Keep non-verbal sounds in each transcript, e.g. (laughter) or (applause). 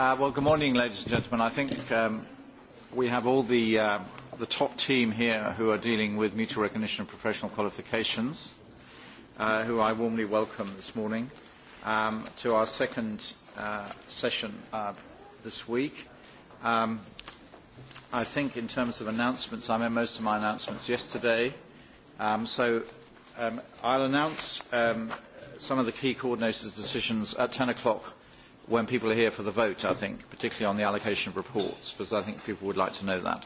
Well, good morning, ladies and gentlemen. I think we have all the top team here who are dealing with mutual recognition of professional qualifications, who I warmly welcome this morning to our second session this week. I think in terms of announcements, I made most of my announcements yesterday. So, I'll announce some of the key coordinators' decisions at 10 o'clock when people are here for the vote, I think, particularly on the allocation of reports, because I think people would like to know that.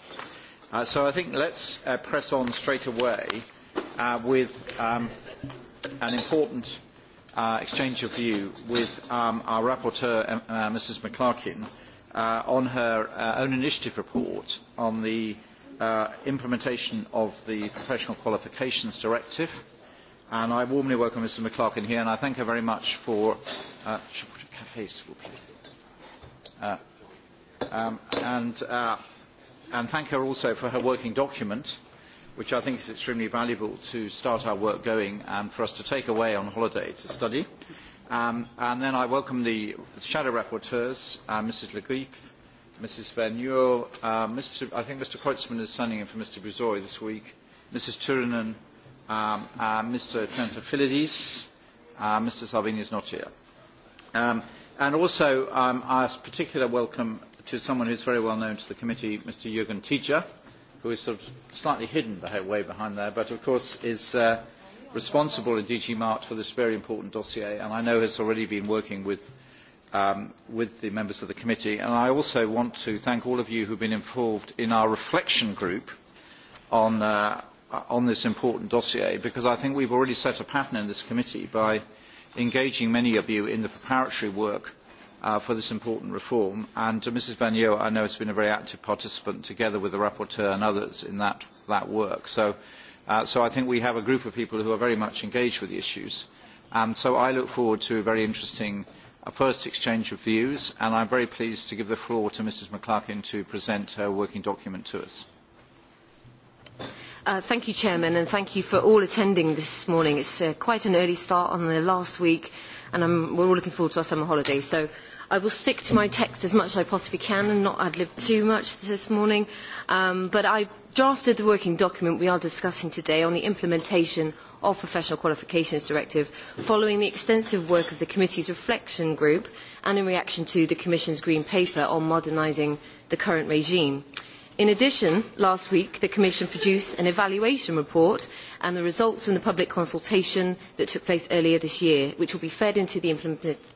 Uh, so I think let's uh, press on straight away uh, with um, an important uh, exchange of view with um, our rapporteur, uh, Mrs. McClarkin, uh, on her uh, own initiative report on the uh, implementation of the Professional Qualifications Directive And I warmly welcome Mrs. McClarkin here, and I thank her very much for. Uh, and, and thank her also for her working document, which I think is extremely valuable to start our work going and for us to take away on holiday to study. and then I welcome the shadow rapporteurs, uh, Mrs. Le Grip, Mrs. Van uh, Mr. I think Mr. Kreutzmann is standing in for Mr. Buzoi this week, Mrs. Turunen, Mr. Trentafilides. Mr. Salvini is not here. and also, I particular welcome to someone who is very well known to the committee, Mr. Jürgen tiedje who is sort of slightly hidden way behind there, but of course is responsible in DG Mart for this very important dossier, and I know has already been working with, um, with the members of the committee. And I also want to thank all of you who have been involved in our reflection group on, uh, on this important dossier because I think we have already set a pattern in this committee by engaging many of you in the preparatory work for this important reform. And to Mrs. Vanier, I know has been a very active participant together with the rapporteur and others in that, work. So, I think we have a group of people who are very much engaged with the issues. And so I look forward to a very interesting first exchange of views, and I am very pleased to give the floor to Mrs. McClarkin to present her working document to us. Thank you, Chairman, and thank you for all attending this morning. It's uh, quite an early start on the last week, and I'm, we're all looking forward to our summer holidays, So I will stick to my text as much as I possibly can and not ad-lib too much this morning. Um, but I drafted the working document we are discussing today on the implementation of Professional Qualifications Directive following the extensive work of the Committee's Reflection Group and in reaction to the Commission's Green Paper on modernising the current regime. In addition, last week the Commission produced an evaluation report and the results from the public consultation that took place earlier this year, which will be fed into the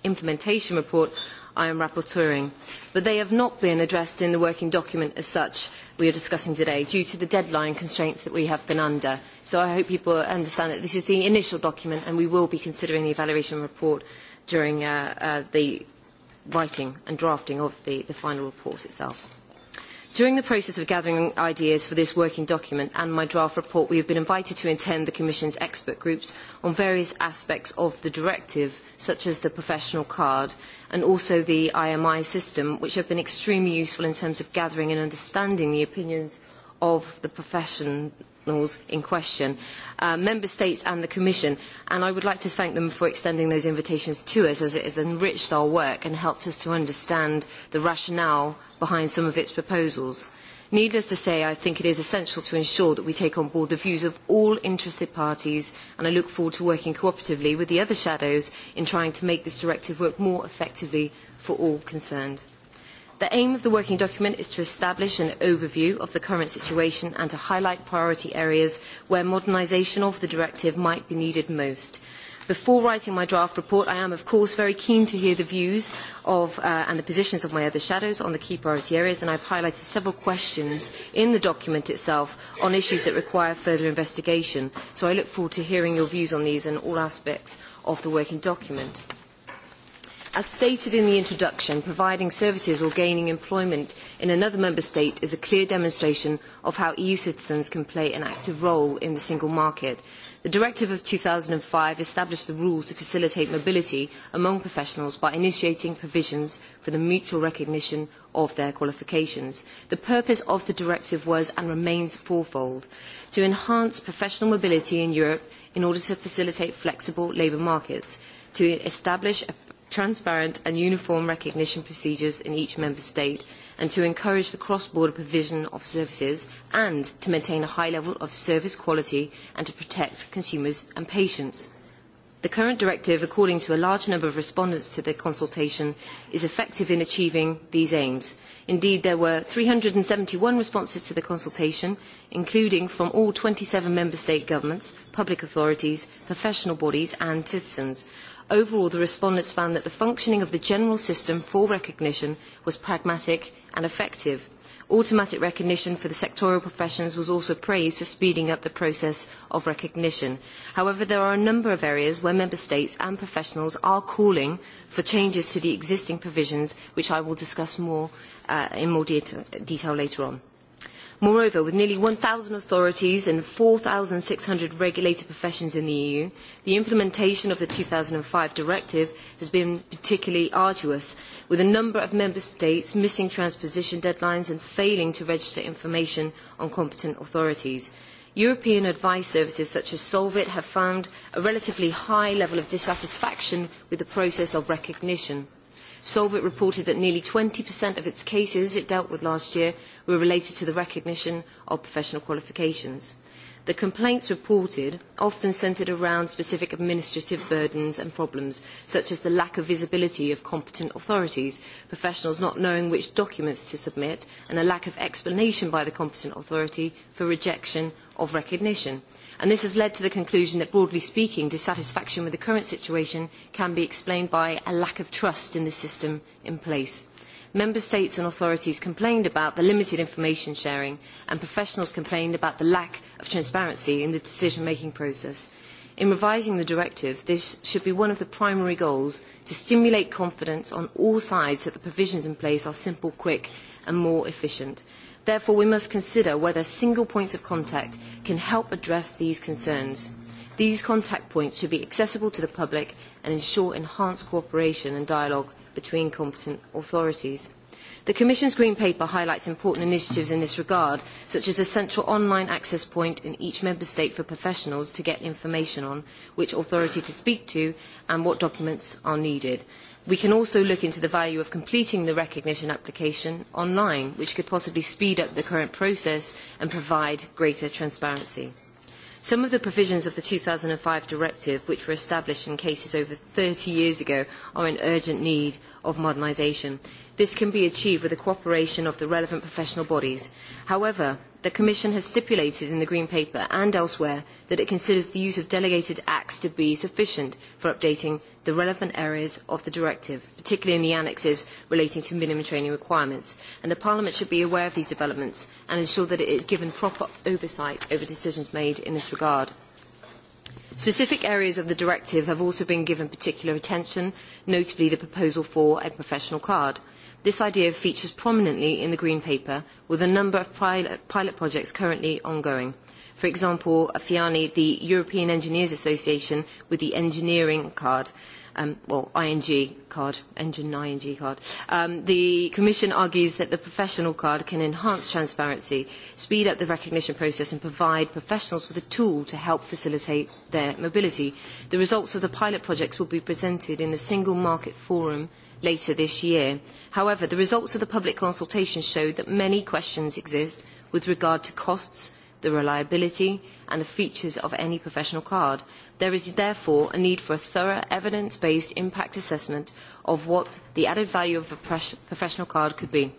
implementation report I am rapporteuring. But they have not been addressed in the working document as such we are discussing today due to the deadline constraints that we have been under. So I hope people understand that this is the initial document and we will be considering the evaluation report during the writing and drafting of the final report itself. During the process of gathering ideas for this working document and my draft report, we have been invited to attend the Commission's expert groups on various aspects of the directive, such as the professional card and also the IMI system, which have been extremely useful in terms of gathering and understanding the opinions of the profession signals in question, Member States and the Commission, and I would like to thank them for extending those invitations to us as it has enriched our work and helped us to understand the rationale behind some of its proposals. Needless to say, I think it is essential to ensure that we take on board the views of all interested parties, and I look forward to working cooperatively with the other shadows in trying to make this directive work more effectively for all concerned. The aim of the working document is to establish an overview of the current situation and to highlight priority areas where modernisation of the directive might be needed most. Before writing my draft report, I am of course very keen to hear the views of and the positions of my other shadows on the key priority areas, and I have highlighted several questions in the document itself on issues that require further investigation. So I look forward to hearing your views on these and all aspects of the working document. As stated in the introduction, providing services or gaining employment in another member state is a clear demonstration of how EU citizens can play an active role in the single market. The Directive of two thousand five established the rules to facilitate mobility among professionals by initiating provisions for the mutual recognition of their qualifications. The purpose of the directive was and remains fourfold to enhance professional mobility in Europe in order to facilitate flexible labour markets, to establish a transparent and uniform recognition procedures in each member state and to encourage the cross-border provision of services and to maintain a high level of service quality and to protect consumers and patients. The current directive, according to a large number of respondents to the consultation, is effective in achieving these aims. Indeed, there were three hundred and seventy one responses to the consultation, including from all twenty seven member state governments, public authorities, professional bodies and citizens, Overall, the respondents found that the functioning of the general system for recognition was pragmatic and effective. Automatic recognition for the sectoral professions was also praised for speeding up the process of recognition. However, there are a number of areas where Member States and professionals are calling for changes to the existing provisions, which I will discuss more in more detail later on. Moreover, with nearly 1,000 authorities and 4,600 regulated professions in the EU, the implementation of the 2005 directive has been particularly arduous, with a number of member states missing transposition deadlines and failing to register information on competent authorities. European advice services such as Solvit have found a relatively high level of dissatisfaction with the process of recognition Solvit reported that nearly 20% of its cases it dealt with last year were related to the recognition of professional qualifications. The complaints reported often centred around specific administrative burdens and problems, such as the lack of visibility of competent authorities, professionals not knowing which documents to submit, and a lack of explanation by the competent authority for rejection of recognition. And this has led to the conclusion that, broadly speaking, dissatisfaction with the current situation can be explained by a lack of trust in the system in place. Member States and authorities complained about the limited information sharing, and professionals complained about the lack of transparency in the decision-making process. In revising the directive, this should be one of the primary goals to stimulate confidence on all sides that the provisions in place are simple, quick and more efficient. Therefore, we must consider whether single points of contact can help address these concerns. These contact points should be accessible to the public and ensure enhanced cooperation and dialogue between competent authorities. The Commission's Green Paper highlights important initiatives in this regard, such as a central online access point in each Member State for professionals to get information on which authority to speak to and what documents are needed, We can also look into the value of completing the recognition application online, which could possibly speed up the current process and provide greater transparency. Some of the provisions of the two thousand five directive, which were established in cases over thirty years ago, are in urgent need of modernisation. This can be achieved with the cooperation of the relevant professional bodies. However, the Commission has stipulated in the Green Paper and elsewhere that it considers the use of delegated acts to be sufficient for updating the relevant areas of the directive, particularly in the annexes relating to minimum training requirements. and Parliament should be aware of these developments and ensure that it is given proper oversight over decisions made in this regard. Specific areas of the directive have also been given particular attention, notably the proposal for a professional card This idea features prominently in the Green Paper with a number of pilot projects currently ongoing. For example, FIANI, the European Engineers Association, with the engineering card, um, well, ING card, engine ING card. Um, the Commission argues that the professional card can enhance transparency, speed up the recognition process and provide professionals with a tool to help facilitate their mobility. The results of the pilot projects will be presented in the Single Market Forum later this year. However, the results of the public consultation show that many questions exist with regard to costs, the reliability and the features of any professional card. There is therefore a need for a thorough evidence-based impact assessment of what the added value of a professional card could be.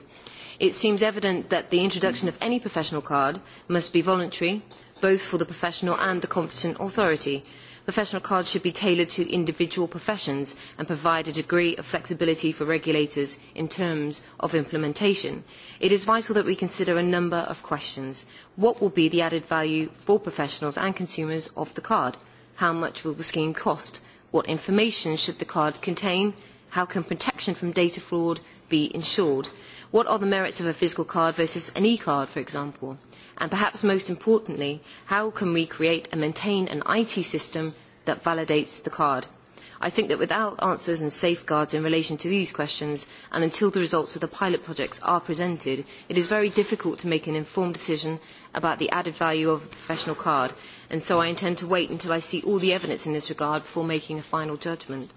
It seems evident that the introduction of any professional card must be voluntary, both for the professional and the competent authority, Professional cards should be tailored to individual professions and provide a degree of flexibility for regulators in terms of implementation. It is vital that we consider a number of questions. What will be the added value for professionals and consumers of the card? How much will the scheme cost? What information should the card contain? How can protection from data fraud be ensured? What are the merits of a physical card versus an e-card, for example? And perhaps most importantly, how can we create and maintain an IT system that validates the card? I think that without answers and safeguards in relation to these questions, and until the results of the pilot projects are presented, it is very difficult to make an informed decision about the added value of a professional card, and so I intend to wait until I see all the evidence in this regard before making a final judgment.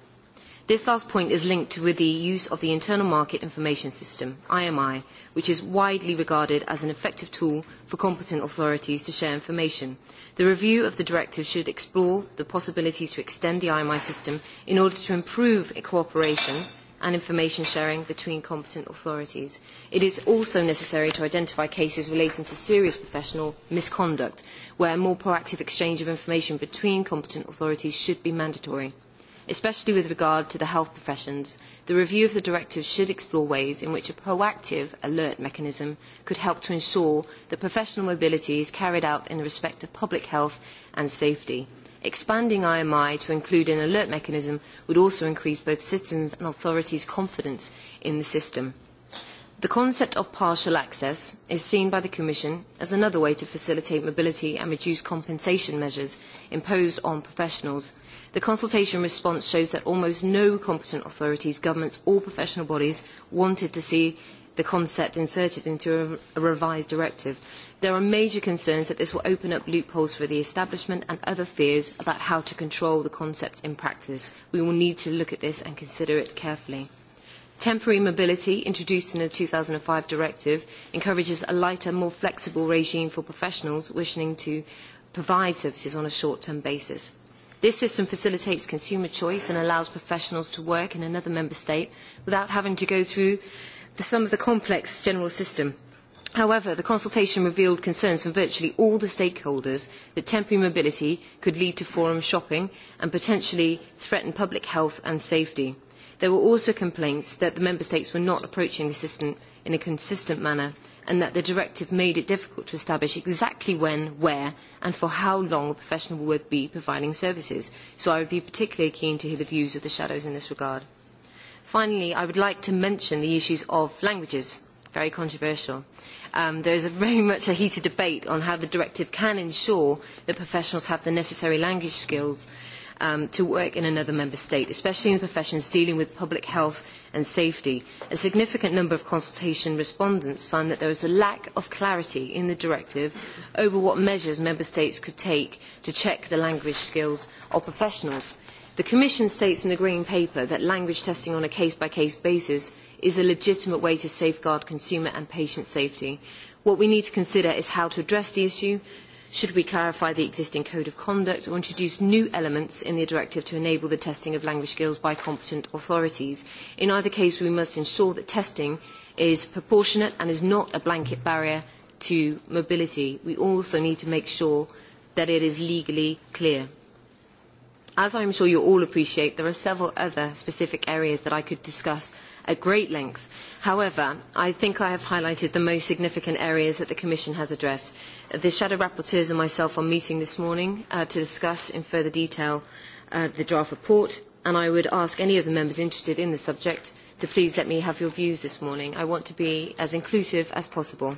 This last point is linked with the use of the Internal Market Information System, IMI, which is widely regarded as an effective tool for competent authorities to share information. The review of the directive should explore the possibilities to extend the IMI system in order to improve cooperation and information sharing between competent authorities. It is also necessary to identify cases relating to serious professional misconduct, where more proactive exchange of information between competent authorities should be mandatory, especially with regard to the health professions the review of the directive should explore ways in which a proactive alert mechanism could help to ensure that professional mobility is carried out in respect of public health and safety. Expanding IMI to include an alert mechanism would also increase both citizens' and authorities' confidence in the system. The concept of partial access is seen by the Commission as another way to facilitate mobility and reduce compensation measures imposed on professionals. The consultation response shows that almost no competent authorities, governments or professional bodies wanted to see the concept inserted into a, revised directive. There are major concerns that this will open up loopholes for the establishment and other fears about how to control the concept in practice. We will need to look at this and consider it carefully. Temporary mobility, introduced in the two thousand five directive, encourages a lighter, more flexible regime for professionals wishing to provide services on a short-term basis. This system facilitates consumer choice and allows professionals to work in another member state without having to go through some of the complex general system. However, the consultation revealed concerns from virtually all the stakeholders that temporary mobility could lead to forum shopping and potentially threaten public health and safety. There were also complaints that the Member States were not approaching the system in a consistent manner and that the directive made it difficult to establish exactly when, where and for how long a professional would be providing services. So I would be particularly keen to hear the views of the shadows in this regard. Finally, I would like to mention the issues of languages, very controversial. there is a very much a heated debate on how the directive can ensure that professionals have the necessary language skills to work in another member state, especially in the professions dealing with public health and safety. A significant number of consultation respondents found that there is a lack of clarity in the directive over what measures member states could take to check the language skills of professionals. The Commission states in the Green Paper that language testing on a case-by-case basis is a legitimate way to safeguard consumer and patient safety. What we need to consider is how to address the issue Should we clarify the existing code of conduct or introduce new elements in the directive to enable the testing of language skills by competent authorities? In either case, we must ensure that testing is proportionate and is not a blanket barrier to mobility. We also need to make sure that it is legally clear. As I am sure you all appreciate, there are several other specific areas that I could discuss at great length. However, I think I have highlighted the most significant areas that the Commission has addressed. The shadow rapporteurs and myself are meeting this morning to discuss in further detail the draft report, and I would ask any of the members interested in the subject to please let me have your views this morning. I want to be as inclusive as possible.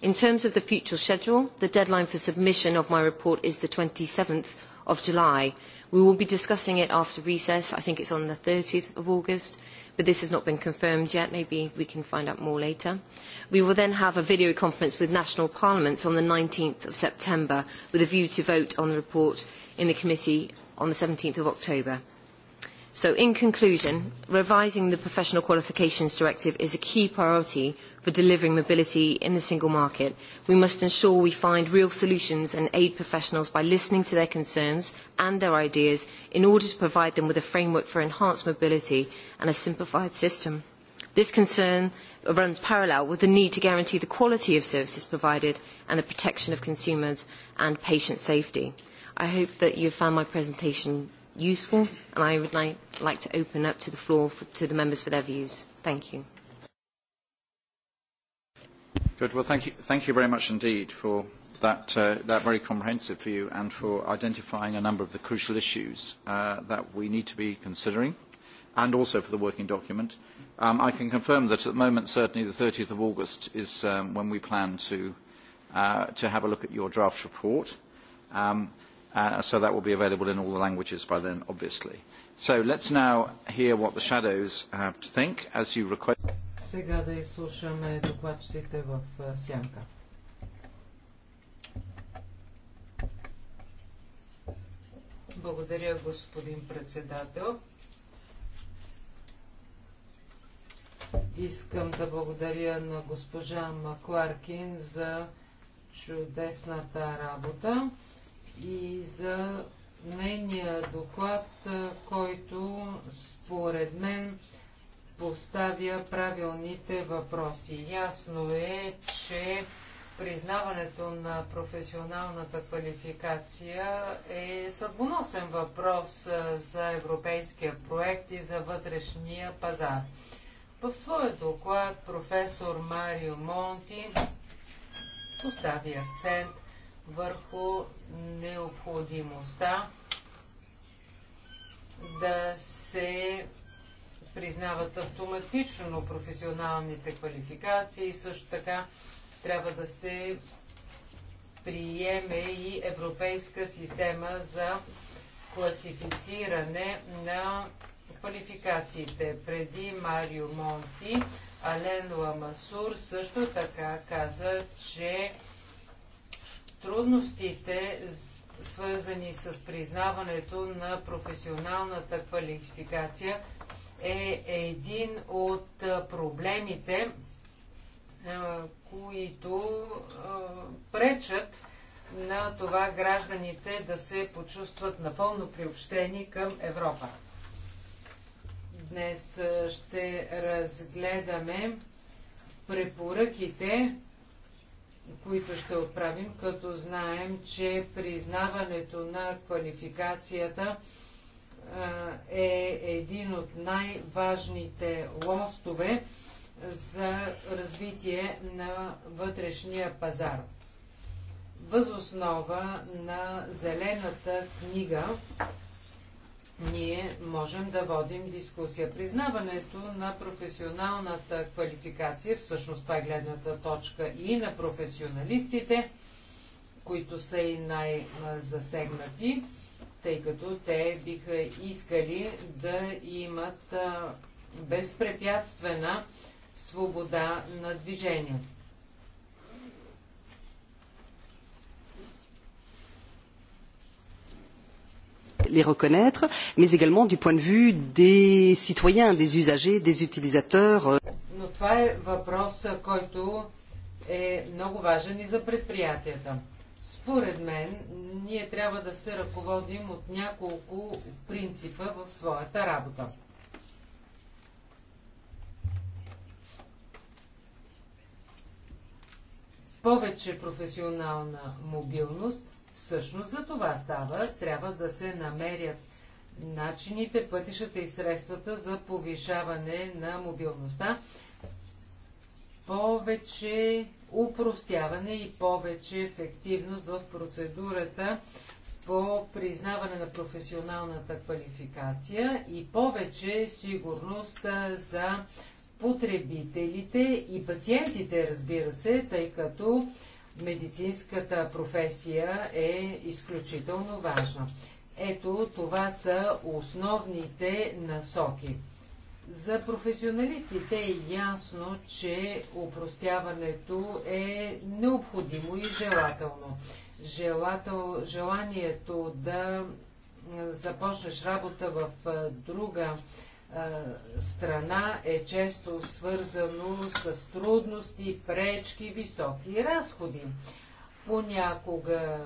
In terms of the future schedule, the deadline for submission of my report is the 27th of July. We will be discussing it after recess. I think it's on the 30th of August but this has not been confirmed yet. Maybe we can find out more later. We will then have a video conference with national parliaments on the 19th of September with a view to vote on the report in the committee on the 17th of October. So in conclusion, revising the Professional Qualifications Directive is a key priority for delivering mobility in the single market. We must ensure we find real solutions and aid professionals by listening to their concerns and their ideas in order to provide them with a framework for enhanced mobility and a simplified system. This concern runs parallel with the need to guarantee the quality of services provided and the protection of consumers and patient safety. I hope that you found my presentation useful and I would like to open up to the floor to the members for their views. Thank you. Good. Well, thank you, thank you very much indeed for that, uh, that very comprehensive view and for identifying a number of the crucial issues uh, that we need to be considering and also for the working document. Um, I can confirm that at the moment, certainly the 30th of August is um, when we plan to, uh, to have a look at your draft report. Um, uh, so that will be available in all the languages by then, obviously. So let's now hear what the shadows have to think, as you request сега да изслушаме докладчиците в сянка. Благодаря, господин председател. Искам да благодаря на госпожа Макларкин за чудесната работа и за нейния доклад, който според мен поставя правилните въпроси. Ясно е, че признаването на професионалната квалификация е съдбоносен въпрос за европейския проект и за вътрешния пазар. В своя доклад професор Марио Монти постави акцент върху необходимостта да се признават автоматично професионалните квалификации. и Също така трябва да се приеме и европейска система за класифициране на квалификациите. Преди Марио Монти, Ален Ламасур също така каза, че трудностите, свързани с признаването на професионалната квалификация, е един от проблемите, които пречат на това гражданите да се почувстват напълно приобщени към Европа. Днес ще разгледаме препоръките, които ще отправим, като знаем, че признаването на квалификацията е един от най-важните лостове за развитие на вътрешния пазар. Възоснова на зелената книга ние можем да водим дискусия. Признаването на професионалната квалификация, всъщност това е гледната точка и на професионалистите, които са и най-засегнати тъй като те биха искали да имат безпрепятствена свобода на движение. les reconnaître, mais également du point de vue des citoyens, des usagers, des utilisateurs. Но това е въпрос, който е много важен и за предприятията. Според мен, ние трябва да се ръководим от няколко принципа в своята работа. Повече професионална мобилност, всъщност за това става, трябва да се намерят начините, пътищата и средствата за повишаване на мобилността. Повече упростяване и повече ефективност в процедурата по признаване на професионалната квалификация и повече сигурност за потребителите и пациентите, разбира се, тъй като медицинската професия е изключително важна. Ето това са основните насоки. За професионалистите е ясно, че упростяването е необходимо и желателно. Желател, желанието да започнеш работа в друга страна е често свързано с трудности, пречки, високи разходи. Понякога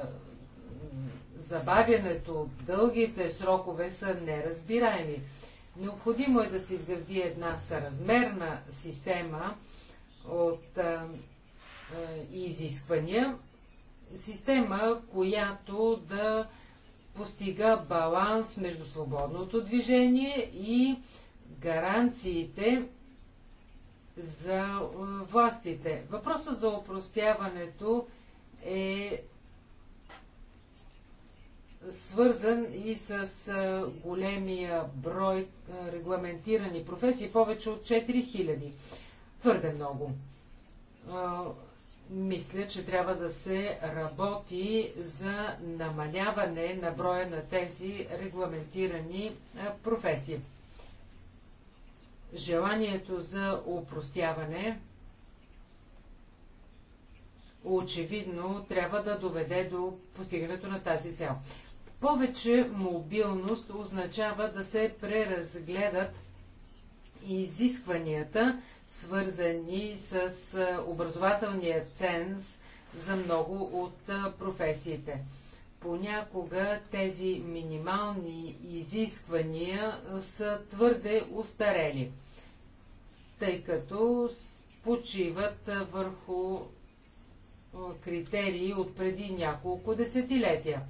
забавянето, дългите срокове са неразбираеми. Необходимо е да се изгради една съразмерна система от а, а, изисквания, система, която да постига баланс между свободното движение и гаранциите за властите. Въпросът за опростяването е свързан и с големия брой регламентирани професии, повече от 4000. Твърде много. Мисля, че трябва да се работи за намаляване на броя на тези регламентирани професии. Желанието за упростяване очевидно трябва да доведе до постигането на тази цел. Повече мобилност означава да се преразгледат изискванията, свързани с образователния ценз за много от професиите. Понякога тези минимални изисквания са твърде устарели, тъй като почиват върху критерии от преди няколко десетилетия.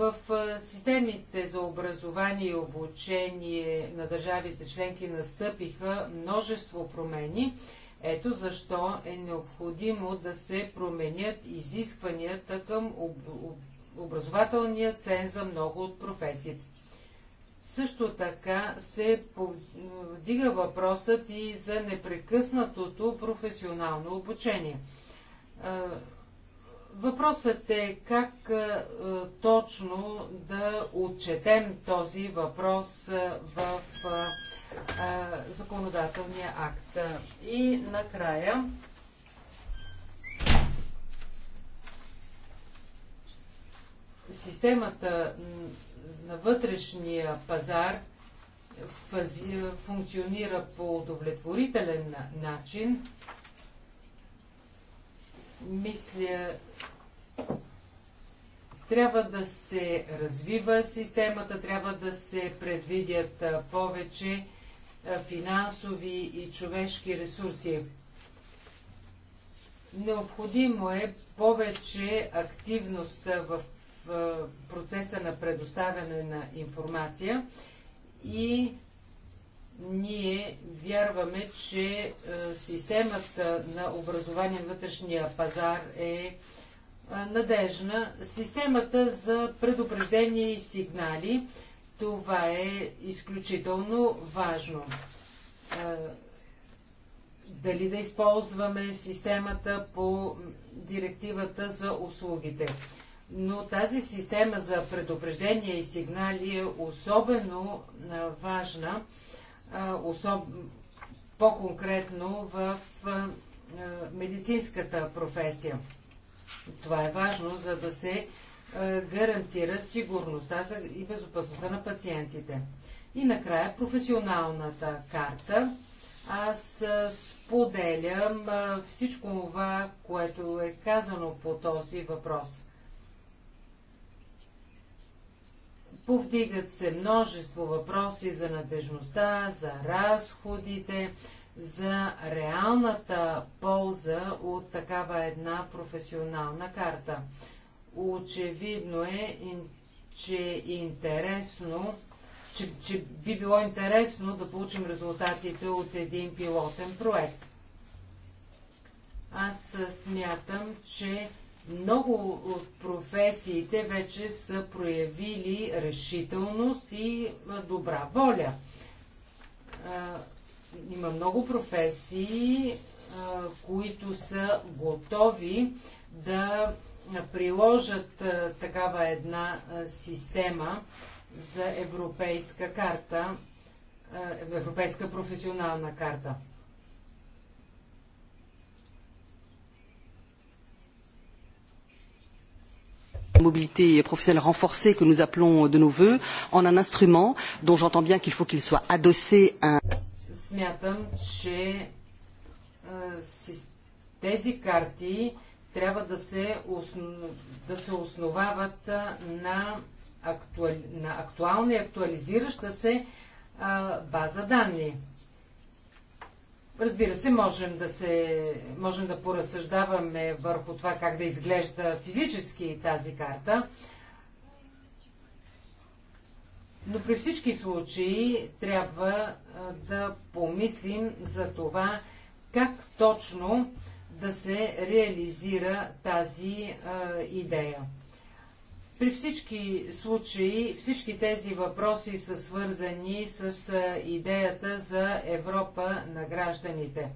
В системите за образование и обучение на държавите членки настъпиха множество промени. Ето защо е необходимо да се променят изискванията към об, об, образователния цен за много от професиите. Също така се повдига въпросът и за непрекъснатото професионално обучение Въпросът е как точно да отчетем този въпрос в законодателния акт. И накрая. Системата на вътрешния пазар функционира по удовлетворителен начин мисля, трябва да се развива системата, трябва да се предвидят повече финансови и човешки ресурси. Необходимо е повече активност в процеса на предоставяне на информация и ние вярваме, че е, системата на образование на вътрешния пазар е, е надежна. Системата за предупреждение и сигнали, това е изключително важно. Е, дали да използваме системата по директивата за услугите. Но тази система за предупреждение и сигнали е особено важна особ... по-конкретно в медицинската професия. Това е важно, за да се гарантира сигурността и безопасността на пациентите. И накрая професионалната карта. Аз споделям всичко това, което е казано по този въпрос. Повдигат се множество въпроси за надежността, за разходите, за реалната полза от такава една професионална карта. Очевидно е, че интересно, че, че би било интересно да получим резултатите от един пилотен проект. Аз смятам, че много от професиите вече са проявили решителност и добра воля. Има много професии, които са готови да приложат такава една система за европейска карта, за европейска професионална карта. mobilité professionnelle renforcée que nous appelons de nos voeux en un instrument dont j'entends bien qu'il faut qu'il soit adossé à un Смятам, че тези карти трябва да се, да се основават на, актуал, на актуална и актуализираща се база данни. Разбира се, можем да, се, можем да поразсъждаваме върху това как да изглежда физически тази карта, но при всички случаи трябва да помислим за това как точно да се реализира тази а, идея. При всички случаи, всички тези въпроси са свързани с идеята за Европа на гражданите.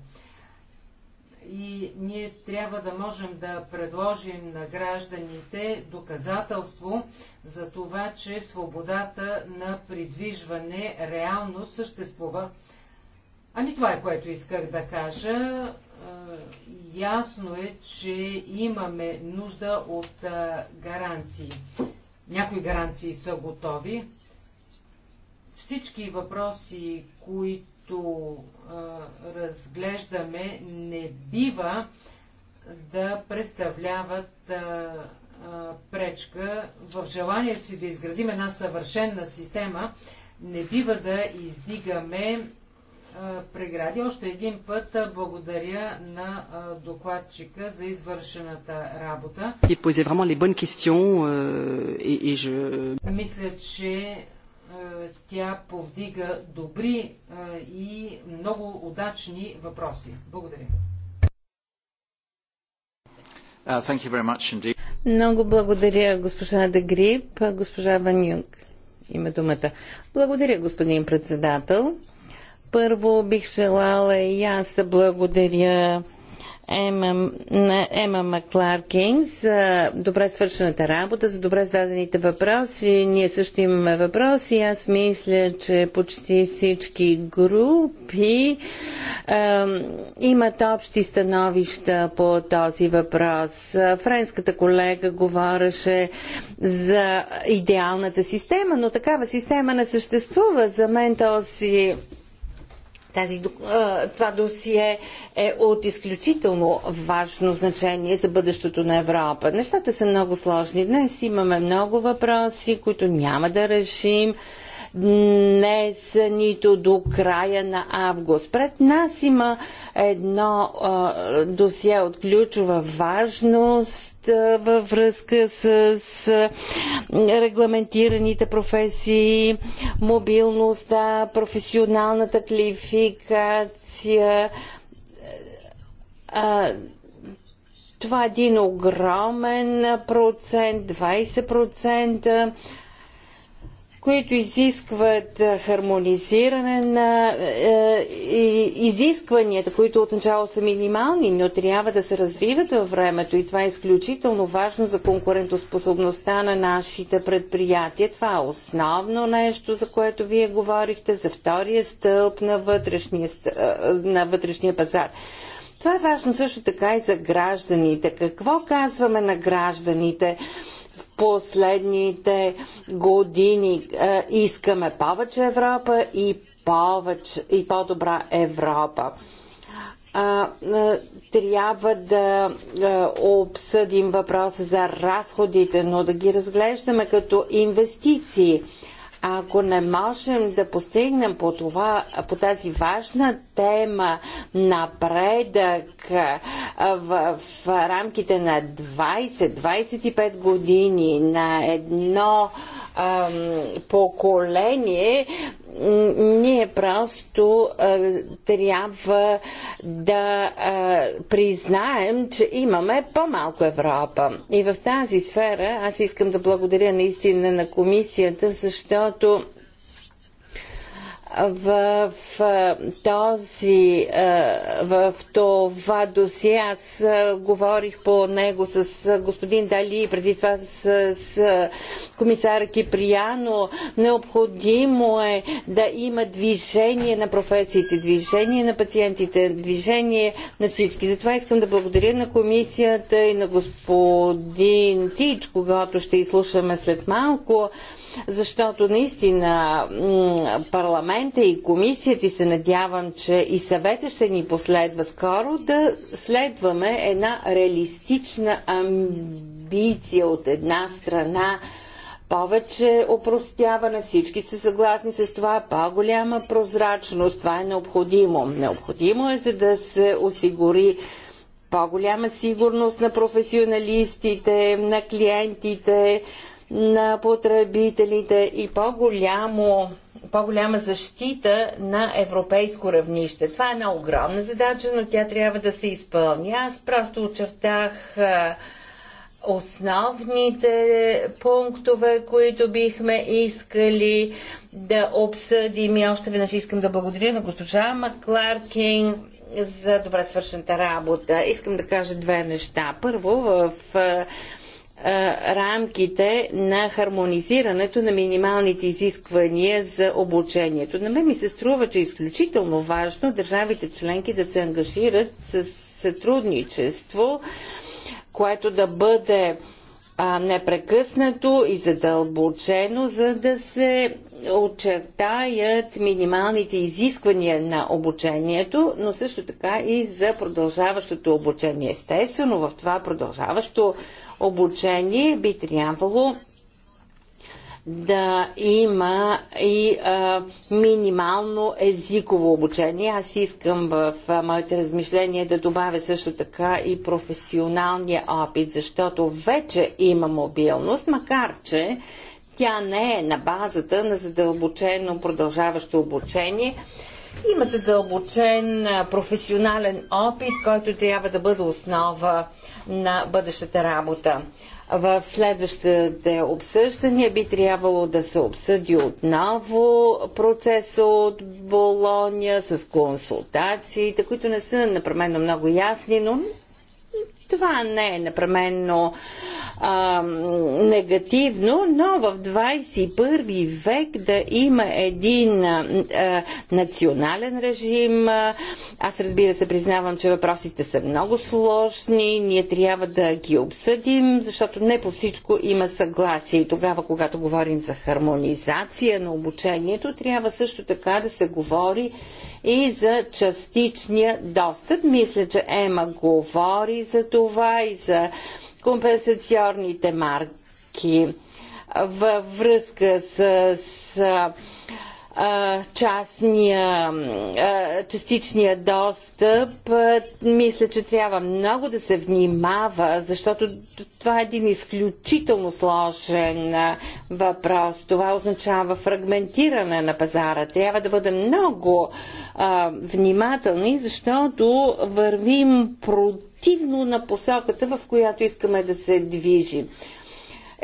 И ние трябва да можем да предложим на гражданите доказателство за това, че свободата на придвижване реално съществува. Ами това е което исках да кажа ясно е, че имаме нужда от гаранции. Някои гаранции са готови. Всички въпроси, които разглеждаме, не бива да представляват пречка в желанието си да изградим една съвършенна система, не бива да издигаме прегради. Още един път благодаря на докладчика за извършената работа. Euh, Мисля, че тя повдига добри и много удачни въпроси. Благодаря. Uh, много благодаря, госпожа Дегрип. Госпожа Ванюк има думата. Благодаря, господин председател. Първо бих желала и аз да благодаря Ема, на Ема Макларкин за добре свършената работа, за добре зададените въпроси. Ние също имаме въпроси. Аз мисля, че почти всички групи е, имат общи становища по този въпрос. Френската колега говореше за идеалната система, но такава система не съществува. За мен този тази, това досие е от изключително важно значение за бъдещето на Европа. Нещата са много сложни. Днес имаме много въпроси, които няма да решим днес, нито до края на август. Пред нас има едно а, досие от ключова важност във връзка с, с регламентираните професии, мобилността, професионалната квалификация. Това е един огромен процент, 20% които изискват хармонизиране на е, е изискванията, които отначало са минимални, но трябва да се развиват във времето и това е изключително важно за конкурентоспособността на нашите предприятия. Това е основно нещо, за което вие говорихте, за втория стълб на вътрешния, е, на вътрешния пазар. Това е важно също така и за гражданите. Какво казваме на гражданите? последните години. Е, искаме повече Европа и повече и по-добра Европа е, трябва да е, обсъдим въпроса за разходите, но да ги разглеждаме като инвестиции – ако не можем да постигнем по, това, по тази важна тема напредък в, в рамките на 20-25 години на едно а, поколение, ние просто а, трябва да а, признаем, че имаме по-малко Европа. И в тази сфера аз искам да благодаря наистина на комисията, защото в, в този, е, в това досие. Аз е, говорих по него с е, господин Дали, преди това с, с комисара Киприяно. Необходимо е да има движение на професиите, движение на пациентите, движение на всички. Затова искам да благодаря на комисията и на господин Тич, когато ще изслушаме след малко защото наистина парламента и комисията и се надявам, че и съвета ще ни последва скоро да следваме една реалистична амбиция от една страна повече опростяване, всички са съгласни с това, по-голяма прозрачност, това е необходимо. Необходимо е за да се осигури по-голяма сигурност на професионалистите, на клиентите, на потребителите и по-голямо по-голяма защита на европейско равнище. Това е една огромна задача, но тя трябва да се изпълни. Аз просто очертах основните пунктове, които бихме искали да обсъдим. И още веднъж искам да благодаря на госпожа Макларкин за добре свършената работа. Искам да кажа две неща. Първо, в рамките на хармонизирането на минималните изисквания за обучението. На мен ми се струва, че е изключително важно държавите членки да се ангажират с сътрудничество, което да бъде а, непрекъснато и задълбочено, за да се очертаят минималните изисквания на обучението, но също така и за продължаващото обучение. Естествено, в това продължаващо обучение би трябвало да има и а, минимално езиково обучение. Аз искам в а, моите размишления да добавя също така и професионалния опит, защото вече има мобилност, макар че тя не е на базата на задълбочено продължаващо обучение. Има задълбочен професионален опит, който трябва да бъде основа на бъдещата работа в следващите обсъждания би трябвало да се обсъди отново процеса от Болония с консултациите, които не са напременно много ясни, но това не е непременно а, негативно, но в 21 век да има един а, национален режим. Аз разбира се признавам, че въпросите са много сложни. Ние трябва да ги обсъдим, защото не по всичко има съгласие. И тогава, когато говорим за хармонизация на обучението, трябва също така да се говори и за частичния достъп. Мисля, че Ема говори за това и за компенсационните марки във връзка с, с частния, частичния достъп, мисля, че трябва много да се внимава, защото това е един изключително сложен въпрос. Това означава фрагментиране на пазара. Трябва да бъдем много внимателни, защото вървим противно на посоката, в която искаме да се движим.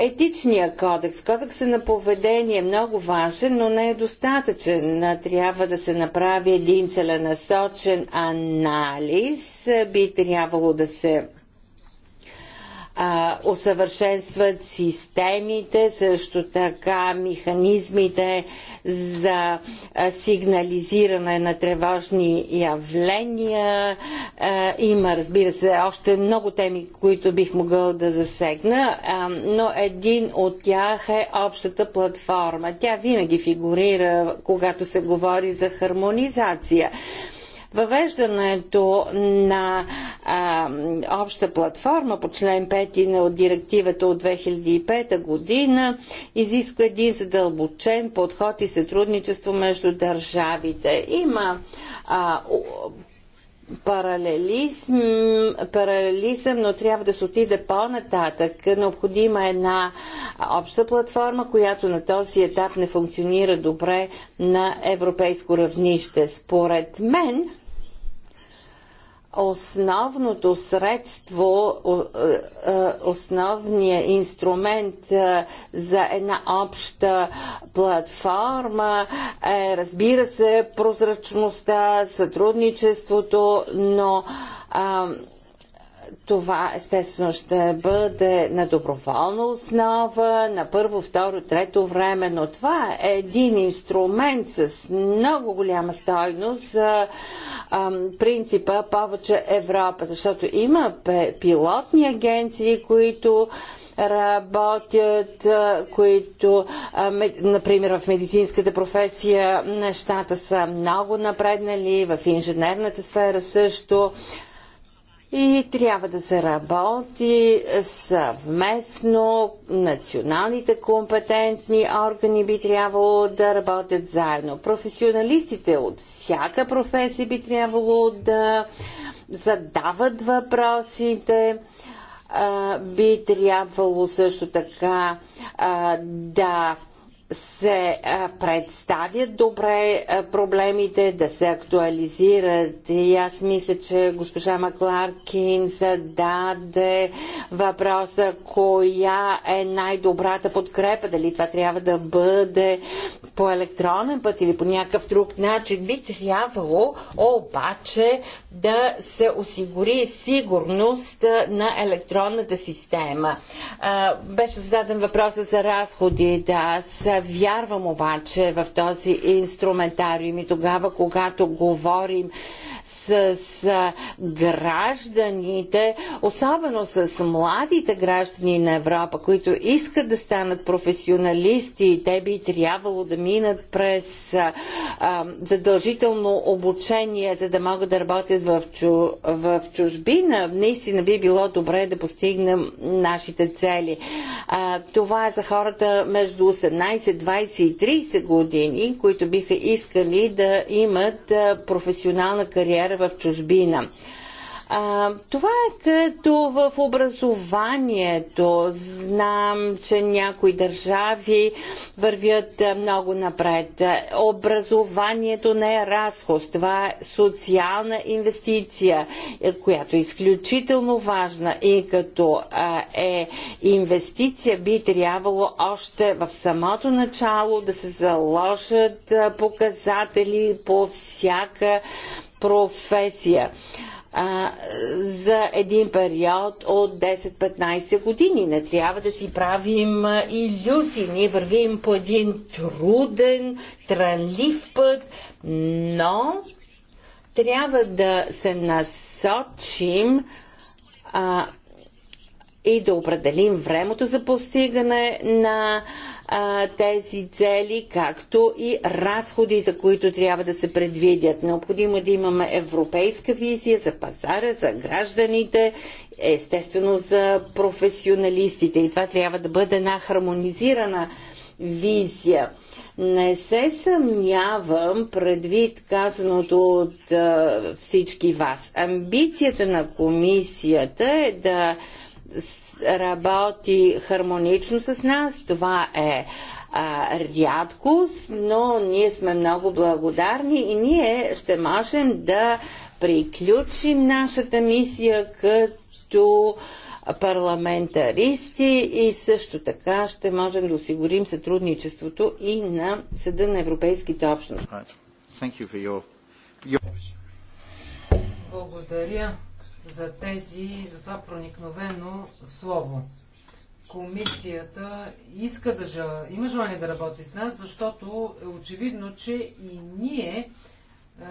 Етичния кодекс, кодекса е на поведение е много важен, но не е достатъчен. Трябва да се направи един целенасочен анализ. Би трябвало да се а, усъвършенстват системите, също така механизмите за сигнализиране на тревожни явления. А, има, разбира се, още много теми, които бих могъл да засегна, а, но един от тях е общата платформа. Тя винаги фигурира, когато се говори за хармонизация. Въвеждането на а, обща платформа по член 5 от директивата от 2005 година изисква един задълбочен подход и сътрудничество между държавите. Има а, паралелизъм, паралелизъм, но трябва да се отиде по-нататък. Необходима е една обща платформа, която на този етап не функционира добре на европейско равнище. Според мен, основното средство, е, е, основният инструмент е, за една обща платформа е, разбира се, прозрачността, сътрудничеството, но това естествено ще бъде на доброволна основа, на първо, второ, трето време, но това е един инструмент с много голяма стойност за ам, принципа повече Европа, защото има пилотни агенции, които работят, които, например, в медицинската професия нещата са много напреднали, в инженерната сфера също и трябва да се работи съвместно. Националните компетентни органи би трябвало да работят заедно. Професионалистите от всяка професия би трябвало да задават въпросите. Би трябвало също така да се представят добре проблемите, да се актуализират. И аз мисля, че госпожа Макларкин зададе въпроса, коя е най-добрата подкрепа, дали това трябва да бъде по електронен път или по някакъв друг начин. Би трябвало обаче да се осигури сигурност на електронната система. Беше зададен въпросът за разходите. Аз вярвам обаче в този инструментариум и тогава, когато говорим с, гражданите, особено с младите граждани на Европа, които искат да станат професионалисти. Те би трябвало да минат през а, задължително обучение, за да могат да работят в, чу, в чужбина. Наистина би било добре да постигнем нашите цели. А, това е за хората между 18, 20 и 30 години, които биха искали да имат професионална кариера кариера в чужбина. А, това е като в образованието. Знам, че някои държави вървят много напред. Образованието не е разход. Това е социална инвестиция, е, която е изключително важна и като а, е инвестиция би трябвало още в самото начало да се заложат показатели по всяка професия а, за един период от 10-15 години. Не трябва да си правим иллюзии. Ние вървим по един труден, транлив път, но трябва да се насочим а, и да определим времето за постигане на а, а, тези цели, както и разходите, които трябва да се предвидят. Необходимо е да имаме европейска визия за пазара, за гражданите, естествено за професионалистите. И това трябва да бъде една хармонизирана визия. Не се съмнявам предвид казаното от а, всички вас. Амбицията на комисията е да работи хармонично с нас. Това е а, рядкост, но ние сме много благодарни и ние ще можем да приключим нашата мисия като парламентаристи и също така ще можем да осигурим сътрудничеството и на Съда на Европейските общности. Благодаря за тези, за това проникновено слово. Комисията иска да жа, има желание да работи с нас, защото е очевидно, че и ние а,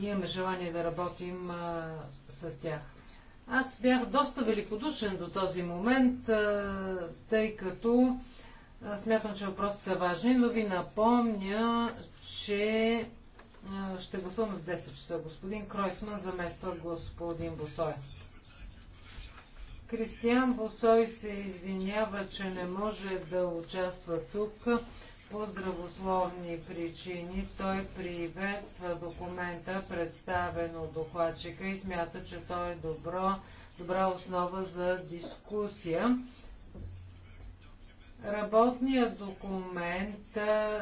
имаме желание да работим а, с тях. Аз бях доста великодушен до този момент, а, тъй като а, смятам, че въпросите са важни, но ви напомня, че е, ще гласуваме в 10 часа. Господин Кройсман замества господин Босой. Кристиан Босой се извинява, че не може да участва тук по здравословни причини. Той приветства документа, представен от докладчика и смята, че той е добро, добра основа за дискусия Работният документ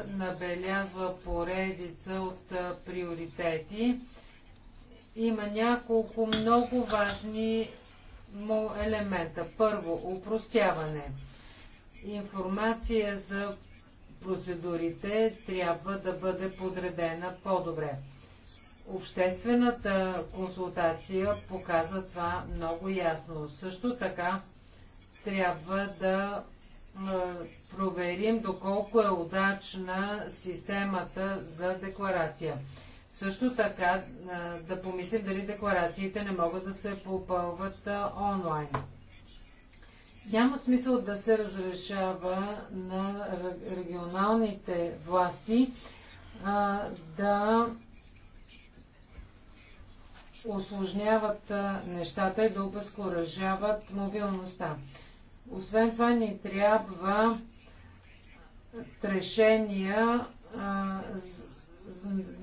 набелязва поредица от приоритети. Има няколко много важни елемента. Първо, упростяване. Информация за процедурите трябва да бъде подредена по-добре. Обществената консултация показва това много ясно. Също така трябва да проверим доколко е удачна системата за декларация. Също така да помислим дали декларациите не могат да се попълват онлайн. Няма смисъл да се разрешава на регионалните власти а, да осложняват нещата и да обезкуражават мобилността. Освен това ни трябва решения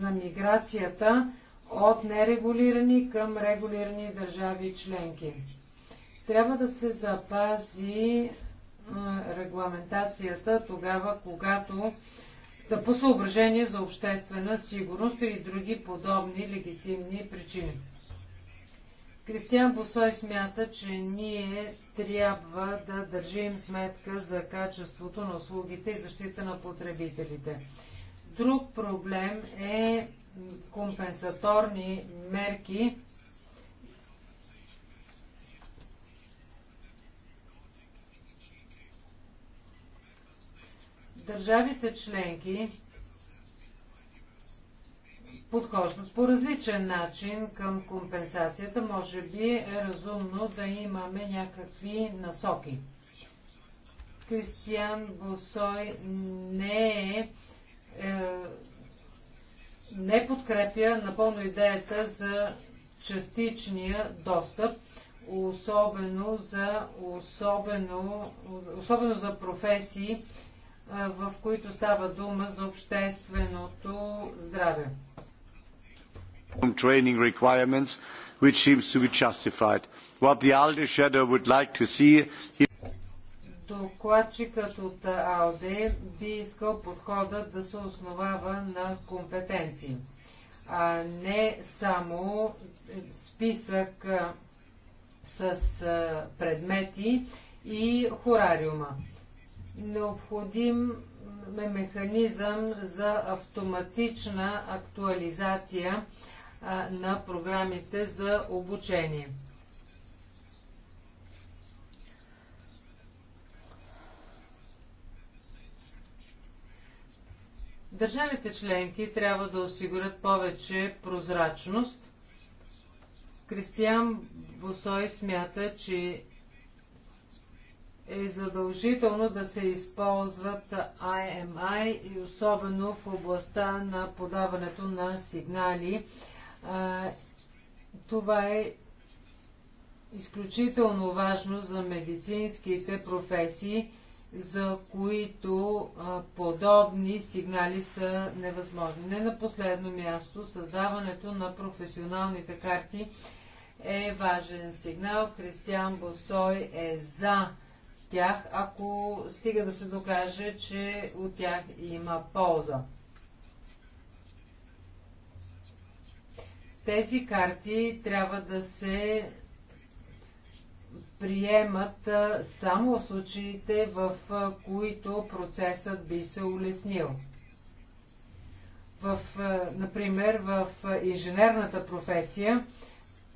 на миграцията от нерегулирани към регулирани държави членки. Трябва да се запази регламентацията тогава, когато да по съображение за обществена сигурност или други подобни легитимни причини. Кристиан Босой смята, че ние трябва да държим сметка за качеството на услугите и защита на потребителите. Друг проблем е компенсаторни мерки, Държавите членки подхождат по различен начин към компенсацията. Може би е разумно да имаме някакви насоки. Кристиан Босой не е, е не подкрепя напълно идеята за частичния достъп, особено за, особено, особено за професии, в които става дума за общественото здраве training requirements, which seems to be justified. What the ALDE shadow would like to see... Докладчикът от АОДЕ би искал подхода да се основава на компетенции, а не само списък с предмети и хорариума. Необходим е механизъм за автоматична актуализация на програмите за обучение. Държавите членки трябва да осигурят повече прозрачност. Кристиан Босой смята, че е задължително да се използват IMI и особено в областта на подаването на сигнали а, това е изключително важно за медицинските професии, за които а, подобни сигнали са невъзможни. Не на последно място, създаването на професионалните карти е важен сигнал. Кристиан Босой е за тях, ако стига да се докаже, че от тях има полза. Тези карти трябва да се приемат само в случаите, в които процесът би се улеснил. В, например, в инженерната професия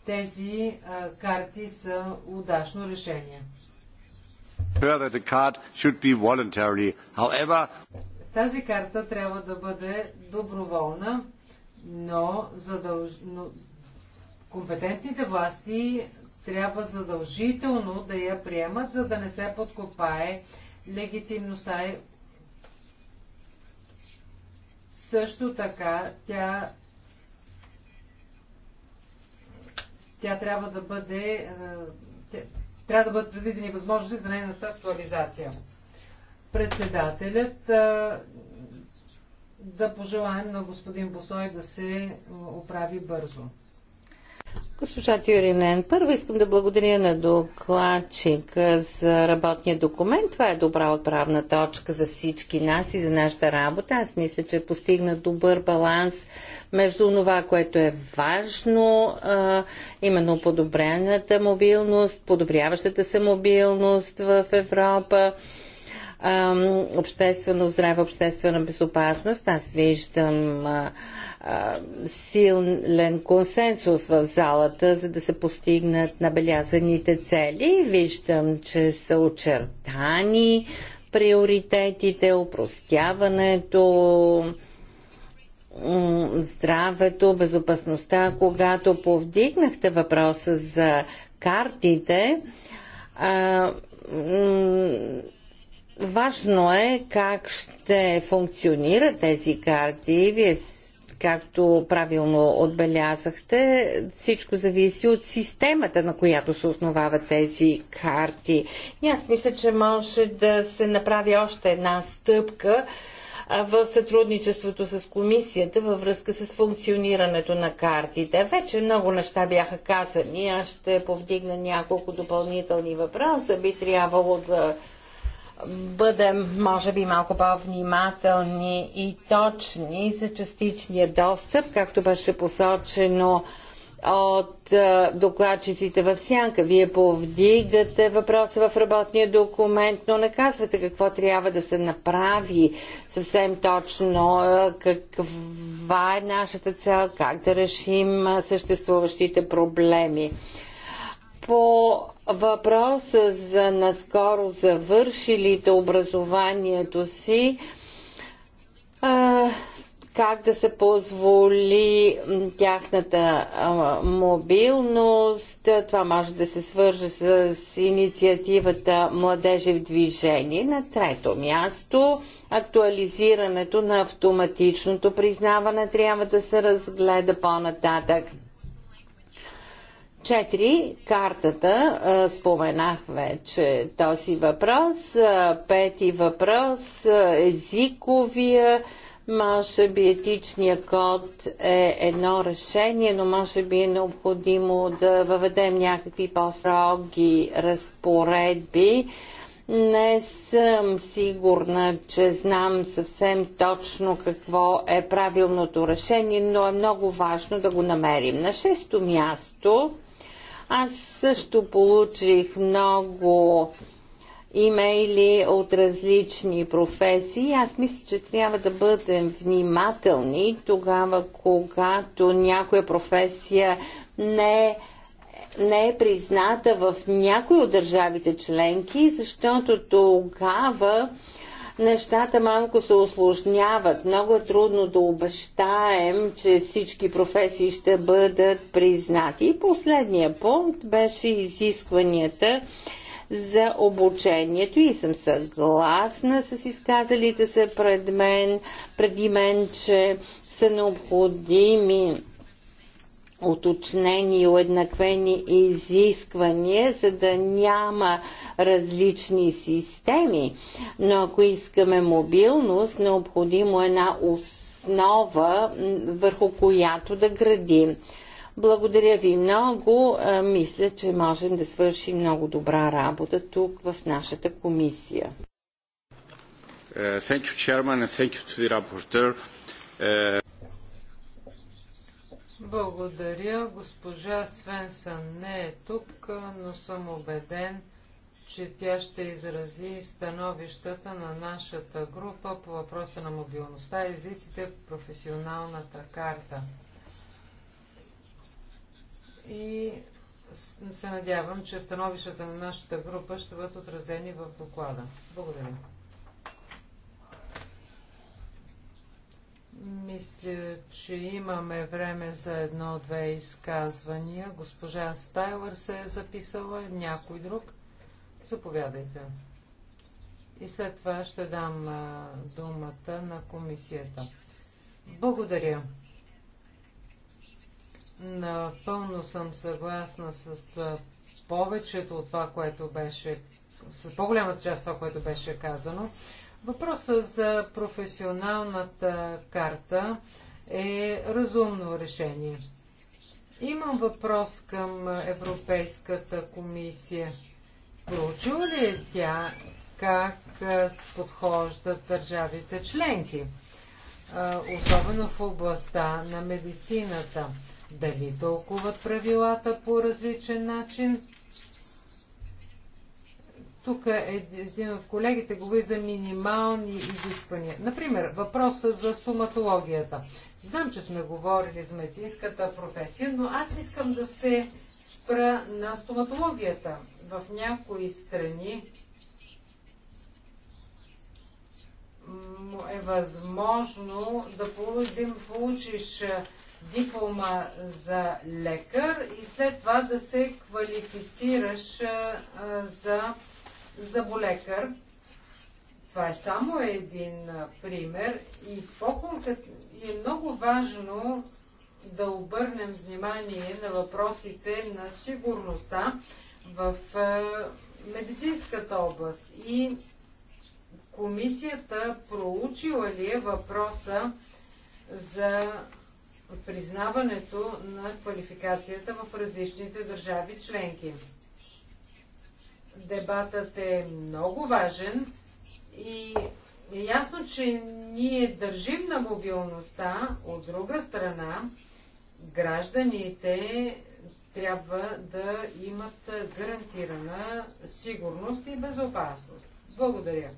тези карти са удачно решение. However... Тази карта трябва да бъде доброволна но, задълж... но компетентните власти трябва задължително да я приемат, за да не се подкопае легитимността. Също така тя тя трябва да бъде е, трябва да бъдат предвидени възможности за нейната актуализация. Председателят е, да пожелаем на господин Босой да се оправи бързо. Госпожа Тюринен, първо искам да благодаря на докладчика за работния документ. Това е добра отправна точка за всички нас и за нашата работа. Аз мисля, че е постигна добър баланс между това, което е важно, именно подобрената мобилност, подобряващата се мобилност в Европа обществено здраве, обществена безопасност. Аз виждам силен консенсус в залата, за да се постигнат набелязаните цели. Виждам, че са очертани приоритетите, упростяването, здравето, безопасността. Когато повдигнахте въпроса за картите, а, Важно е как ще функционират тези карти. Вие, както правилно отбелязахте, всичко зависи от системата, на която се основават тези карти. И аз мисля, че може да се направи още една стъпка в сътрудничеството с комисията във връзка с функционирането на картите. Вече много неща бяха казани. Аз ще повдигна няколко допълнителни въпроса. Би трябвало да бъдем, може би, малко по-внимателни и точни за частичния достъп, както беше посочено от е, докладчиците в Сянка. Вие повдигате въпроса в работния документ, но не казвате какво трябва да се направи съвсем точно, е, каква е нашата цел, как да решим е, съществуващите проблеми. По въпроса за наскоро завършилите образованието си, как да се позволи тяхната мобилност. Това може да се свърже с инициативата Младежи в движение. На трето място, актуализирането на автоматичното признаване трябва да се разгледа по-нататък. Четири Картата, споменах вече този въпрос. пети въпрос, езиковия, може би етичния код е едно решение, но може би е необходимо да въведем някакви по-строги разпоредби. Не съм сигурна, че знам съвсем точно какво е правилното решение, но е много важно да го намерим. На шесто място аз също получих много имейли от различни професии. Аз мисля, че трябва да бъдем внимателни тогава, когато някоя професия не е не е призната в някои от държавите членки, защото тогава нещата малко се осложняват. Много е трудно да обещаем, че всички професии ще бъдат признати. И последния пункт беше изискванията за обучението и съм съгласна с изказалите се пред мен, преди мен, че са необходими уточнени и уеднаквени изисквания, за да няма различни системи. Но ако искаме мобилност, необходимо е една основа, върху която да градим. Благодаря ви много. Мисля, че можем да свършим много добра работа тук в нашата комисия. Uh, thank you, Chairman, and thank you to the rapporteur. Uh... Благодаря. Госпожа Свенсън не е тук, но съм убеден, че тя ще изрази становищата на нашата група по въпроса на мобилността, езиците, професионалната карта. И се надявам, че становищата на нашата група ще бъдат отразени в доклада. Благодаря. Мисля, че имаме време за едно-две изказвания. Госпожа Стайлър се е записала, някой друг. Заповядайте. И след това ще дам думата на комисията. Благодаря. Напълно съм съгласна с повечето от това, което беше, с по-голямата част от това, което беше казано. Въпросът за професионалната карта е разумно решение. Имам въпрос към Европейската комисия. Проучила ли е тя как подхождат държавите членки, особено в областта на медицината? Дали тълкуват правилата по различен начин? Тук е- един от колегите говори за минимални изисквания. Например, въпроса за стоматологията. Знам, че сме говорили за медицинската професия, но аз искам да се спра на стоматологията. В някои страни е възможно да получиш диплома за лекар и след това да се квалифицираш за Заболекар, Това е само един пример и, и е много важно да обърнем внимание на въпросите на сигурността в медицинската област. И комисията проучила ли е въпроса за признаването на квалификацията в различните държави членки? Дебатът е много важен и е ясно, че ние държим на мобилността. От друга страна, гражданите трябва да имат гарантирана сигурност и безопасност. Благодаря.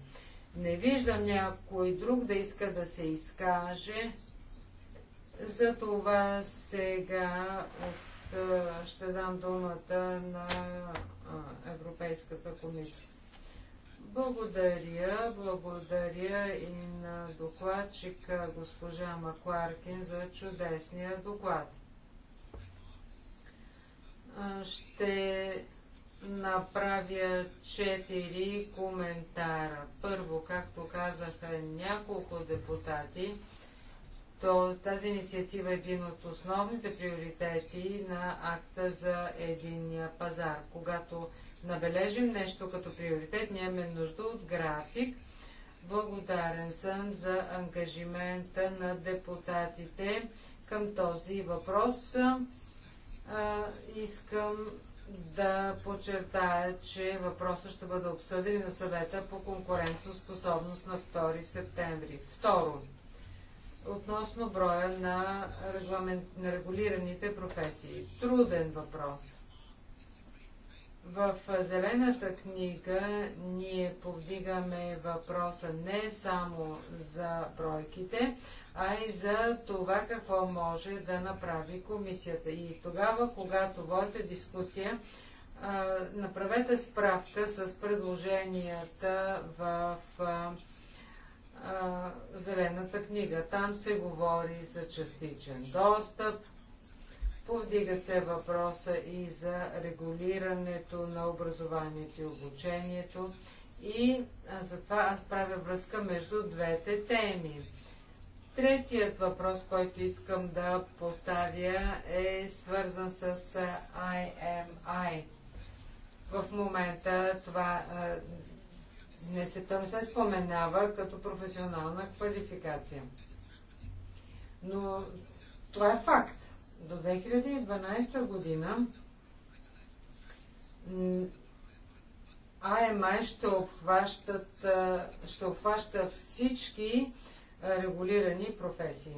Не виждам някой друг да иска да се изкаже. Затова сега от ще дам думата на Европейската комисия. Благодаря, благодаря и на докладчика госпожа Макларкин за чудесния доклад. Ще направя четири коментара. Първо, както казаха няколко депутати, то, тази инициатива е един от основните приоритети на акта за единния пазар. Когато набележим нещо като приоритет, ние имаме нужда от график. Благодарен съм за ангажимента на депутатите към този въпрос. А, искам да подчертая, че въпросът ще бъде обсъден на съвета по конкурентоспособност на 2 септември. Второ, относно броя на, регламент, на регулираните професии. Труден въпрос. В Зелената книга ние повдигаме въпроса не само за бройките, а и за това какво може да направи комисията. И тогава, когато водите дискусия, направете справка с предложенията в а, зелената книга. Там се говори за частичен достъп, повдига се въпроса и за регулирането на образованието и обучението. И а, затова аз правя връзка между двете теми. Третият въпрос, който искам да поставя, е свързан с IMI. В момента това не се, там не се споменава като професионална квалификация. Но това е факт. До 2012 година АМА ще, ще обхваща всички регулирани професии.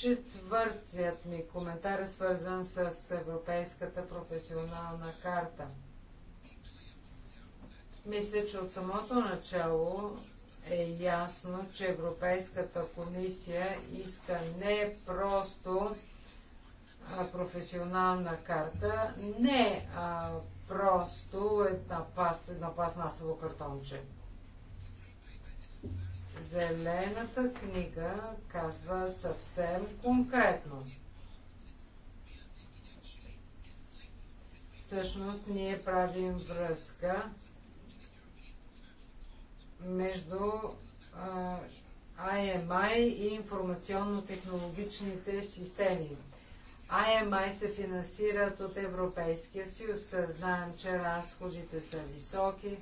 Четвъртият ми коментар е свързан с Европейската професионална карта. Мисля, че от самото начало е ясно, че Европейската комисия иска не просто професионална карта, не а, просто една, пас, едно пластмасово картонче. Зелената книга казва съвсем конкретно. Всъщност ние правим връзка между а, IMI и информационно-технологичните системи. IMI се финансират от Европейския съюз. Знаем, че разходите са високи.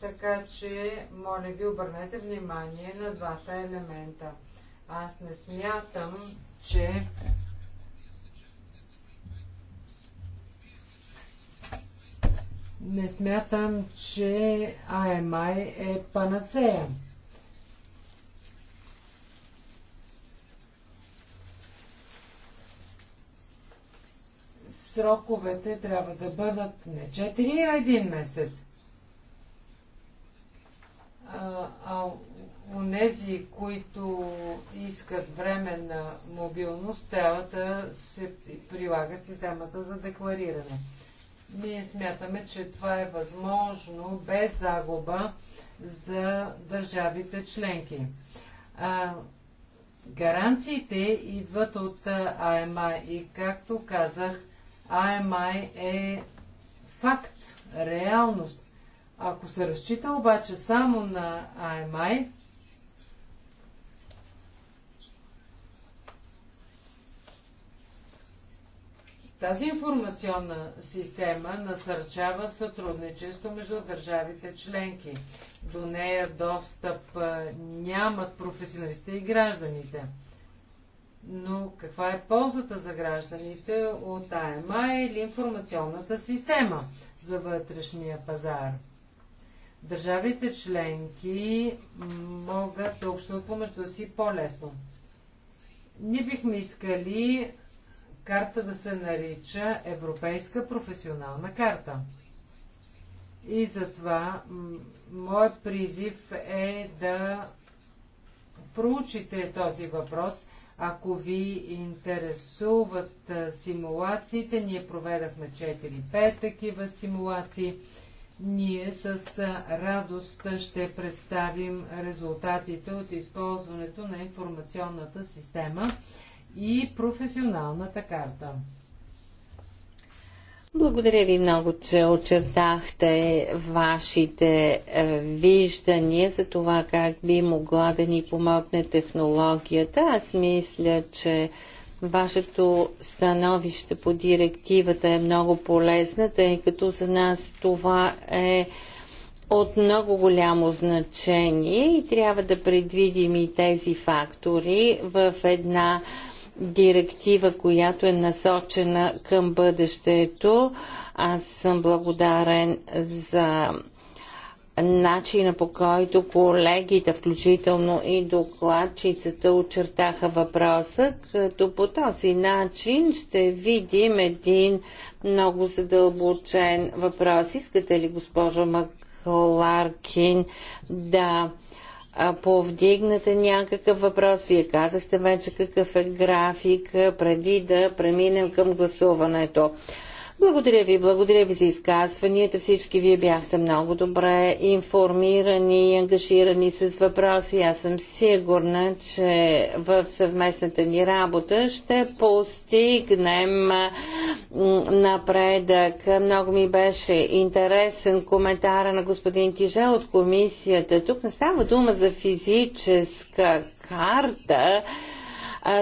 Така че, моля ви, обърнете внимание на двата елемента. Аз не смятам, че не смятам, че АМАЙ е панацея. Сроковете трябва да бъдат не 4, а 1 месец а онези, които искат временна мобилност, трябва да се прилага системата за деклариране. Ние смятаме, че това е възможно без загуба за държавите членки. А, гаранциите идват от АМА, и, както казах, АМА е факт, реалност ако се разчита обаче само на АМАЙ, Тази информационна система насърчава сътрудничество между държавите членки. До нея достъп нямат професионалистите и гражданите. Но каква е ползата за гражданите от АМА или информационната система за вътрешния пазар? Държавите членки могат да общуват помежду си по-лесно. Ние бихме искали карта да се нарича Европейска професионална карта. И затова моят призив е да проучите този въпрос. Ако ви интересуват симулациите, ние проведахме 4-5 такива симулации ние с радост ще представим резултатите от използването на информационната система и професионалната карта. Благодаря ви много, че очертахте вашите е, виждания за това как би могла да ни помогне технологията. Аз мисля, че Вашето становище по директивата е много полезна, тъй като за нас това е от много голямо значение и трябва да предвидим и тези фактори в една директива, която е насочена към бъдещето. Аз съм благодарен за начина по който колегите, включително и докладчицата, очертаха въпроса, като по този начин ще видим един много задълбочен въпрос. Искате ли, госпожо Макларкин, да повдигнете някакъв въпрос? Вие казахте вече какъв е график преди да преминем към гласуването. Благодаря ви, благодаря ви за изказванията. Всички вие бяхте много добре информирани и ангажирани с въпроси. Аз съм сигурна, че в съвместната ни работа ще постигнем напредък. Много ми беше интересен коментара на господин Тиже от комисията. Тук не става дума за физическа карта,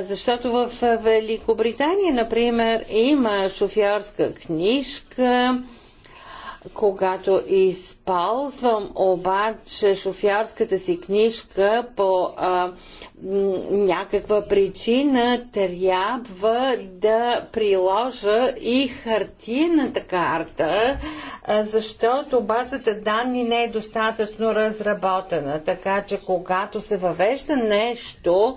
защото в Великобритания, например, има шофьорска книжка, когато използвам обаче шофьорската си книжка по а, някаква причина, трябва да приложа и хартиената карта, а, защото базата данни не е достатъчно разработена. Така че когато се въвежда нещо,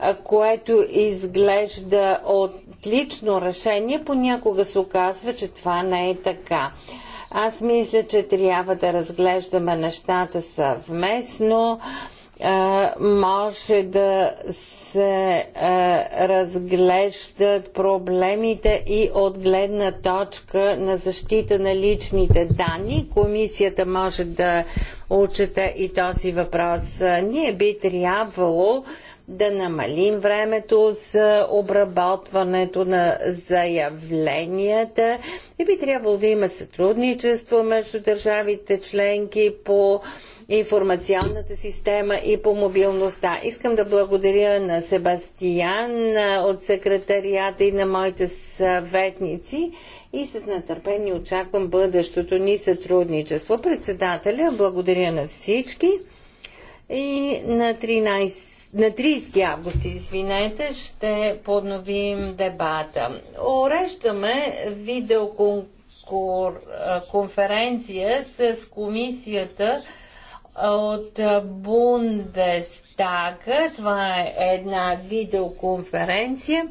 а, което изглежда отлично решение, понякога се оказва, че това не е така. Аз мисля, че трябва да разглеждаме нещата съвместно. Е, може да се е, разглеждат проблемите и от гледна точка на защита на личните данни. Комисията може да учете и този въпрос. Е, ние би трябвало да намалим времето за обработването на заявленията и би трябвало да има сътрудничество между държавите членки по информационната система и по мобилността. Искам да благодаря на Себастиян от секретарията и на моите съветници и с нетърпение очаквам бъдещото ни сътрудничество. Председателя, благодаря на всички и на 13 на 30 август, извинете, ще подновим дебата. Орещаме видеоконференция с комисията от Бундестага. Това е една видеоконференция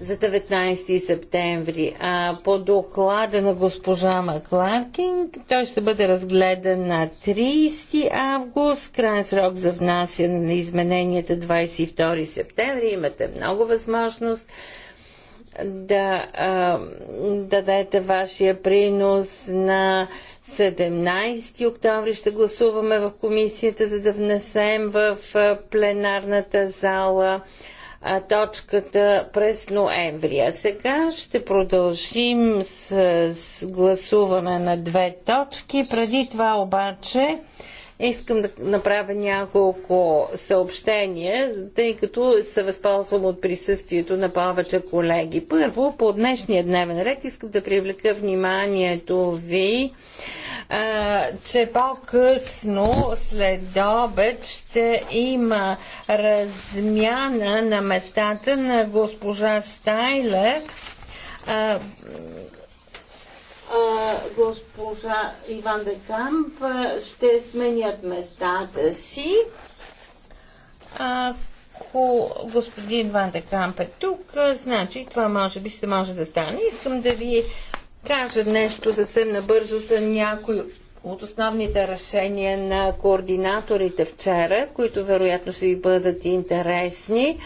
за 19 септември. А по доклада на госпожа Макларкинг, той ще бъде разгледан на 30 август, крайен срок за внасяне на измененията 22 септември. Имате много възможност да а, дадете вашия принос на 17 октомври ще гласуваме в комисията, за да внесем в пленарната зала точката през ноември. А сега ще продължим с гласуване на две точки. Преди това обаче Искам да направя няколко съобщения, тъй като се възползвам от присъствието на повече колеги. Първо, по днешния дневен ред искам да привлека вниманието ви, а, че по-късно след обед ще има размяна на местата на госпожа Стайлер госпожа Иван Декамп ще сменят местата си. Ако господин Иван Декамп е тук, значи това може би ще може да стане. Искам да ви кажа нещо съвсем набързо за някои от основните решения на координаторите вчера, които вероятно ще ви бъдат интересни.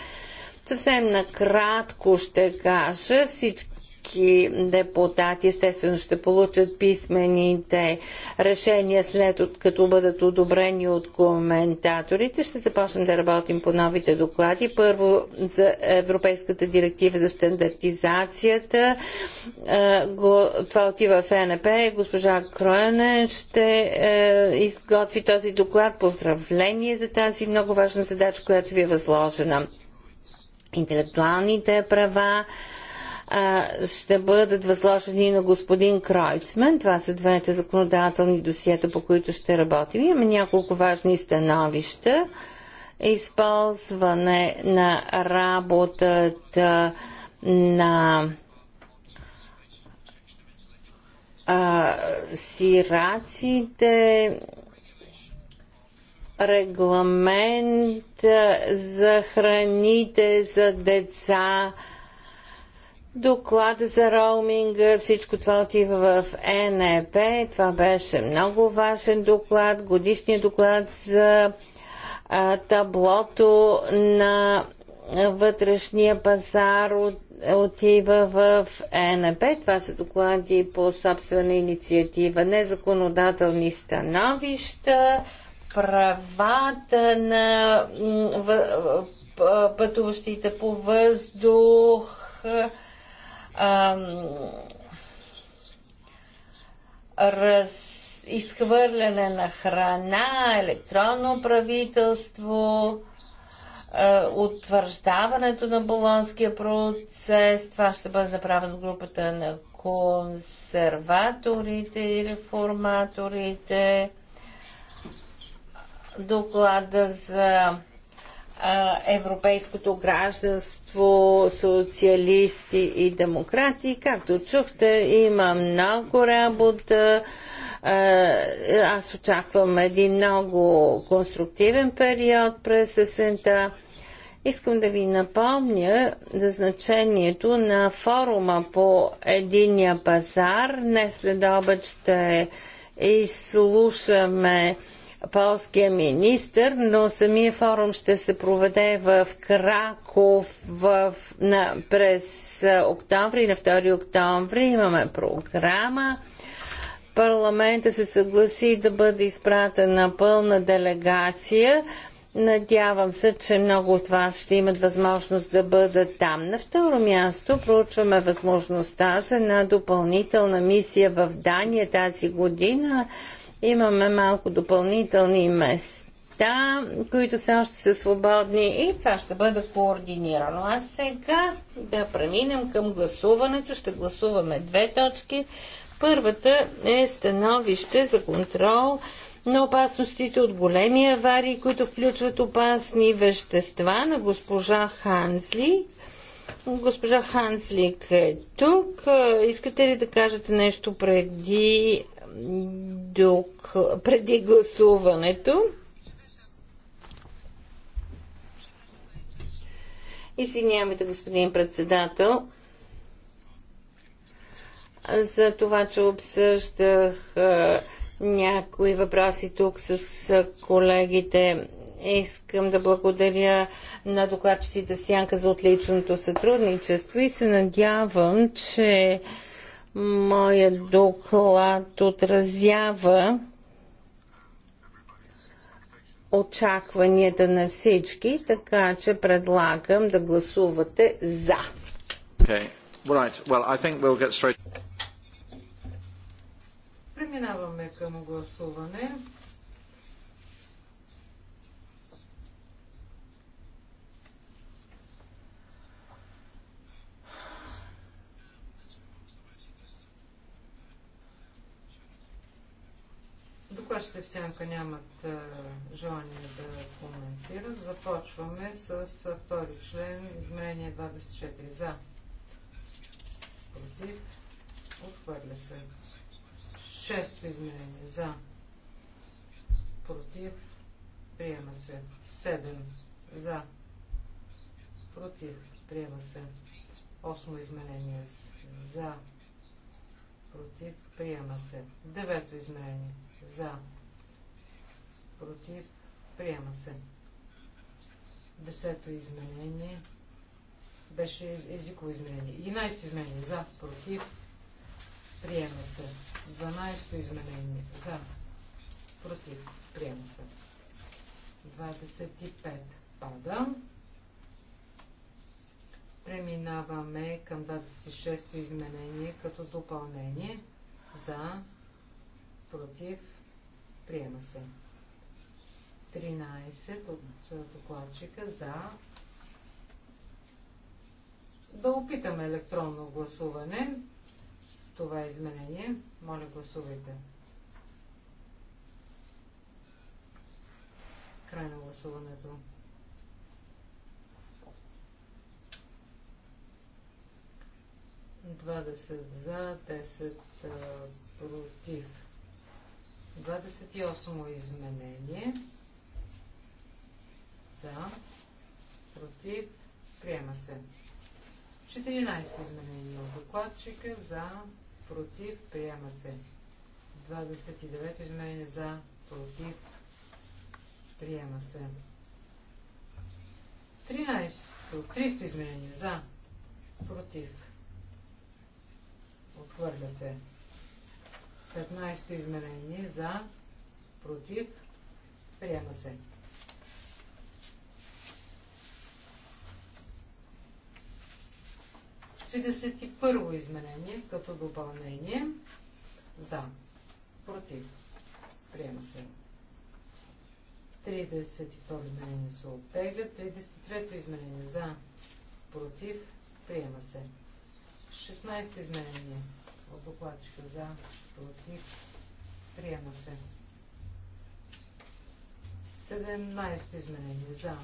Съвсем накратко ще кажа, всички всички депутати естествено ще получат писмените решения след от, като бъдат одобрени от коментаторите. Ще започнем да работим по новите доклади. Първо за Европейската директива за стандартизацията. Това отива в ЕНП. Госпожа Кроене ще е, изготви този доклад. Поздравление за тази много важна задача, която ви е възложена. Интелектуалните права а, ще бъдат възложени на господин Кройцман. Това са двете законодателни досиета, по които ще работим. Имаме няколко важни становища. Използване на работата на а, сираците, регламент за храните за деца, доклада за роуминга, всичко това отива в НЕП. Това беше много важен доклад, годишният доклад за а, таблото на вътрешния пазар от, отива в НЕП. Това са доклади по собствена инициатива, незаконодателни становища, правата на пътуващите по въздух, раз, изхвърляне на храна, електронно правителство, утвърждаването на болонския процес. Това ще бъде направено в групата на консерваторите и реформаторите. Доклада за европейското гражданство, социалисти и демократи. Както чухте, има много работа. Аз очаквам един много конструктивен период през есента. Искам да ви напомня за значението на форума по единия пазар. Днес след обед ще изслушаме полския министр, но самия форум ще се проведе в Краков в, на, през октомври, на 2 октомври. Имаме програма. Парламента се съгласи да бъде изпратена пълна делегация. Надявам се, че много от вас ще имат възможност да бъдат там. На второ място проучваме възможността за една допълнителна мисия в Дания тази година. Имаме малко допълнителни места, които все още са свободни и това ще бъде координирано. А сега да преминем към гласуването. Ще гласуваме две точки. Първата е становище за контрол на опасностите от големи аварии, които включват опасни вещества на госпожа Хансли. Госпожа Ханслик е тук. Искате ли да кажете нещо преди док, преди гласуването. Извинявайте, господин председател, за това, че обсъждах някои въпроси тук с колегите. Искам да благодаря на докладчиците Сянка за отличното сътрудничество и се надявам, че Моя доклад отразява очакванията на всички, така че предлагам да гласувате за. Okay. Right. Well, I think we'll get straight... Преминаваме към гласуване. Докладчите в сянка нямат желание да коментират. Започваме с втори член, измерение 24. За. Против. Отхвърля се. Шесто измерение. За. Против. Приема се. Седем. За. Против. Приема се. Осмо измерение. За. Против. Приема се. Девето измерение. За. Против. Приема се. Десето изменение беше езиково изменение. 11 изменение за, против, приема се. 12 изменение за, против, приема се. 25 пада. Преминаваме към 26 изменение като допълнение за, против, Приема се. 13 от докладчика за. Да опитаме електронно гласуване. Това е изменение. Моля, гласувайте. Край на гласуването. Двадесет за, 10 против. 28 изменение. За. Против. Приема се. 14 изменение от докладчика. За. Против. Приема се. 29 изменение. За. Против. Приема се. 13. 300 изменение. За. Против. Отхвърля се. 15 то измерение за, против, приема се. Тридесет и първо изменение като допълнение за, против, приема се. 32 изменение се оттегля. 33 изменение за, против, приема се. 16 изменение от докладчика за, против, приема се. 17 изменение за,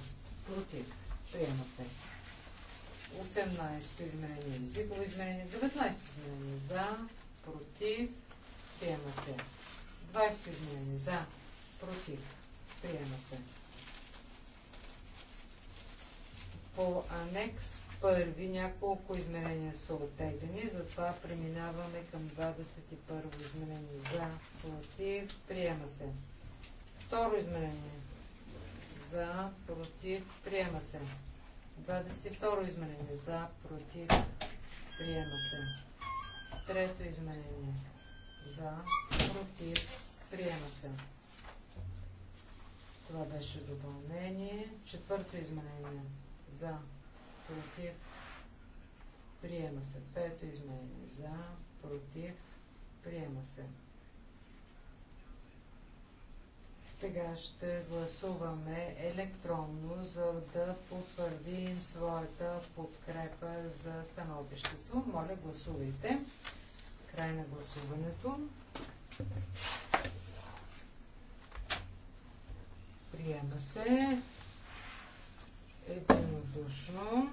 против, приема се. 18 изменение езиково изменение, 19 изменение за, против, приема се. 20 изменение за, против, приема се. По анекс първи няколко изменения са оттеглени, затова преминаваме към 21 изменение за, против, приема се. Второ изменение за, против, приема се. 22 изменение за, против, приема се. Трето изменение за, против, приема се. Това беше допълнение. Четвърто изменение за, против, приема се. Пето изменение за, против, приема се. Сега ще гласуваме електронно, за да потвърдим своята подкрепа за становището. Моля, гласувайте. Край на гласуването. Приема се единодушно.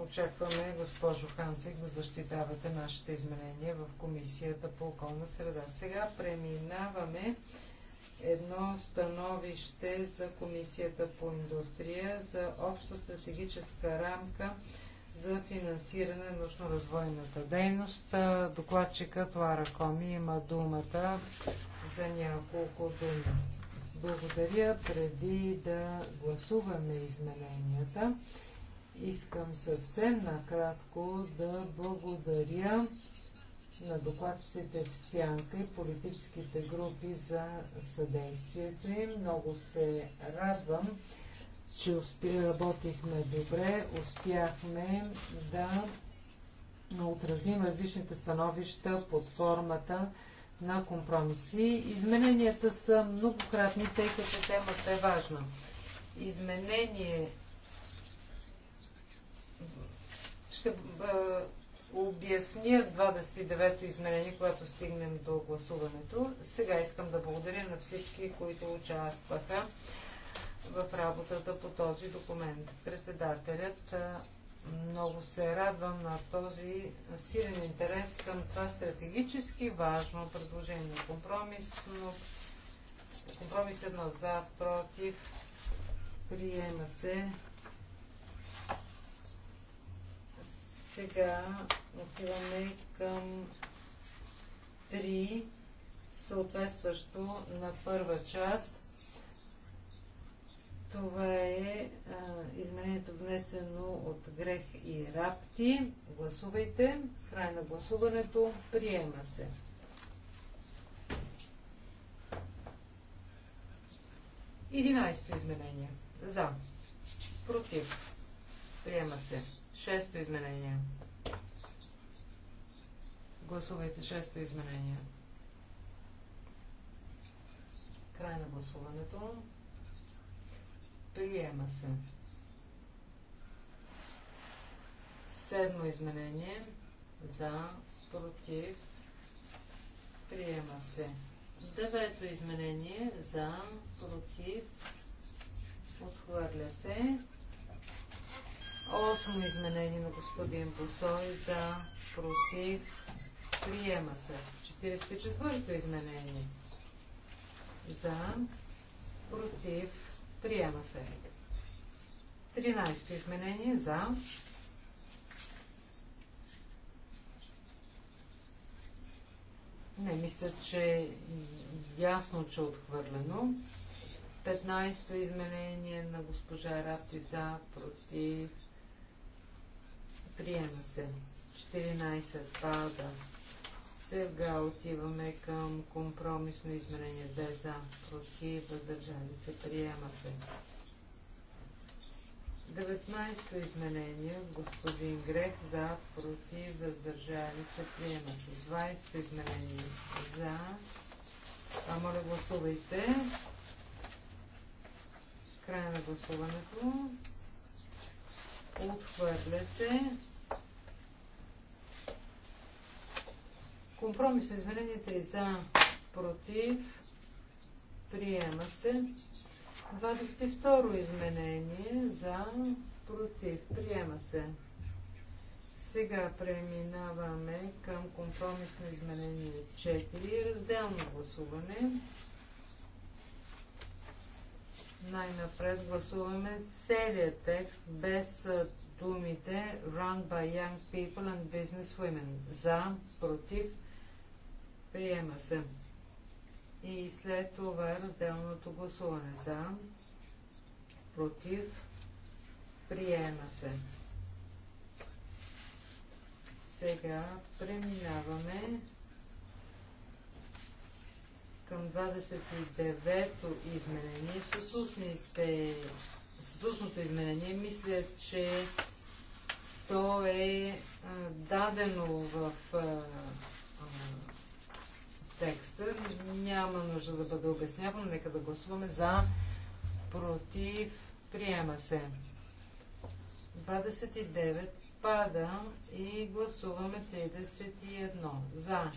Очакваме, госпожо Хансик, да защитавате нашите изменения в Комисията по околна среда. Сега преминаваме едно становище за Комисията по индустрия за обща стратегическа рамка за финансиране на научно-развойната дейност. Докладчикът Лара Коми има думата за няколко думи. Благодаря. Преди да гласуваме измененията, искам съвсем накратко да благодаря на докладчиците в Сянка и политическите групи за съдействието им. Много се радвам, че успе, работихме добре, успяхме да отразим различните становища под формата на компромиси. Измененията са многократни, тъй като темата е важна. Изменение ще бъ... обясня 29-то изменение, когато стигнем до гласуването. Сега искам да благодаря на всички, които участваха в работата по този документ. Председателят много се радвам на този силен интерес към това стратегически важно предложение. Компромисно, компромис едно за, против, приема се. Сега отиваме към 3, съответстващо на първа част – това е а, изменението внесено от Грех и Рапти. Гласувайте. Край на гласуването. Приема се. Единайсто изменение. За. Против. Приема се. Шесто изменение. Гласувайте шесто изменение. Край на гласуването. Приема се. Седмо изменение. За, против. Приема се. Девето изменение. За, против. Отхвърля се. Осмо изменение на господин Босой. За, против. Приема се. 44 изменение. За, против. Приема се. 13-то изменение за. Не, мисля, че ясно, че е отхвърлено. 15-то изменение на госпожа Рапти за, против. Приема се. 14 пада. Сега отиваме към компромисно изменение. Де за, против, въздържали се, приема се. 19-то изменение, господин Грех, за, против, въздържали се, приема се. 20-то изменение, за, а моля гласувайте. Край на гласуването. Отхвърля се. Компромис изменените и за, против, приема се. 22 изменение за, против, приема се. Сега преминаваме към компромисно изменение 4, разделно гласуване. Най-напред гласуваме целият текст без думите Run by Young People and Business Women. За, против, Приема се. И след това разделното гласуване за, против, приема се. Сега преминаваме към 29-то изменение. С устните, с устното изменение мисля, че то е дадено в текста. Няма нужда да бъде обяснявам. Нека да гласуваме за, против, приема се. 29 пада и гласуваме 31. За.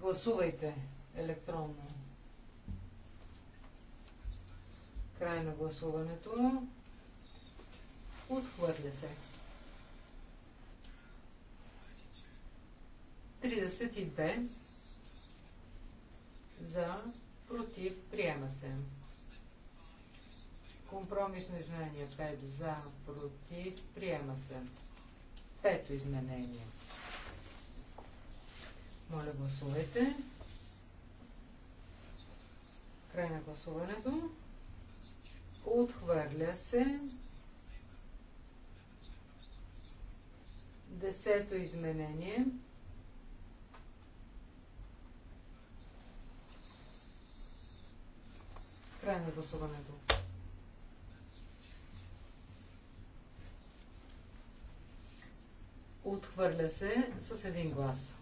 Гласувайте електронно. Край на гласуването. Отхвърля се. 32 за, против, приема се. Компромисно изменение 5 за, против, приема се. Пето изменение. Моля, гласувайте. Край на гласуването. Отхвърля се. Десето изменение. Край на гласуването. Отхвърля се с един глас.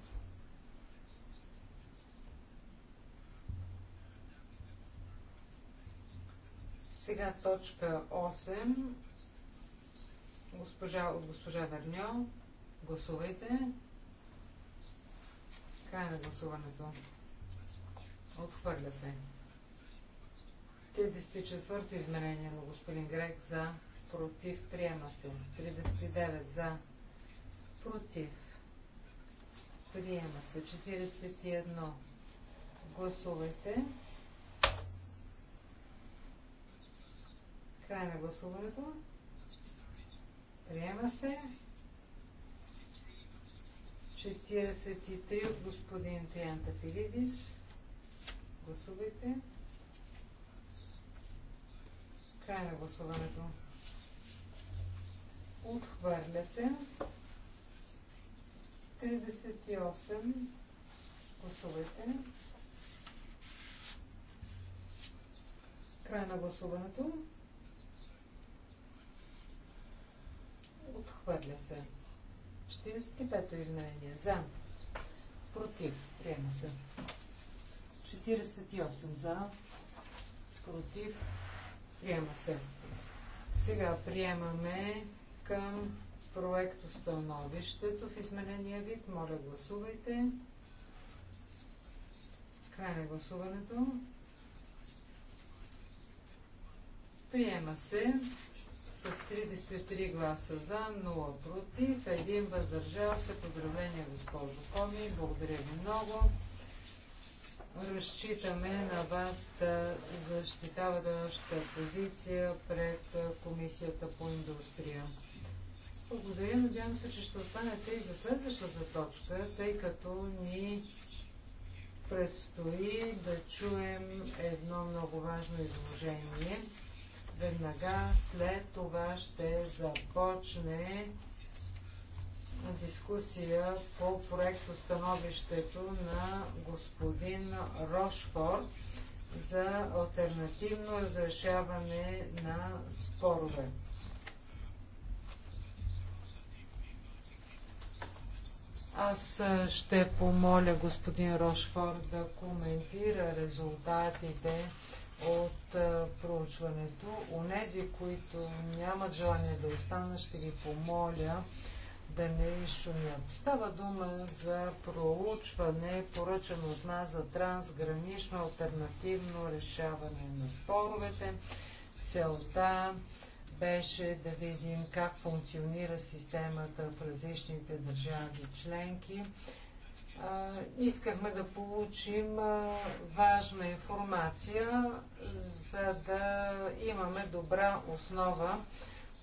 Сега точка 8. Госпожа, от госпожа Верньо. Гласувайте. Край на гласуването. Отхвърля се. 34 изменение на господин Грек за против приема се. 39 за против приема се. 41 гласувайте. Край на гласуването. Приема се. 43 от господин Трианта Филидис. Гласувайте. Край на гласуването. Отхвърля се. 38. Гласувайте. Край на гласуването. Отхвърля се. 45-то изменение. За. Против. Приема се. 48 за. Против. Приема се. Сега приемаме към проекто становището в изменения вид. Моля, гласувайте. Край на гласуването. Приема се с 33 гласа за, 0 против, 1 въздържал се. поздравление, госпожо Коми. Благодаря ви много разчитаме на вас да защитавате нашата позиция пред Комисията по индустрия. Благодаря. Надявам се, че ще останете и за следващата точка, тъй като ни предстои да чуем едно много важно изложение. Веднага след това ще започне дискусия по проекто становището на господин Рошфор за альтернативно разрешаване на спорове. Аз ще помоля господин Рошфор да коментира резултатите от проучването. Онези, които нямат желание да останат, ще ви помоля да не шумят. Става дума за проучване, поръчано от нас за трансгранично альтернативно решаване на споровете. Целта беше да видим как функционира системата в различните държави членки. А, искахме да получим а, важна информация, за да имаме добра основа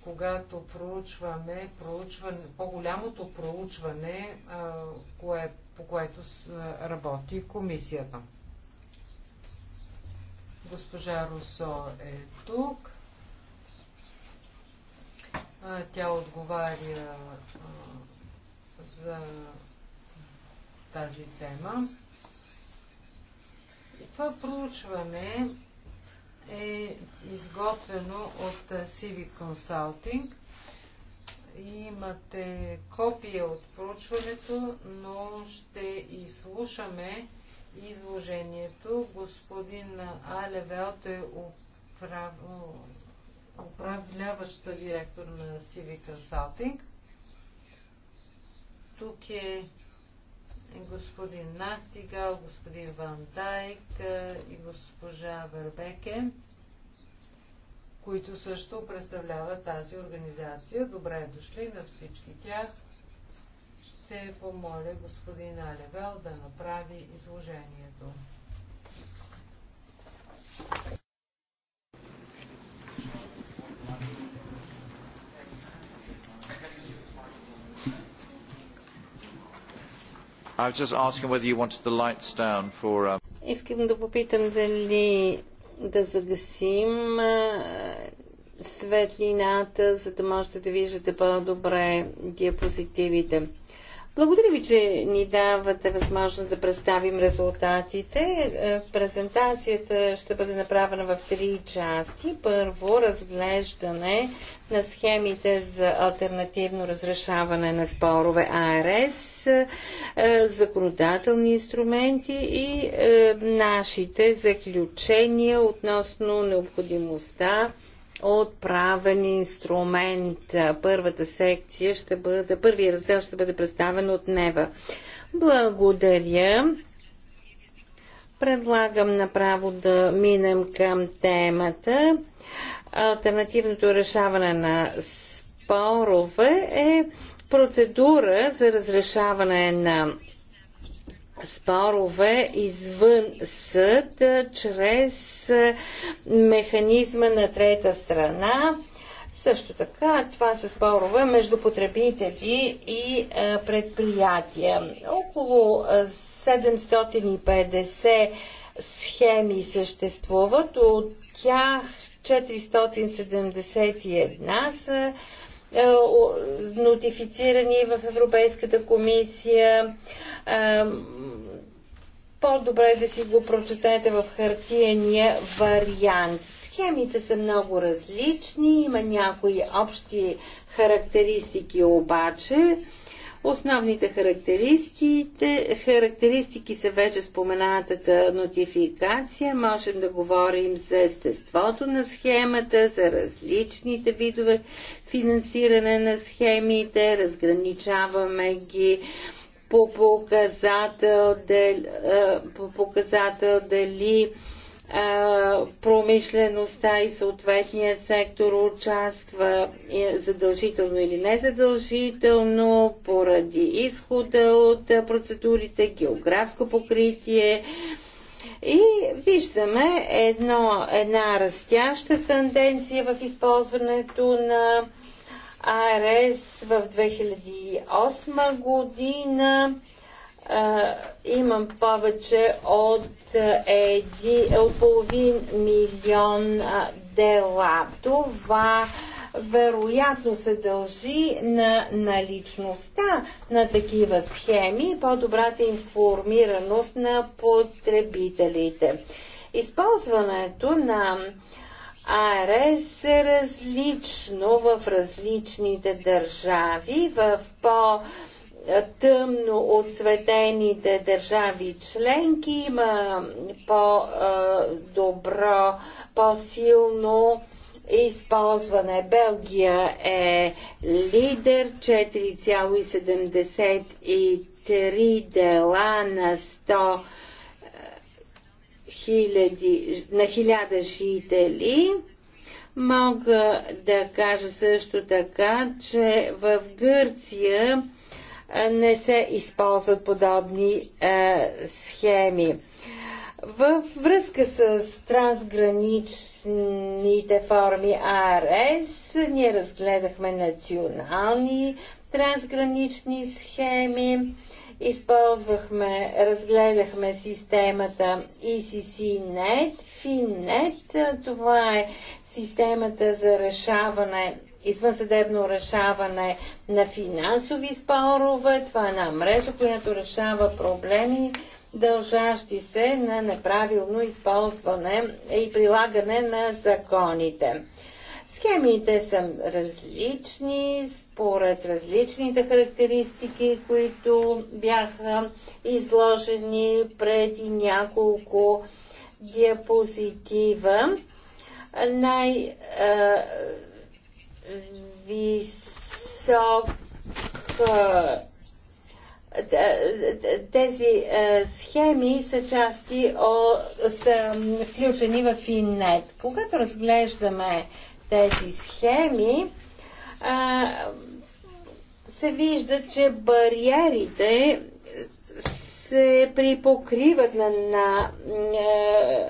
когато проучваме, проучване, по-голямото проучване, а, кое, по което с, а, работи комисията. Госпожа Русо е тук. А, тя отговаря за тази тема. И това проучване е изготвено от е, CV Consulting. Имате копия от проучването, но ще изслушаме изложението. Господин Алевелт е управ... управляващ директор на CV Consulting. Тук е господин Нахтигал, господин Ван Дайк и госпожа Вербеке, които също представляват тази организация. Добре дошли на всички тях. Ще помоля господин Алевел да направи изложението. I was just asking whether you wanted the lights down for... Um, Искам да попитам дали да загасим светлината, за да можете да виждате по-добре диапозитивите. Благодаря ви, че ни давате възможност да представим резултатите. Е, презентацията ще бъде направена в три части. Първо, разглеждане на схемите за альтернативно разрешаване на спорове АРС, е, законодателни инструменти и е, нашите заключения относно необходимостта отправен инструмент. Първата секция ще бъде, първи раздел ще бъде представен от Нева. Благодаря. Предлагам направо да минем към темата. Альтернативното решаване на спорове е процедура за разрешаване на спорове извън съд, чрез механизма на трета страна. Също така, това са спорове между потребители и предприятия. Около 750 схеми съществуват, от тях 471 са е, нотифицирани в Европейската комисия. Е, по-добре е да си го прочетете в хартияния вариант. Схемите са много различни, има някои общи характеристики обаче. Основните характеристики, са вече споменатата нотификация. Можем да говорим за естеството на схемата, за различните видове финансиране на схемите, разграничаваме ги по показател, дали, по показател дали промишлеността и съответния сектор участва задължително или незадължително поради изхода от процедурите, географско покритие. И виждаме едно, една растяща тенденция в използването на АРС в 2008 година имам повече от, еди, от половин милион дела. Това вероятно се дължи на наличността на такива схеми и по-добрата информираност на потребителите. Използването на АРС е различно в различните държави, в по- тъмно отсветените държави членки има по-добро, по-силно използване. Белгия е лидер 4,73 дела на 100 хиляди, на хиляда жители. Мога да кажа също така, че в Гърция не се използват подобни е, схеми. Във връзка с трансграничните форми АРС, ние разгледахме национални трансгранични схеми, използвахме, разгледахме системата ECCNet, FinNet, това е системата за решаване извънсъдебно решаване на финансови спорове. Това е една мрежа, която решава проблеми, дължащи се на неправилно използване и прилагане на законите. Схемите са различни според различните характеристики, които бяха изложени преди няколко диапозитива. Най- висок тези е, схеми са части, са включени в Иннет. Когато разглеждаме тези схеми, е, се вижда, че бариерите се припокриват на, на е,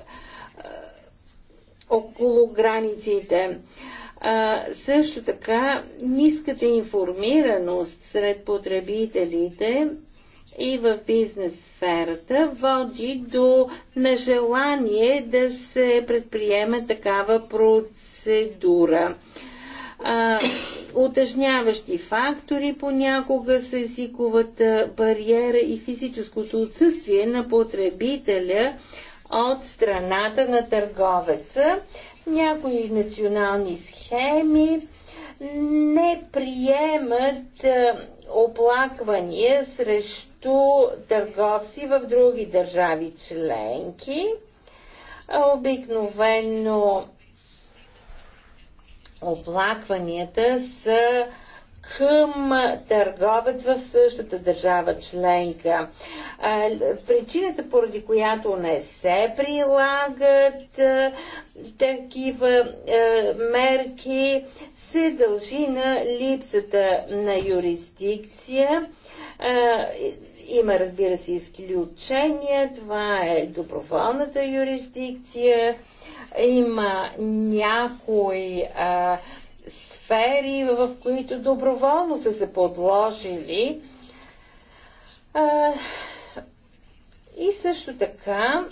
около границите а, също така ниската информираност сред потребителите и в бизнес сферата води до нежелание да се предприеме такава процедура. А, утежняващи фактори понякога са езиковата бариера и физическото отсъствие на потребителя от страната на търговеца. Някои национални схеми схеми не приемат е, оплаквания срещу търговци в други държави членки. Обикновено оплакванията са към търговец в същата държава членка. Причината, поради която не се прилагат такива мерки, се дължи на липсата на юрисдикция. Има, разбира се, изключения. Това е доброволната юрисдикция. Има някои а, сфери, в които доброволно са се подложили. А, и също така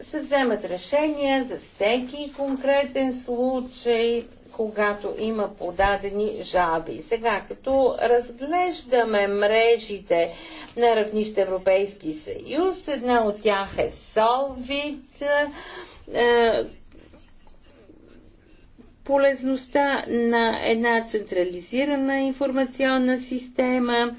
се вземат решения за всеки конкретен случай, когато има подадени жаби. Сега, като разглеждаме мрежите на равнище Европейски съюз, една от тях е Solvit, полезността на една централизирана информационна система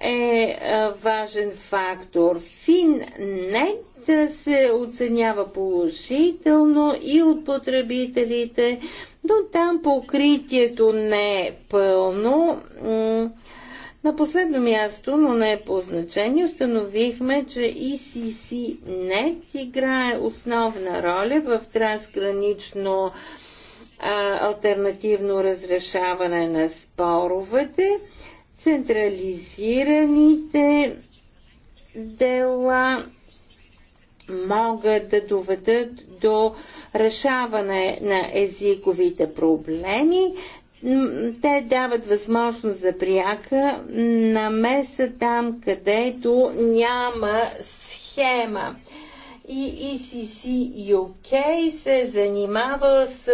е, е важен фактор. Финнет се оценява положително и от потребителите, но там покритието не е пълно. На последно място, но не е по значение, установихме, че ECCNet играе основна роля в трансгранично альтернативно разрешаване на споровете, централизираните дела могат да доведат до решаване на езиковите проблеми. Те дават възможност за пряка намеса там, където няма схема и ECC UK се занимава с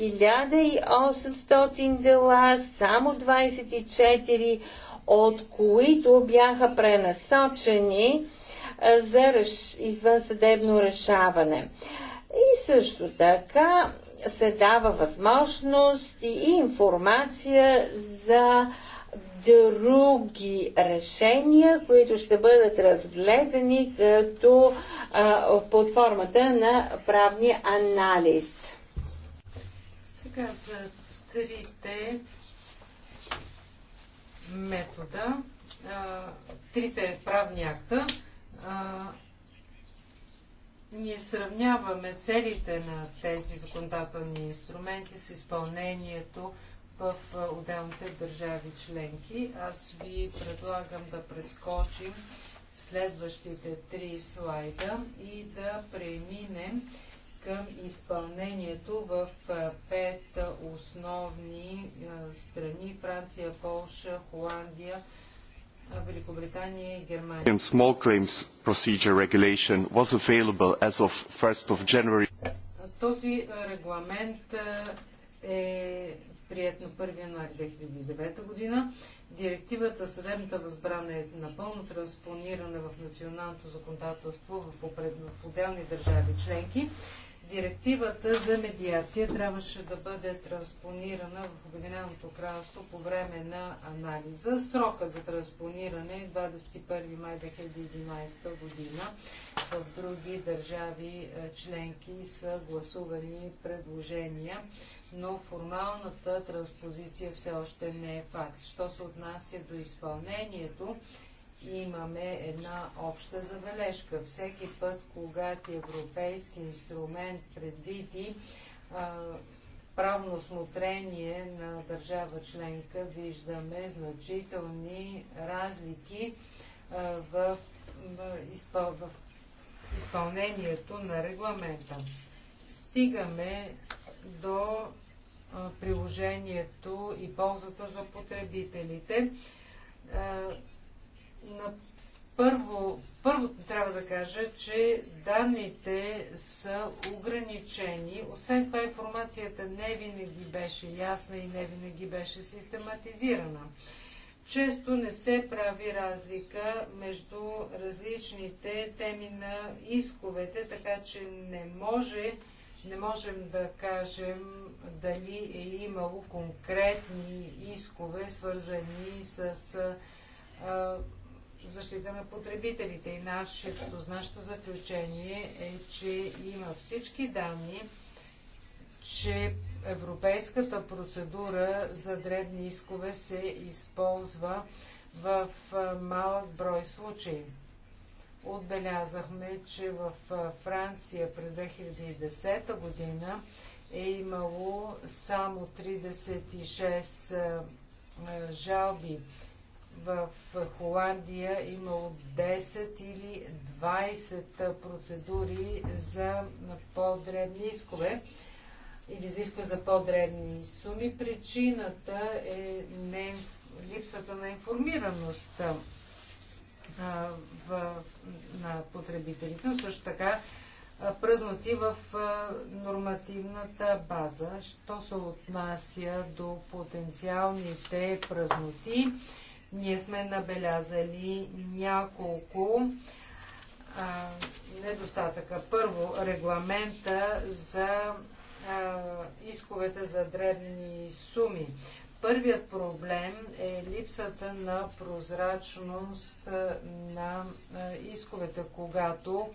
1800 дела, само 24 от които бяха пренасочени за извънсъдебно решаване. И също така се дава възможност и информация за други решения, които ще бъдат разгледани като а, под формата на правни анализ. Сега за трите метода, а, трите правни акта, а, ние сравняваме целите на тези законодателни инструменти с изпълнението в отделните държави членки. Аз ви предлагам да прескочим следващите три слайда и да преминем към изпълнението в пет основни страни Франция, Полша, Холандия, Великобритания и Германия. Small claims procedure regulation was available as of 1st of January. Този регламент е прият на 1 януари 2009 година. Директивата съдебната възбрана е напълно транспонирана в националното законодателство в, опред... в отделни държави членки. Директивата за медиация трябваше да бъде транспонирана в Обединеното кралство по време на анализа. Срокът за транспониране е 21 май 2011 година. В други държави е, членки са гласувани предложения но формалната транспозиция все още не е факт. Що се отнася до изпълнението, имаме една обща забележка. Всеки път, когато европейски инструмент предвиди а, правно смотрение на държава членка, виждаме значителни разлики а, в, в, изпъл, в изпълнението на регламента. Стигаме до приложението и ползата за потребителите. На първо, първото трябва да кажа, че данните са ограничени. Освен това информацията не винаги беше ясна и не винаги беше систематизирана. Често не се прави разлика между различните теми на исковете, така че не може не можем да кажем дали е имало конкретни искове, свързани с а, защита на потребителите. И нашето, нашето заключение е, че има всички данни, че европейската процедура за дребни искове се използва в малък брой случаи. Отбелязахме, че в Франция през 2010 година е имало само 36 жалби. В Холандия е имало 10 или 20 процедури за по-дребни искове или за искове за по-дребни суми. Причината е не, липсата на информираност а, в, на потребителите, но също така пръзноти в нормативната база. Що се отнася до потенциалните пръзноти, ние сме набелязали няколко а, недостатъка. Първо, регламента за а, исковете за древни суми. Първият проблем е липсата на прозрачност на исковете, когато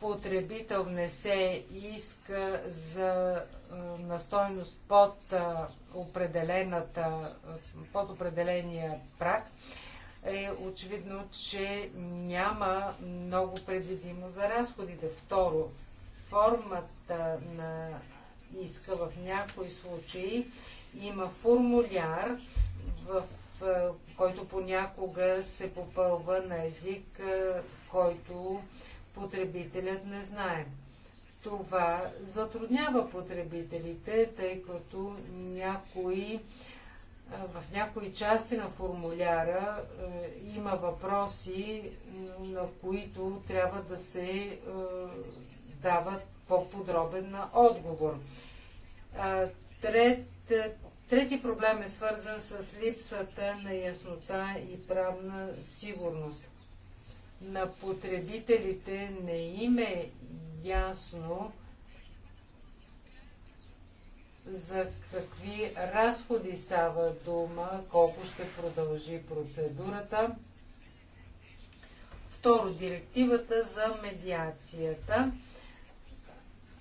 потребител не се иска за настойност под определената, под определения прак, е очевидно, че няма много предвидимо за разходите. Второ, формата на иска в някои случаи има формуляр, в е, който понякога се попълва на език, е, който потребителят не знае. Това затруднява потребителите, тъй като някои е, в някои части на формуляра има въпроси, на които трябва да се дават дава по-подробен отговор. трет, Трети проблем е свързан с липсата на яснота и правна сигурност. На потребителите не им е ясно за какви разходи става дума, колко ще продължи процедурата. Второ, директивата за медиацията.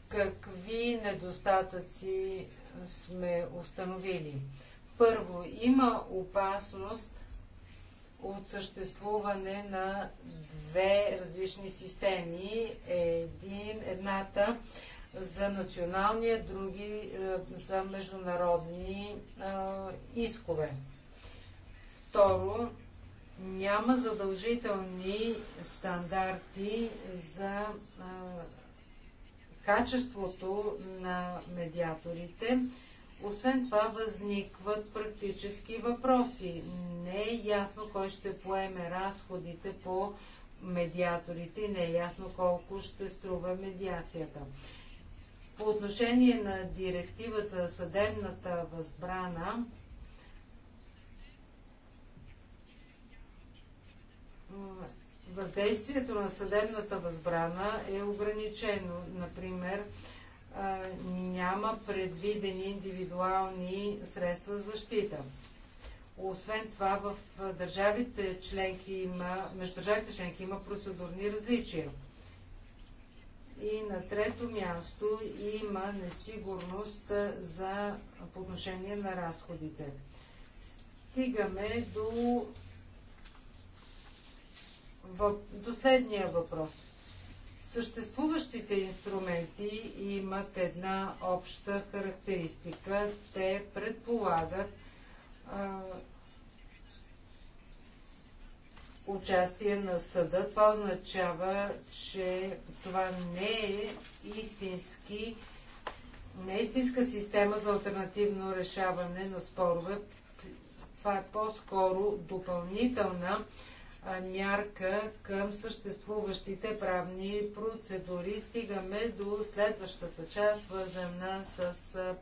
Какви недостатъци сме установили. Първо, има опасност от съществуване на две различни системи. Един, едната за националния, други е, за международни а, е, искове. Второ, няма задължителни стандарти за а, е, качеството на медиаторите. Освен това възникват практически въпроси. Не е ясно кой ще поеме разходите по медиаторите и не е ясно колко ще струва медиацията. По отношение на директивата съдебната възбрана, въздействието на съдебната възбрана е ограничено. Например, няма предвидени индивидуални средства за защита. Освен това, в държавите членки има, между държавите членки има процедурни различия. И на трето място има несигурност за, по отношение на разходите. Стигаме до въп... до следния въпрос. Съществуващите инструменти имат една обща характеристика. Те предполагат а, участие на съда. Това означава, че това не е истински не е истинска система за альтернативно решаване на спорове. Това е по-скоро допълнителна мярка към съществуващите правни процедури. Стигаме до следващата част, свързана с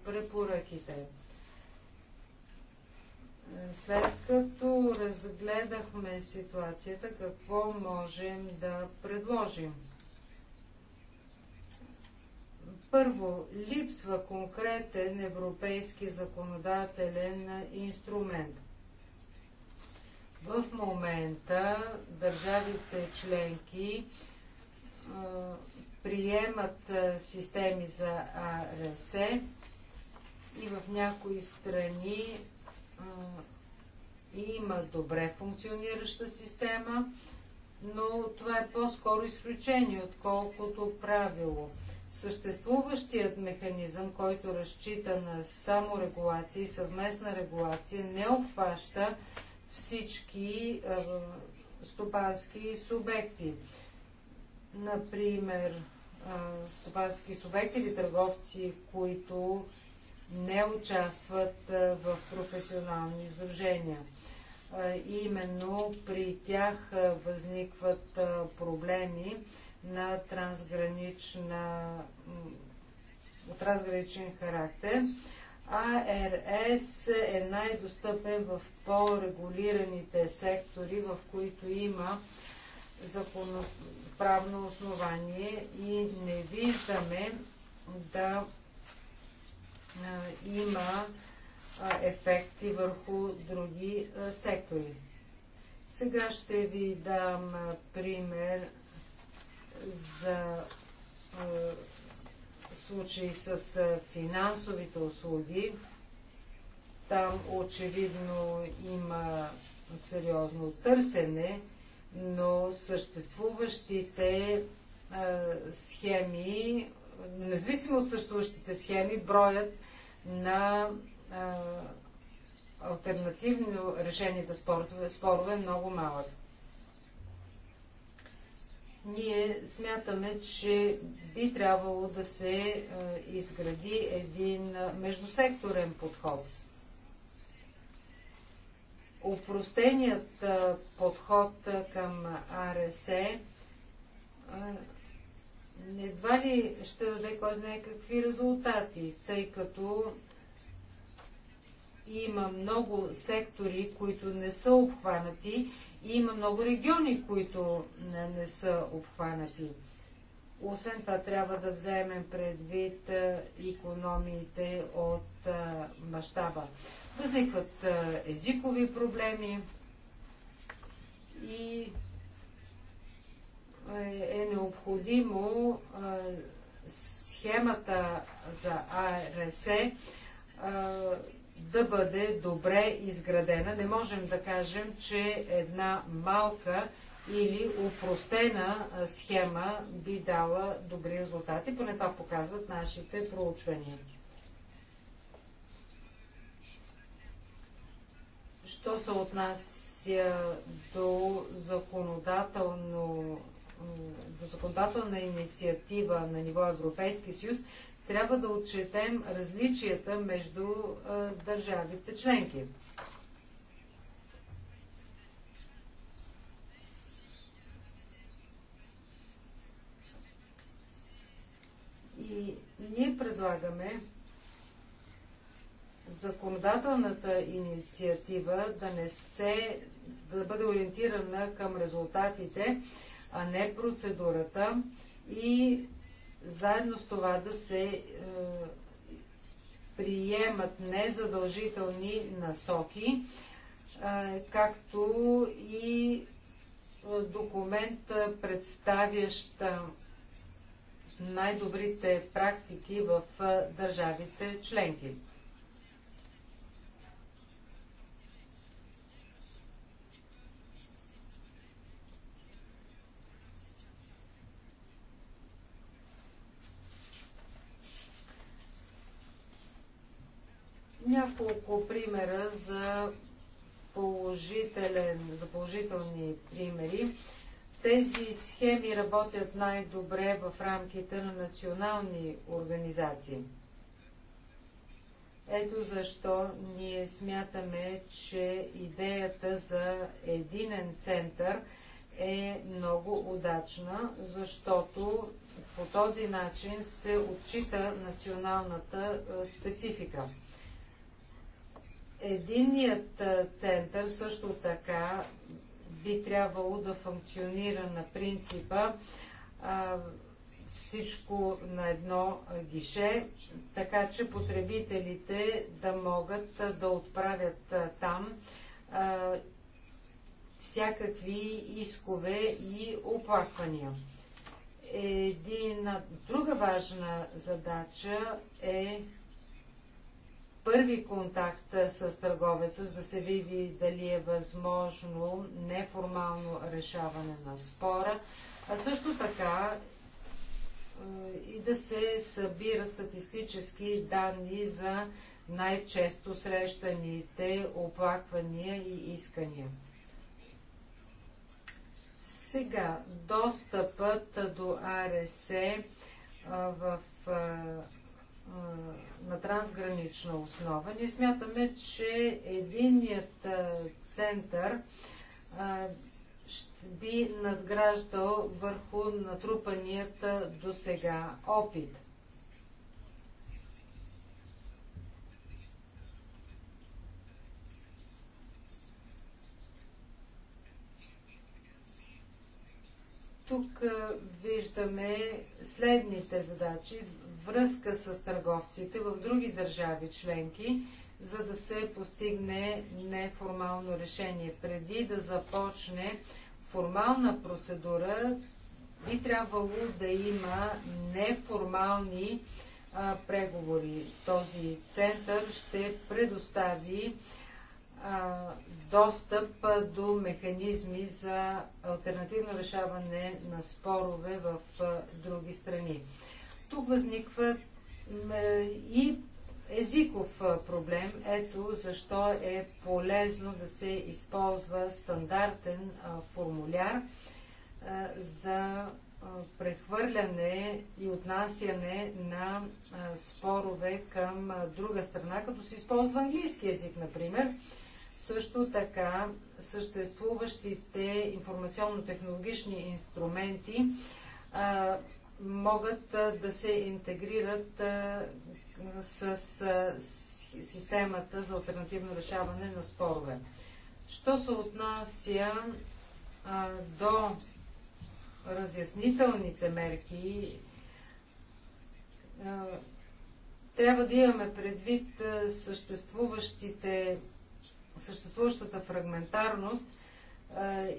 препоръките. След като разгледахме ситуацията, какво можем да предложим? Първо, липсва конкретен европейски законодателен инструмент. В момента държавите членки приемат системи за АРС и в някои страни има добре функционираща система, но това е по-скоро изключение, отколкото правило. Съществуващият механизъм, който разчита на саморегулация и съвместна регулация, не обхваща всички стопански субекти. Например, стопански субекти или търговци, които не участват в професионални издружения. Именно при тях възникват проблеми на трансгранична, от трансграничен характер АРС е най-достъпен в по-регулираните сектори, в които има законоправно основание и не виждаме да има ефекти върху други сектори. Сега ще ви дам пример за случай с финансовите услуги. Там очевидно има сериозно търсене, но съществуващите схеми, независимо от съществуващите схеми, броят на альтернативни альтернативно решените спорове, спорове е много малък. Ние смятаме, че би трябвало да се е, изгради един е, междусекторен подход. Опростеният е, подход към АРСЕ едва ли ще даде кой знае какви резултати, тъй като има много сектори, които не са обхванати и има много региони, които не, не са обхванати. Освен това, трябва да вземем предвид економиите от мащаба. Възникват езикови проблеми и е необходимо схемата за АРС да бъде добре изградена. Не можем да кажем, че една малка или упростена схема би дала добри резултати, поне това показват нашите проучвания. Що се отнася до, законодателно, до законодателна инициатива на ниво Европейски съюз, трябва да отчетем различията между държавите членки. И ние предлагаме законодателната инициатива да не се да бъде ориентирана към резултатите, а не процедурата и заедно с това да се е, приемат незадължителни насоки, е, както и е, документ, е, представящ е, най-добрите практики в държавите членки. Няколко примера за, положителен, за положителни примери. Тези схеми работят най-добре в рамките на национални организации. Ето защо ние смятаме, че идеята за единен център е много удачна, защото по този начин се отчита националната специфика. Единният център също така би трябвало да функционира на принципа а, всичко на едно гише, така че потребителите да могат да отправят там а, всякакви искове и оплаквания. Една друга важна задача е първи контакт с търговеца, за да се види дали е възможно неформално решаване на спора, а също така и да се събира статистически данни за най-често срещаните оплаквания и искания. Сега, достъпът до АРС в на трансгранична основа. Ние смятаме, че единният център би надграждал върху натрупаният до сега опит. Тук виждаме следните задачи връзка с търговците в други държави членки, за да се постигне неформално решение. Преди да започне формална процедура, би трябвало да има неформални а, преговори. Този център ще предостави а, достъп а, до механизми за альтернативно решаване на спорове в а, други страни. Тук възниква е, и езиков проблем. Ето защо е полезно да се използва стандартен формуляр за прехвърляне и отнасяне на спорове към друга страна, като се използва английски язик, например. Също така съществуващите информационно-технологични инструменти могат да се интегрират с системата за альтернативно решаване на спорове. Що се отнася до разяснителните мерки, трябва да имаме предвид съществуващата фрагментарност –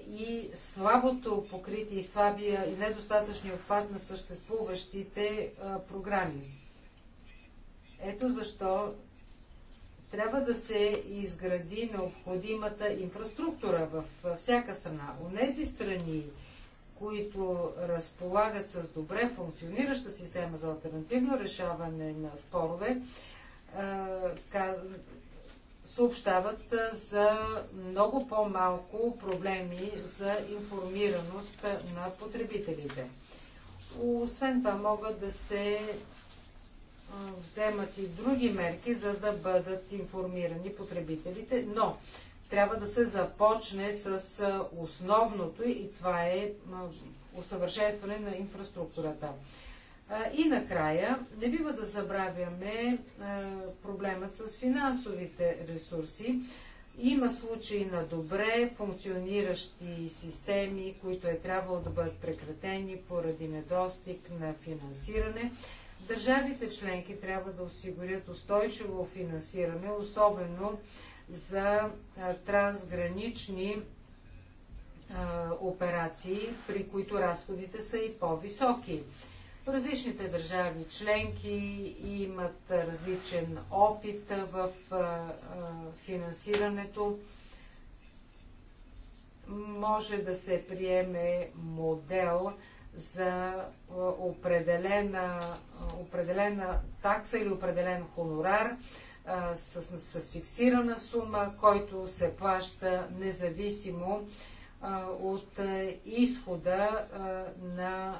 и слабото покритие и слабия и недостатъчния обхват на съществуващите програми. Ето защо трябва да се изгради необходимата инфраструктура в всяка страна. тези страни, които разполагат с добре функционираща система за альтернативно решаване на спорове, съобщават за много по-малко проблеми за информираност на потребителите. Освен това могат да се вземат и други мерки, за да бъдат информирани потребителите, но трябва да се започне с основното и това е усъвършенстване на инфраструктурата. И накрая, не бива да забравяме проблемът с финансовите ресурси. Има случаи на добре функциониращи системи, които е трябвало да бъдат прекратени поради недостиг на финансиране. Държавите членки трябва да осигурят устойчиво финансиране, особено за трансгранични операции, при които разходите са и по-високи. Различните държавни членки имат различен опит в финансирането. Може да се приеме модел за определена, определена такса или определен хонорар с, с фиксирана сума, който се плаща независимо от изхода на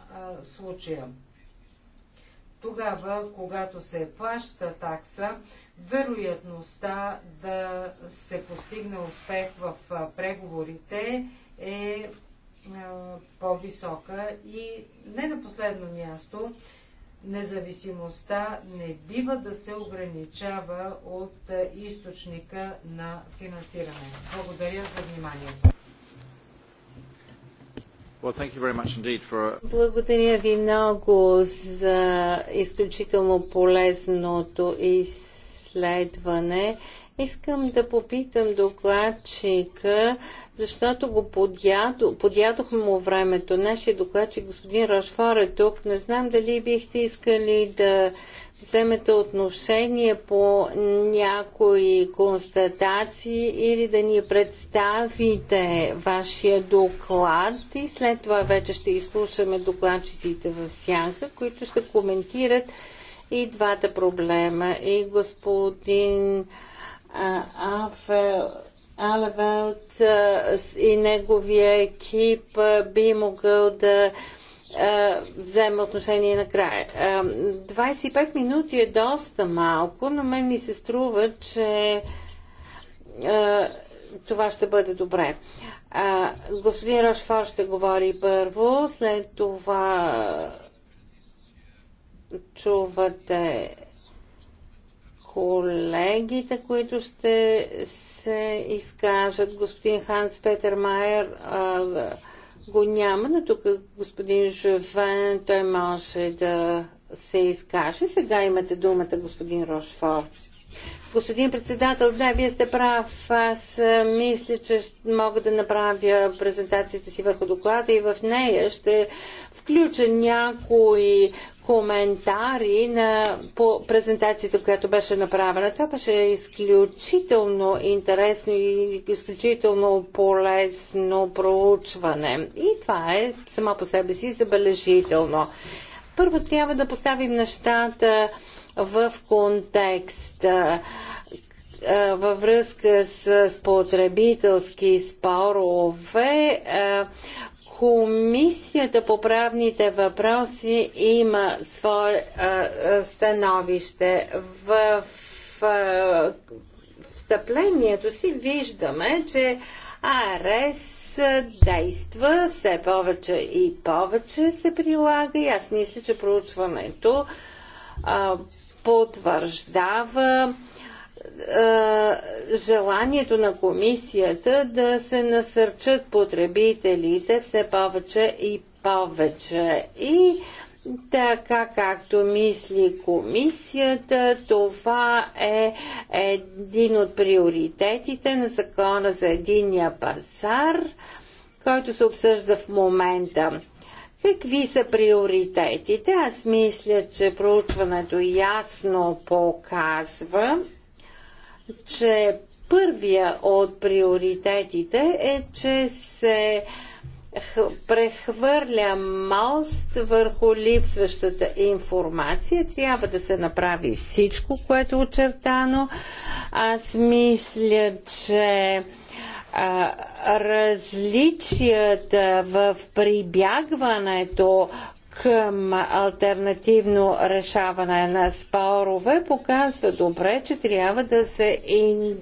случая тогава, когато се плаща такса, вероятността да се постигне успех в преговорите е по-висока и не на последно място, независимостта не бива да се ограничава от източника на финансиране. Благодаря за вниманието. Благодаря ви много за изключително полезното изследване. Искам да попитам докладчика, защото го подядохме му времето. Нашия докладчик, господин Рашфор е тук. Не знам дали бихте искали да вземете отношение по някои констатации или да ни представите вашия доклад и след това вече ще изслушаме докладчиците в сянка, които ще коментират и двата проблема. И господин Афел Алевелт и неговия екип би могъл да взема отношение накрая. 25 минути е доста малко, но мен ми се струва, че това ще бъде добре. господин Рошфор ще говори първо, след това чувате колегите, които ще се изкажат. Господин Ханс Петер Майер а, го няма, но тук господин Жовен, той може да се изкаже. Сега имате думата, господин Рошфор. Господин председател, да, вие сте прав. Аз мисля, че мога да направя презентацията си върху доклада и в нея ще включа някои коментари на, по презентацията, която беше направена. Това беше изключително интересно и изключително полезно проучване. И това е само по себе си забележително. Първо трябва да поставим нещата в контекст във връзка с потребителски спорове. Комисията по правните въпроси има свое становище. В встъплението си виждаме, че АРС действа все повече и повече се прилага и аз мисля, че проучването потвърждава желанието на комисията да се насърчат потребителите все повече и повече. И така както мисли комисията, това е един от приоритетите на закона за единния пазар, който се обсъжда в момента. Какви са приоритетите? Аз мисля, че проучването ясно показва, че първия от приоритетите е, че се прехвърля мост върху липсващата информация. Трябва да се направи всичко, което е очертано. Аз мисля, че различията в прибягването към альтернативно решаване на спорове показва добре, че трябва да се ин,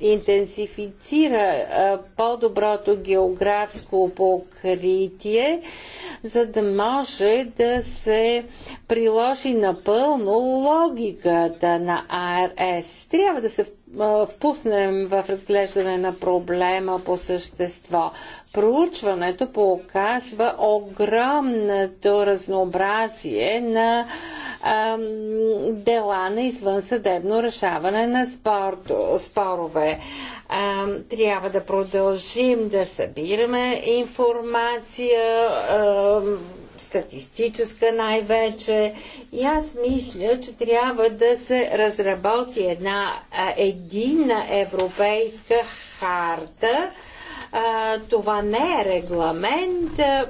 интенсифицира по-доброто географско покритие, за да може да се приложи напълно логиката на АРС. Трябва да се впуснем в разглеждане на проблема по същество. Проучването показва огромното разнообразие на ам, дела на извънсъдебно решаване на спорто, спорове. Ам, трябва да продължим да събираме информация. Ам, статистическа най-вече. И аз мисля, че трябва да се разработи една единна европейска харта. това не е регламент. А,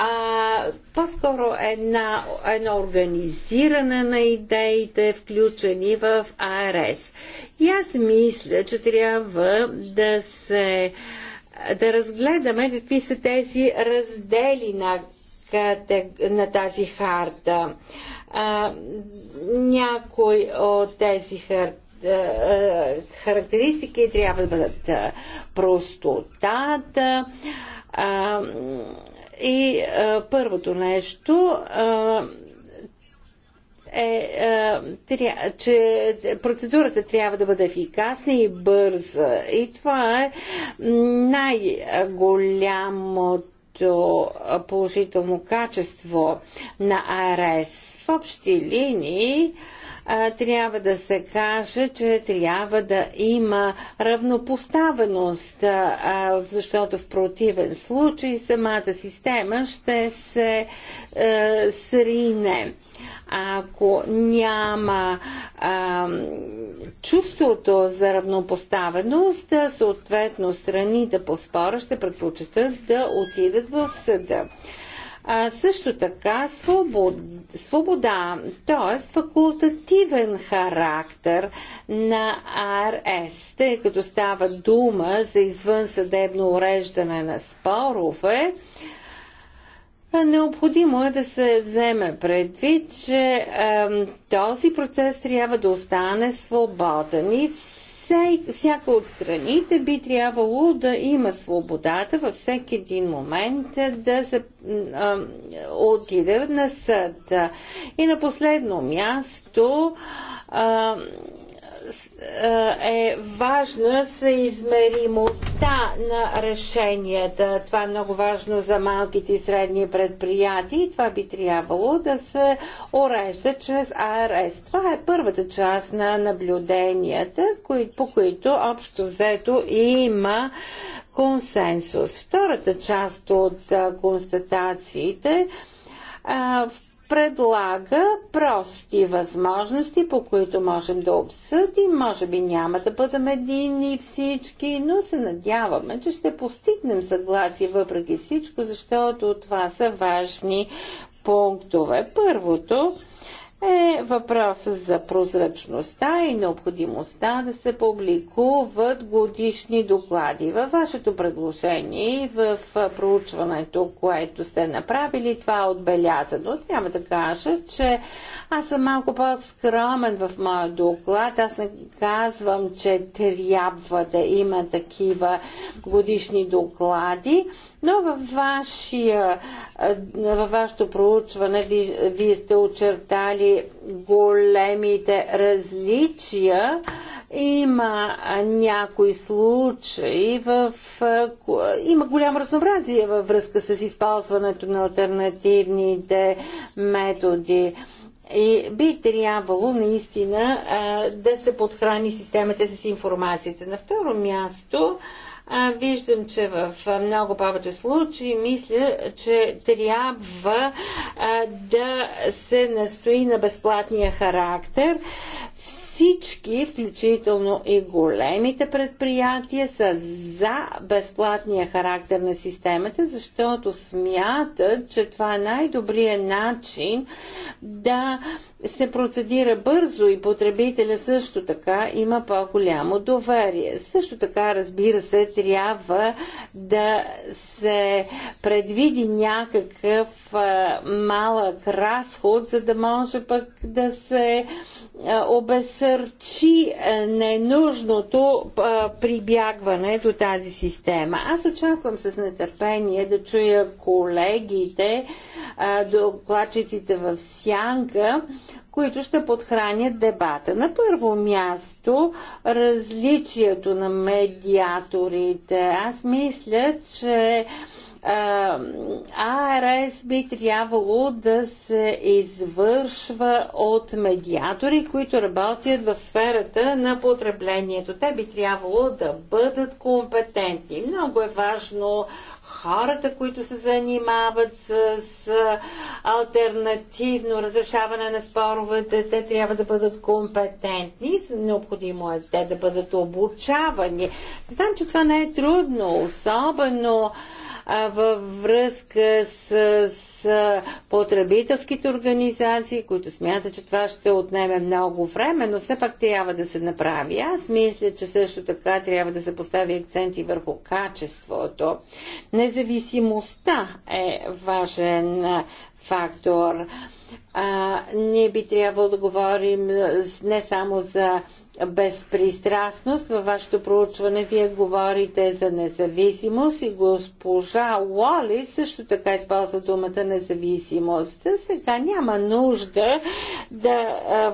а по-скоро една, една организиране на идеите, включени в АРС. И аз мисля, че трябва да се а, да разгледаме какви са тези раздели на, на тази харта. А, някой от тези харта характеристики трябва да бъдат простотата и първото нещо е, е, тря, че процедурата трябва да бъде ефикасна и бърза. И това е най-голямото положително качество на АРС. В общи линии е, трябва да се каже, че трябва да има равнопоставеност, е, защото в противен случай самата система ще се срине ако няма а, чувството за равнопоставеност, съответно страните по спора ще предпочитат да отидат в съда. А, също така свобод, свобода, т.е. факултативен характер на АРС, тъй като става дума за извънсъдебно уреждане на спорове, а, Необходимо е да се вземе предвид, че е, този процес трябва да остане свободен и все, всяка от страните би трябвало да има свободата във всеки един момент да се е, отиде на съд. И на последно място Е, е, е важна съизмеримостта на решенията. Това е много важно за малките и средни предприятия и това би трябвало да се урежда чрез АРС. Това е първата част на наблюденията, по които общо взето има консенсус. Втората част от констатациите в предлага прости възможности, по които можем да обсъдим. Може би няма да бъдем единни всички, но се надяваме, че ще постигнем съгласие въпреки всичко, защото това са важни пунктове. Първото е въпросът за прозрачността и необходимостта да се публикуват годишни доклади. Във вашето предложение и в проучването, което сте направили, това е отбелязано. Трябва да кажа, че аз съм малко по-скромен в моя доклад. Аз не казвам, че трябва да има такива годишни доклади, но във, вашия, е, във вашето проучване ви, вие сте очертали големите различия. Има някои случаи, в, е, има голямо разнообразие във връзка с използването на альтернативните методи. И би трябвало наистина да се подхрани системата с информацията. На второ място, а, виждам, че в много повече случаи мисля, че трябва а, да се настои на безплатния характер. Всички, включително и големите предприятия, са за безплатния характер на системата, защото смятат, че това е най-добрият начин да се процедира бързо и потребителя също така има по-голямо доверие. Също така, разбира се, трябва да се предвиди някакъв малък разход, за да може пък да се обесърчи ненужното прибягване до тази система. Аз очаквам с нетърпение да чуя колегите, докладчиците в Сянка, които ще подхранят дебата. На първо място, различието на медиаторите. Аз мисля, че АРС би трябвало да се извършва от медиатори, които работят в сферата на потреблението. Те би трябвало да бъдат компетентни. Много е важно хората, които се занимават с, с альтернативно разрешаване на споровете, те трябва да бъдат компетентни. Необходимо е те да бъдат обучавани. Знам, че това не е трудно, особено а във връзка с, с потребителските организации, които смятат, че това ще отнеме много време, но все пак трябва да се направи. Аз мисля, че също така трябва да се постави акценти върху качеството. Независимостта е важен фактор. А, ние би трябвало да говорим не само за безпристрастност. Във вашето проучване вие говорите за независимост и госпожа Уоли също така използва думата независимост. Сега няма нужда да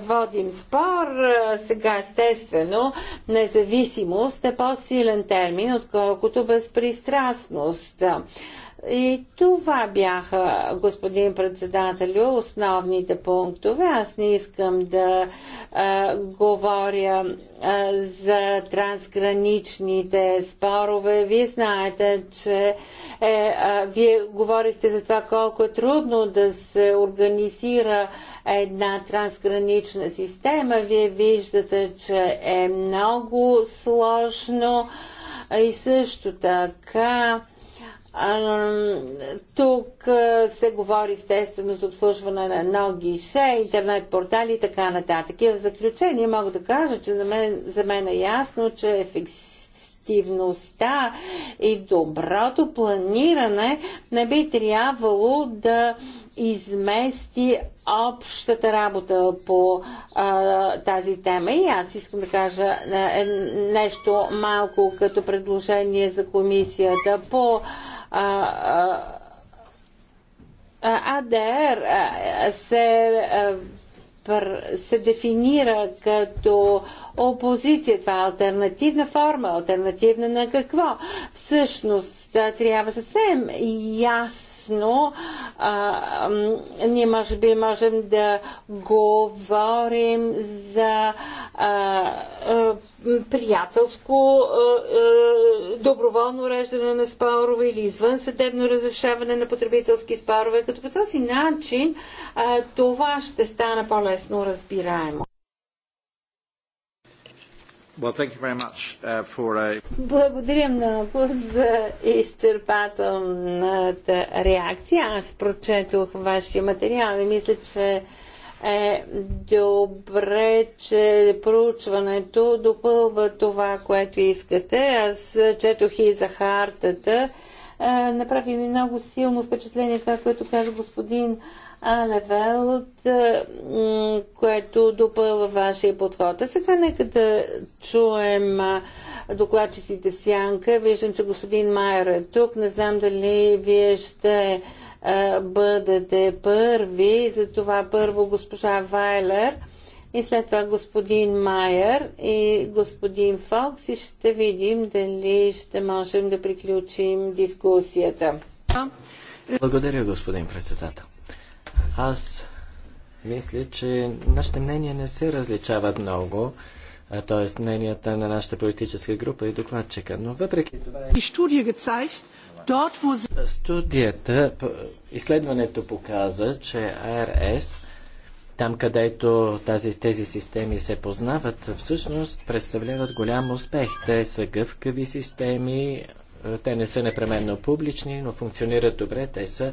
водим спор. Сега естествено независимост е по-силен термин, отколкото безпристрастност. И това бяха, господин председателю, основните пунктове. Аз не искам да а, говоря а, за трансграничните спорове. Вие знаете, че е, а, вие говорихте за това колко е трудно да се организира една трансгранична система. Вие виждате, че е много сложно и също така а, тук се говори естествено за обслужване на едно гише, интернет портали и така нататък. И в заключение мога да кажа, че за мен, за мен е ясно, че е ефективността и доброто планиране не би трябвало да измести общата работа по а, тази тема. И аз искам да кажа е, е, нещо малко като предложение за комисията по а, АДР се се дефинира като опозиция. Това е альтернативна форма, альтернативна на какво? Всъщност трябва съвсем ясно лесно. А, ние може би можем да говорим за а, приятелско а, доброволно уреждане на спорове или извънсъдебно разрешаване на потребителски спорове, като по този начин а, това ще стане по-лесно разбираемо. Well, uh, a... Благодаря много за изчерпателната реакция. Аз прочетох вашия материал и мисля, че е добре, че проучването допълва това, което искате. Аз четох и за хартата. Е, направи ми много силно впечатление това, което каза господин от което допълва вашия подход. А сега нека да чуем докладчиците в сянка. Виждам, че господин Майер е тук. Не знам дали вие ще бъдете първи. Затова първо госпожа Вайлер и след това господин Майер и господин Фокс и ще видим дали ще можем да приключим дискусията. Благодаря, господин председател. Аз мисля, че нашите мнения не се различават много, т.е. мненията на нашата политическа група и докладчика. Но въпреки това е... Студията, изследването показа, че АРС, там където тази, тези системи се познават, всъщност представляват голям успех. Те са гъвкави системи, те не са непременно публични, но функционират добре. Те са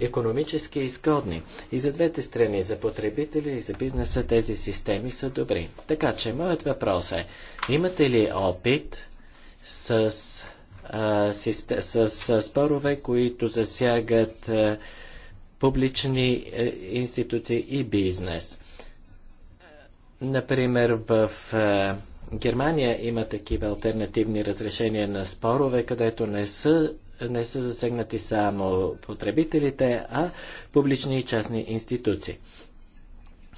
економически изгодни. И за двете страни, за потребителя и за бизнеса, тези системи са добри. Така че, моят въпрос е, имате ли опит с, а, систем, с, с спорове, които засягат а, публични а, е, институции и бизнес? Например, в. А, Германия има такива альтернативни разрешения на спорове, където не са, не са засегнати само потребителите, а публични и частни институции.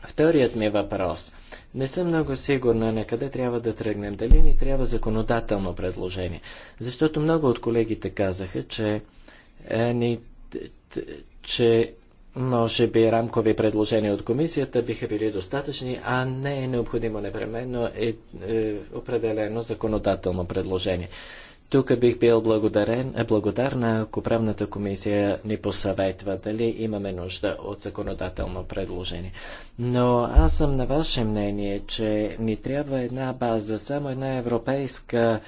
Вторият ми въпрос. Не съм много сигурна на къде трябва да тръгнем. Дали ни трябва законодателно предложение? Защото много от колегите казаха, че, е, ни, че може би рамкови предложения от комисията биха били достатъчни, а не е необходимо непременно е, е, определено законодателно предложение. Тук бих бил благодарен, е, благодарна, ако правната комисия ни посъветва дали имаме нужда от законодателно предложение. Но аз съм на ваше мнение, че ни трябва една база, само една европейска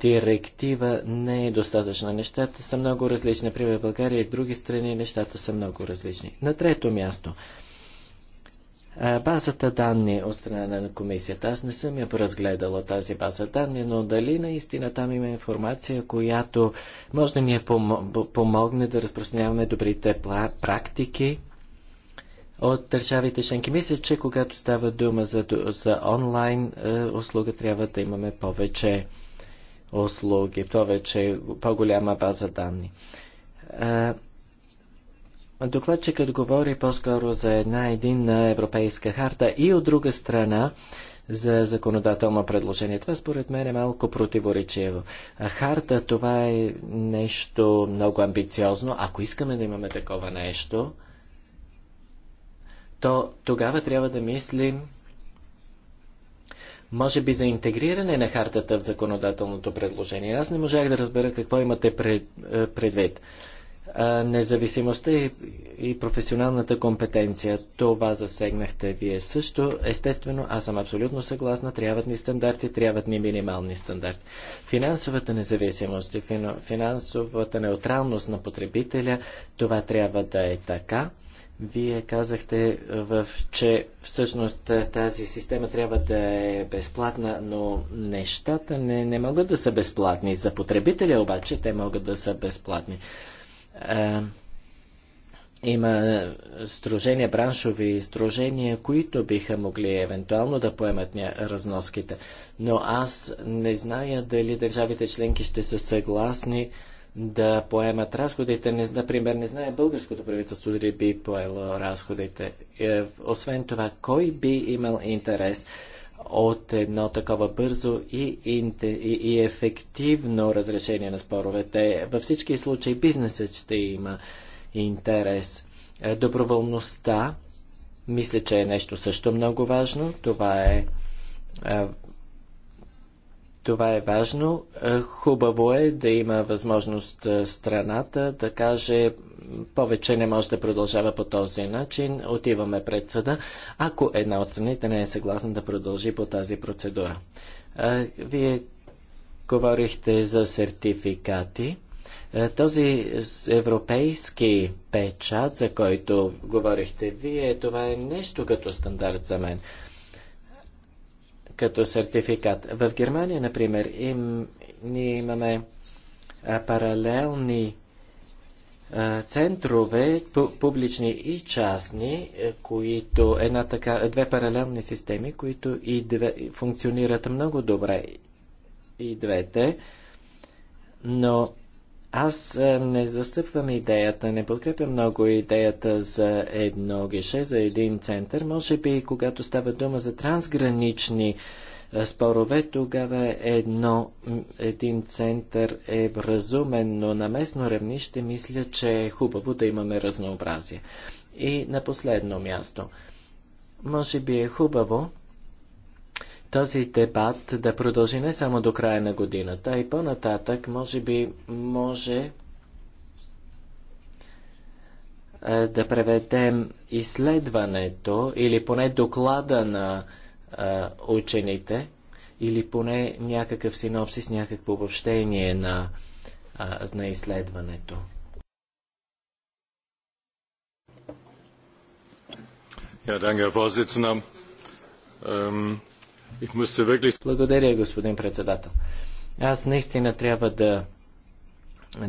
директива не е достатъчна. Нещата са много различни. Например, в България и в други страни нещата са много различни. На трето място. Базата данни от страна на комисията. Аз не съм я поразгледала тази база данни, но дали наистина там има информация, която може да ни е помогне да разпространяваме добрите практики от държавите членки. Мисля, че когато става дума за, за онлайн услуга, трябва да имаме повече услуги, повече, е по-голяма база данни. Докладчикът говори по-скоро за една единна европейска харта и от друга страна за законодателно предложение. Това според мен е малко противоречиво. Харта това е нещо много амбициозно. Ако искаме да имаме такова нещо, то тогава трябва да мислим може би за интегриране на хартата в законодателното предложение. Аз не можах да разбера какво имате пред, е, предвид. Независимостта и, и професионалната компетенция, това засегнахте вие също. Естествено, аз съм абсолютно съгласна, трябват ни стандарти, трябват ни минимални стандарти. Финансовата независимост и финансовата неутралност на потребителя, това трябва да е така. Вие казахте, в, че всъщност тази система трябва да е безплатна, но нещата не, не могат да са безплатни. За потребителя обаче те могат да са безплатни. А, има стружения, браншови стружения, които биха могли евентуално да поемат разноските. Но аз не зная дали държавите членки ще са съгласни да поемат разходите. Не, например, не знае българското правителство дали би поело разходите. Е, освен това, кой би имал интерес от едно такова бързо и, и, и ефективно разрешение на споровете? Във всички случаи бизнесът ще има интерес. Е, доброволността, мисля, че е нещо също много важно. Това е, е това е важно. Е, хубаво е да има възможност е, страната да каже повече не може да продължава по този начин. Отиваме пред съда, ако една от страните не е съгласна да продължи по тази процедура. Е, вие говорихте за сертификати. Този европейски печат, за който говорихте вие, това е нещо като стандарт за мен като сертификат. В Германия, например, им, ние имаме а, паралелни а, центрове, публични и частни, е, които една така, две паралелни системи, които и две, функционират много добре и двете, но аз е, не застъпвам идеята, не подкрепям много идеята за едно гише, за един център. Може би, когато става дума за трансгранични е, спорове, тогава едно, един център е разумен, но на местно равнище мисля, че е хубаво да имаме разнообразие. И на последно място. Може би е хубаво този дебат да продължи не само до края на годината, а и по-нататък, може би, може е, да преведем изследването или поне доклада на а, е, учените или поне някакъв синопсис, някакво обобщение на, а, е, на изследването. Ja, danke, Herr Vorsitzender. Ähm, благодаря, господин председател. Аз наистина трябва да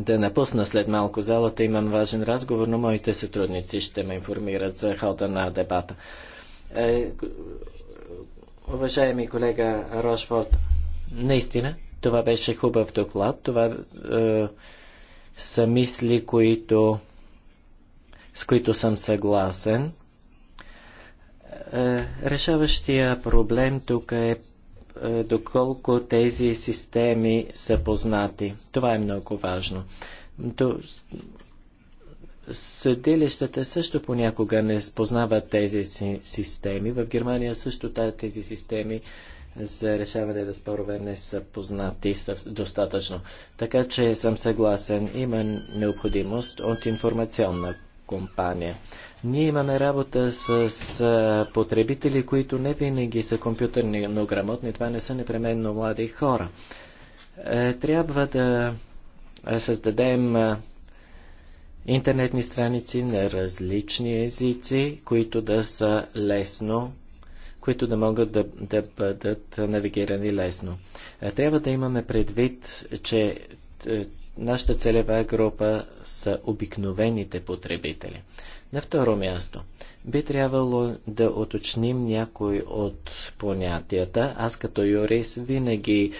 да напусна след малко залата. Имам важен разговор, но моите сътрудници ще ме информират за хода на дебата. Е, уважаеми колега Рошфорд, наистина, това беше хубав доклад. Това е, са мисли, които, с които съм съгласен. Е, решаващия проблем тук е, е доколко тези системи са познати. Това е много важно. Съдилищата също понякога не спознават тези системи. В Германия също тези системи за решаване на спорове не са познати достатъчно. Така че съм съгласен, има необходимост от информационна компания. Ние имаме работа с, потребители, които не винаги са компютърни, но грамотни. Това не са непременно млади хора. Е, трябва да създадем интернетни страници на различни езици, които да са лесно които да могат да, да бъдат навигирани лесно. Е, трябва да имаме предвид, че е, Нашата целева група са обикновените потребители. На второ място, би трябвало да уточним някой от понятията. Аз като юрист винаги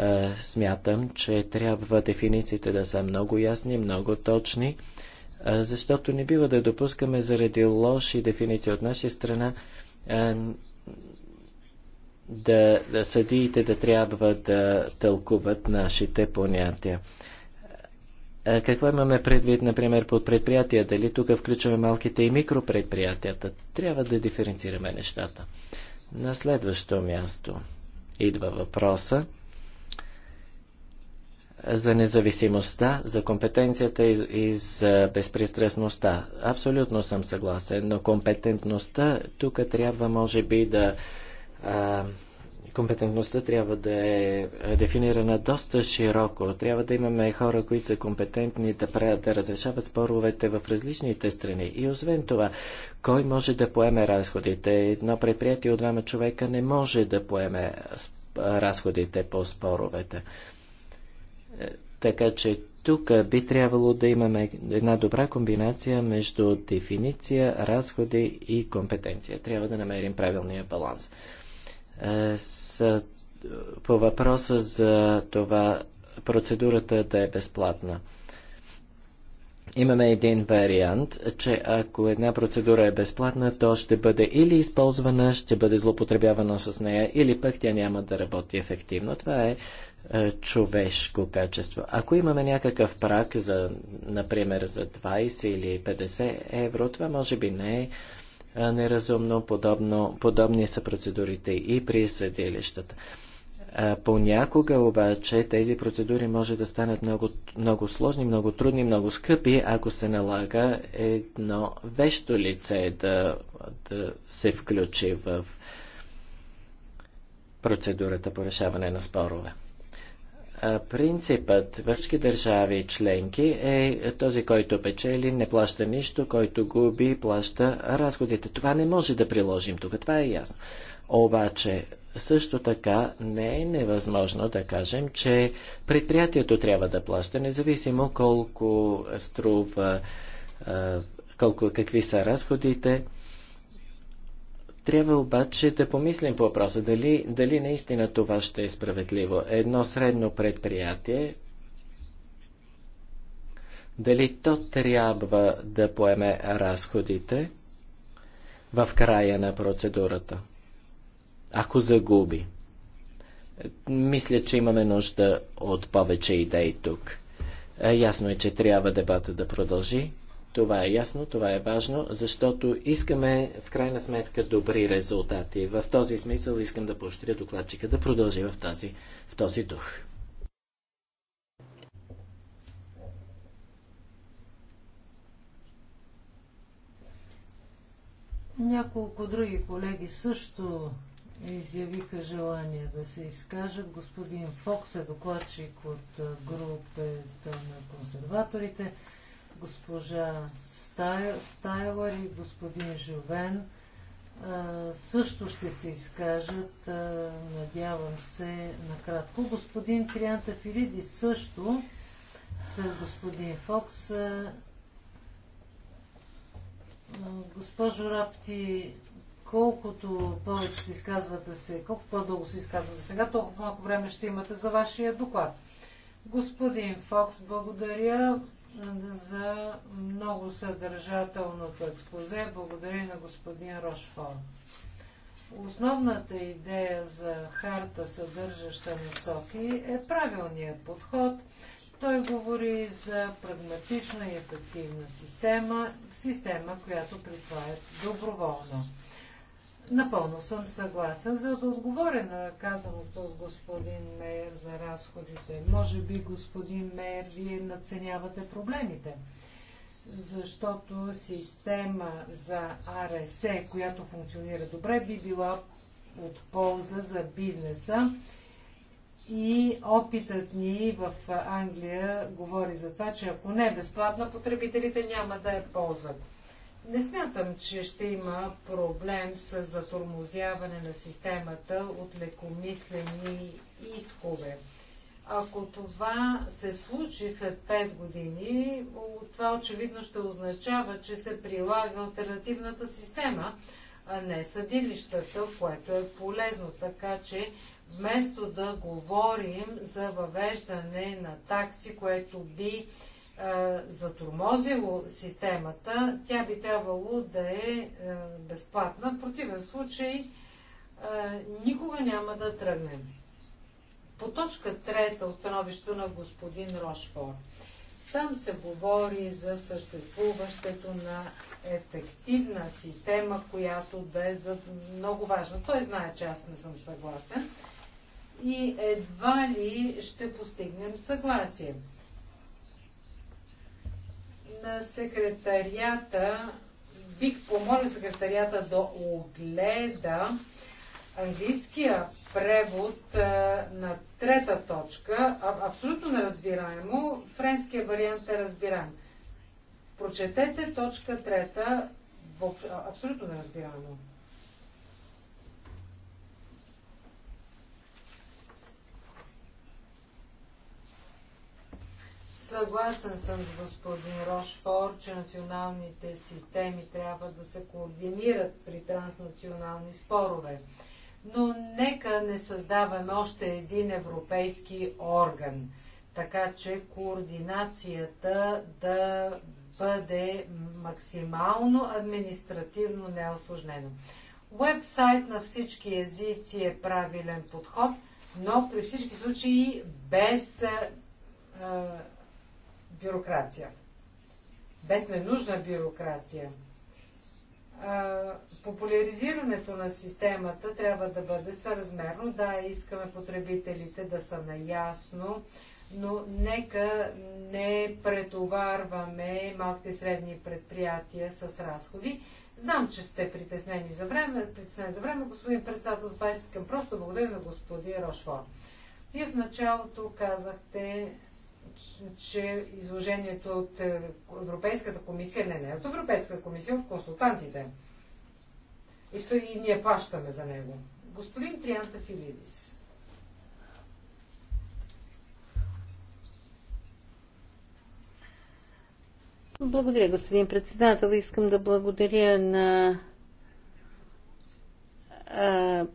е, смятам, че трябва дефинициите да са много ясни, много точни, е, защото не бива да допускаме заради лоши дефиниции от наша страна е, да, да съдиите да трябва да тълкуват нашите понятия. Е, какво имаме предвид, например, под предприятия? Дали тук включваме малките и микропредприятията? Трябва да диференцираме нещата. На следващо място идва въпроса за независимостта, за компетенцията и, и за безпристрастността. Абсолютно съм съгласен, но компетентността тук трябва, може би, да а, компетентността трябва да е, е дефинирана доста широко. Трябва да имаме хора, които са компетентни да, правят, да разрешават споровете в различните страни. И освен това, кой може да поеме разходите? Едно предприятие от двама човека не може да поеме разходите по споровете. Е, така че тук би трябвало да имаме една добра комбинация между дефиниция, разходи и компетенция. Трябва да намерим правилния баланс. Е, с, е, по въпроса за това процедурата да е безплатна. Имаме един вариант, че ако една процедура е безплатна, то ще бъде или използвана, ще бъде злоупотребявана с нея, или пък тя няма да работи ефективно. Това е, е човешко качество. Ако имаме някакъв прак, за, например за 20 или 50 евро, това може би не е неразумно. Подобно, подобни са процедурите и при съдилищата. Понякога обаче тези процедури може да станат много, много сложни, много трудни, много скъпи, ако се налага едно вещо лице да, да се включи в процедурата по решаване на спорове принципът във всички държави членки е този, който печели, не плаща нищо, който губи, плаща разходите. Това не може да приложим тук, това е ясно. Обаче, също така не е невъзможно да кажем, че предприятието трябва да плаща, независимо колко струва, колко, какви са разходите. Трябва обаче да помислим по въпроса дали, дали наистина това ще е справедливо. Едно средно предприятие, дали то трябва да поеме разходите в края на процедурата, ако загуби. Мисля, че имаме нужда от повече идеи тук. Е, ясно е, че трябва дебата да продължи. Това е ясно, това е важно, защото искаме в крайна сметка добри резултати. В този смисъл искам да поощря докладчика да продължи в, тази, в този дух. Няколко други колеги също изявиха желание да се изкажат. Господин Фокс е докладчик от групата на консерваторите госпожа Стайлър и господин Жовен също ще се изкажат, надявам се, накратко. Господин Трианта Филиди също след господин Фокс. Госпожо Рапти, колкото повече се изказвате се, колко по-дълго се изказвате сега, толкова малко време ще имате за вашия доклад. Господин Фокс, благодаря за много съдържателното експозе. Благодаря на господин Рошфор. Основната идея за харта, съдържаща насоки, е правилният подход. Той говори за прагматична и ефективна система, система, която при това е доброволна. Напълно съм съгласен, за да отговоря на казаното от господин Мейер за разходите. Може би, господин Мейер, вие наценявате проблемите, защото система за АРС, която функционира добре, би била от полза за бизнеса. И опитът ни в Англия говори за това, че ако не е безплатна, потребителите няма да я ползват. Не смятам, че ще има проблем с затормозяване на системата от лекомислени искове. Ако това се случи след 5 години, това очевидно ще означава, че се прилага альтернативната система, а не съдилищата, което е полезно. Така че вместо да говорим за въвеждане на такси, което би е, затормозило системата, тя би трябвало да е, е безплатна. В противен случай е, никога няма да тръгнем. По точка трета от становището на господин Рошфор. Там се говори за съществуващето на ефективна система, която да е за много важна. Той знае, че аз не съм съгласен. И едва ли ще постигнем съгласие секретарията, бих помолил секретарията да огледа английския превод е, на трета точка. Абсолютно неразбираемо. Френския вариант е разбираем. Прочетете точка трета. Абсолютно неразбираемо. Съгласен съм с господин Рошфор, че националните системи трябва да се координират при транснационални спорове. Но нека не създаваме още един европейски орган, така че координацията да бъде максимално административно неосложнено. Уебсайт на всички езици е правилен подход, но при всички случаи без бюрокрация. Без ненужна бюрокрация. А, популяризирането на системата трябва да бъде съразмерно. Да, искаме потребителите да са наясно, но нека не претоварваме малките и средни предприятия с разходи. Знам, че сте притеснени за време, притеснени за време, господин председател, с вас искам просто благодаря на господин Рошфор. Вие в началото казахте, че изложението от е, Европейската комисия, не, не от Европейската комисия, от консултантите. И, все, и ние плащаме за него. Господин Трианта Филидис. Благодаря, господин председател. Искам да благодаря на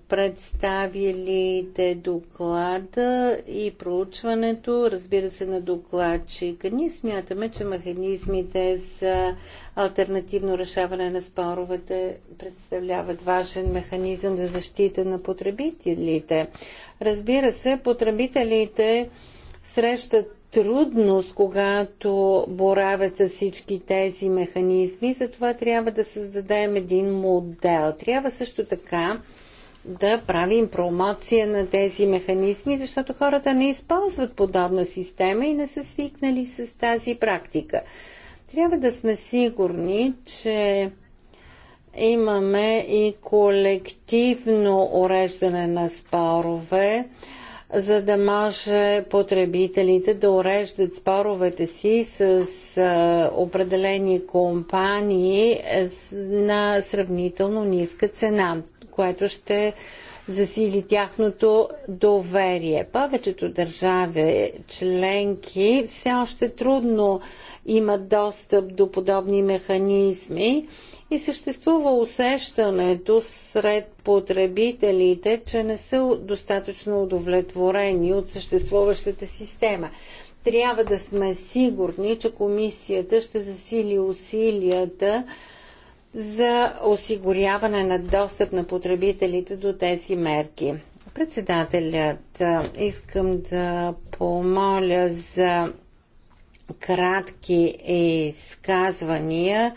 представилите доклада и проучването, разбира се, на докладчика. Ние смятаме, че механизмите за альтернативно решаване на споровете представляват важен механизъм за защита на потребителите. Разбира се, потребителите срещат трудност, когато боравят с всички тези механизми, затова трябва да създадем един модел. Трябва също така да правим промоция на тези механизми, защото хората не използват подобна система и не са свикнали с тази практика. Трябва да сме сигурни, че имаме и колективно уреждане на спорове, за да може потребителите да уреждат споровете си с определени компании е, на сравнително ниска цена, което ще засили тяхното доверие. Повечето държави членки все още трудно имат достъп до подобни механизми и съществува усещането сред потребителите, че не са достатъчно удовлетворени от съществуващата система. Трябва да сме сигурни, че комисията ще засили усилията за осигуряване на достъп на потребителите до тези мерки. Председателят, искам да помоля за кратки изказвания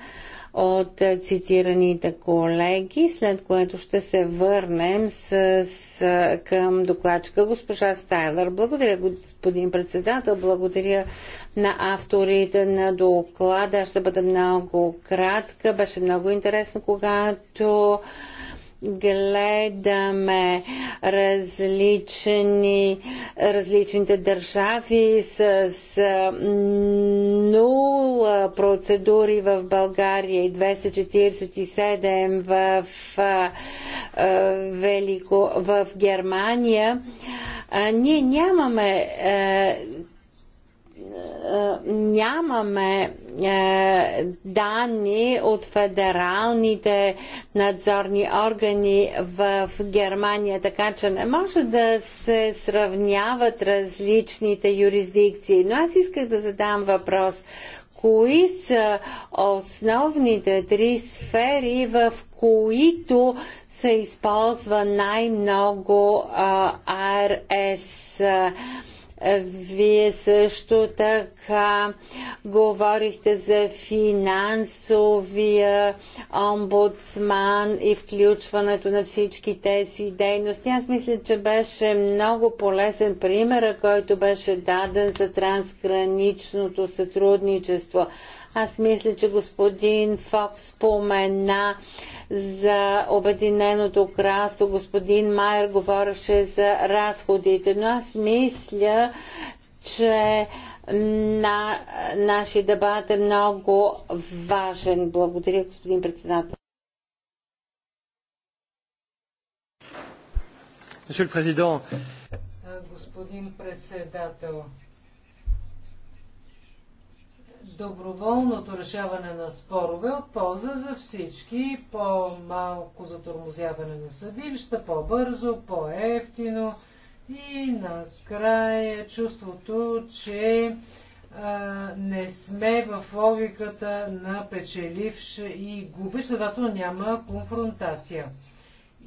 от цитираните колеги, след което ще се върнем с, с към докладчика госпожа Стайлер. Благодаря, господин председател, благодаря на авторите на доклада. Ще бъда много кратка. Беше много интересно, когато гледаме различни, различните държави с, нула процедури в България и 247 в, в, Велико, в Германия, ние нямаме е, нямаме е, данни от федералните надзорни органи в Германия, така че не може да се сравняват различните юрисдикции. Но аз исках да задам въпрос. Кои са основните три сфери, в които се използва най-много АРС? Вие също така говорихте за финансовия омбудсман и включването на всички тези дейности. Аз мисля, че беше много полезен примера, който беше даден за трансграничното сътрудничество. Аз мисля, че господин Фокс спомена за Обединеното кралство, господин Майер говореше за разходите, но аз мисля, че на нашия дебат е много важен. Благодаря, господин председател. Господин председател, доброволното решаване на спорове от полза за всички, по-малко затормозяване на съдилища, по-бързо, по-ефтино и накрая чувството, че а, не сме в логиката на печеливш и губиш, следователно няма конфронтация.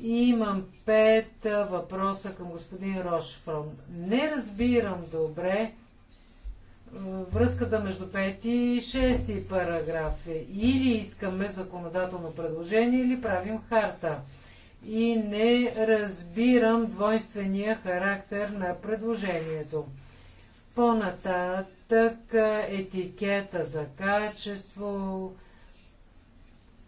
И имам пет въпроса към господин Рошфрон. Не разбирам добре, връзката между 5 и 6 параграф. Или искаме законодателно предложение, или правим харта. И не разбирам двойствения характер на предложението. По-нататък е, етикета за качество,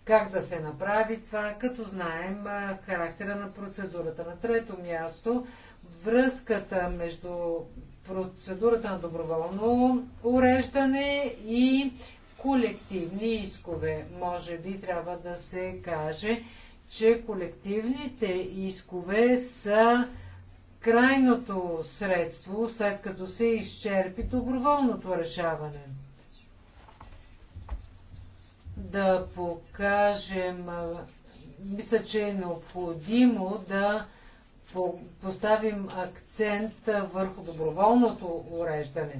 как да се направи това, като знаем е, характера на процедурата. На трето място, връзката между процедурата на доброволно уреждане и колективни искове. Може би трябва да се каже, че колективните искове са крайното средство, след като се изчерпи доброволното решаване. Да покажем, мисля, че е необходимо да поставим акцент върху доброволното уреждане.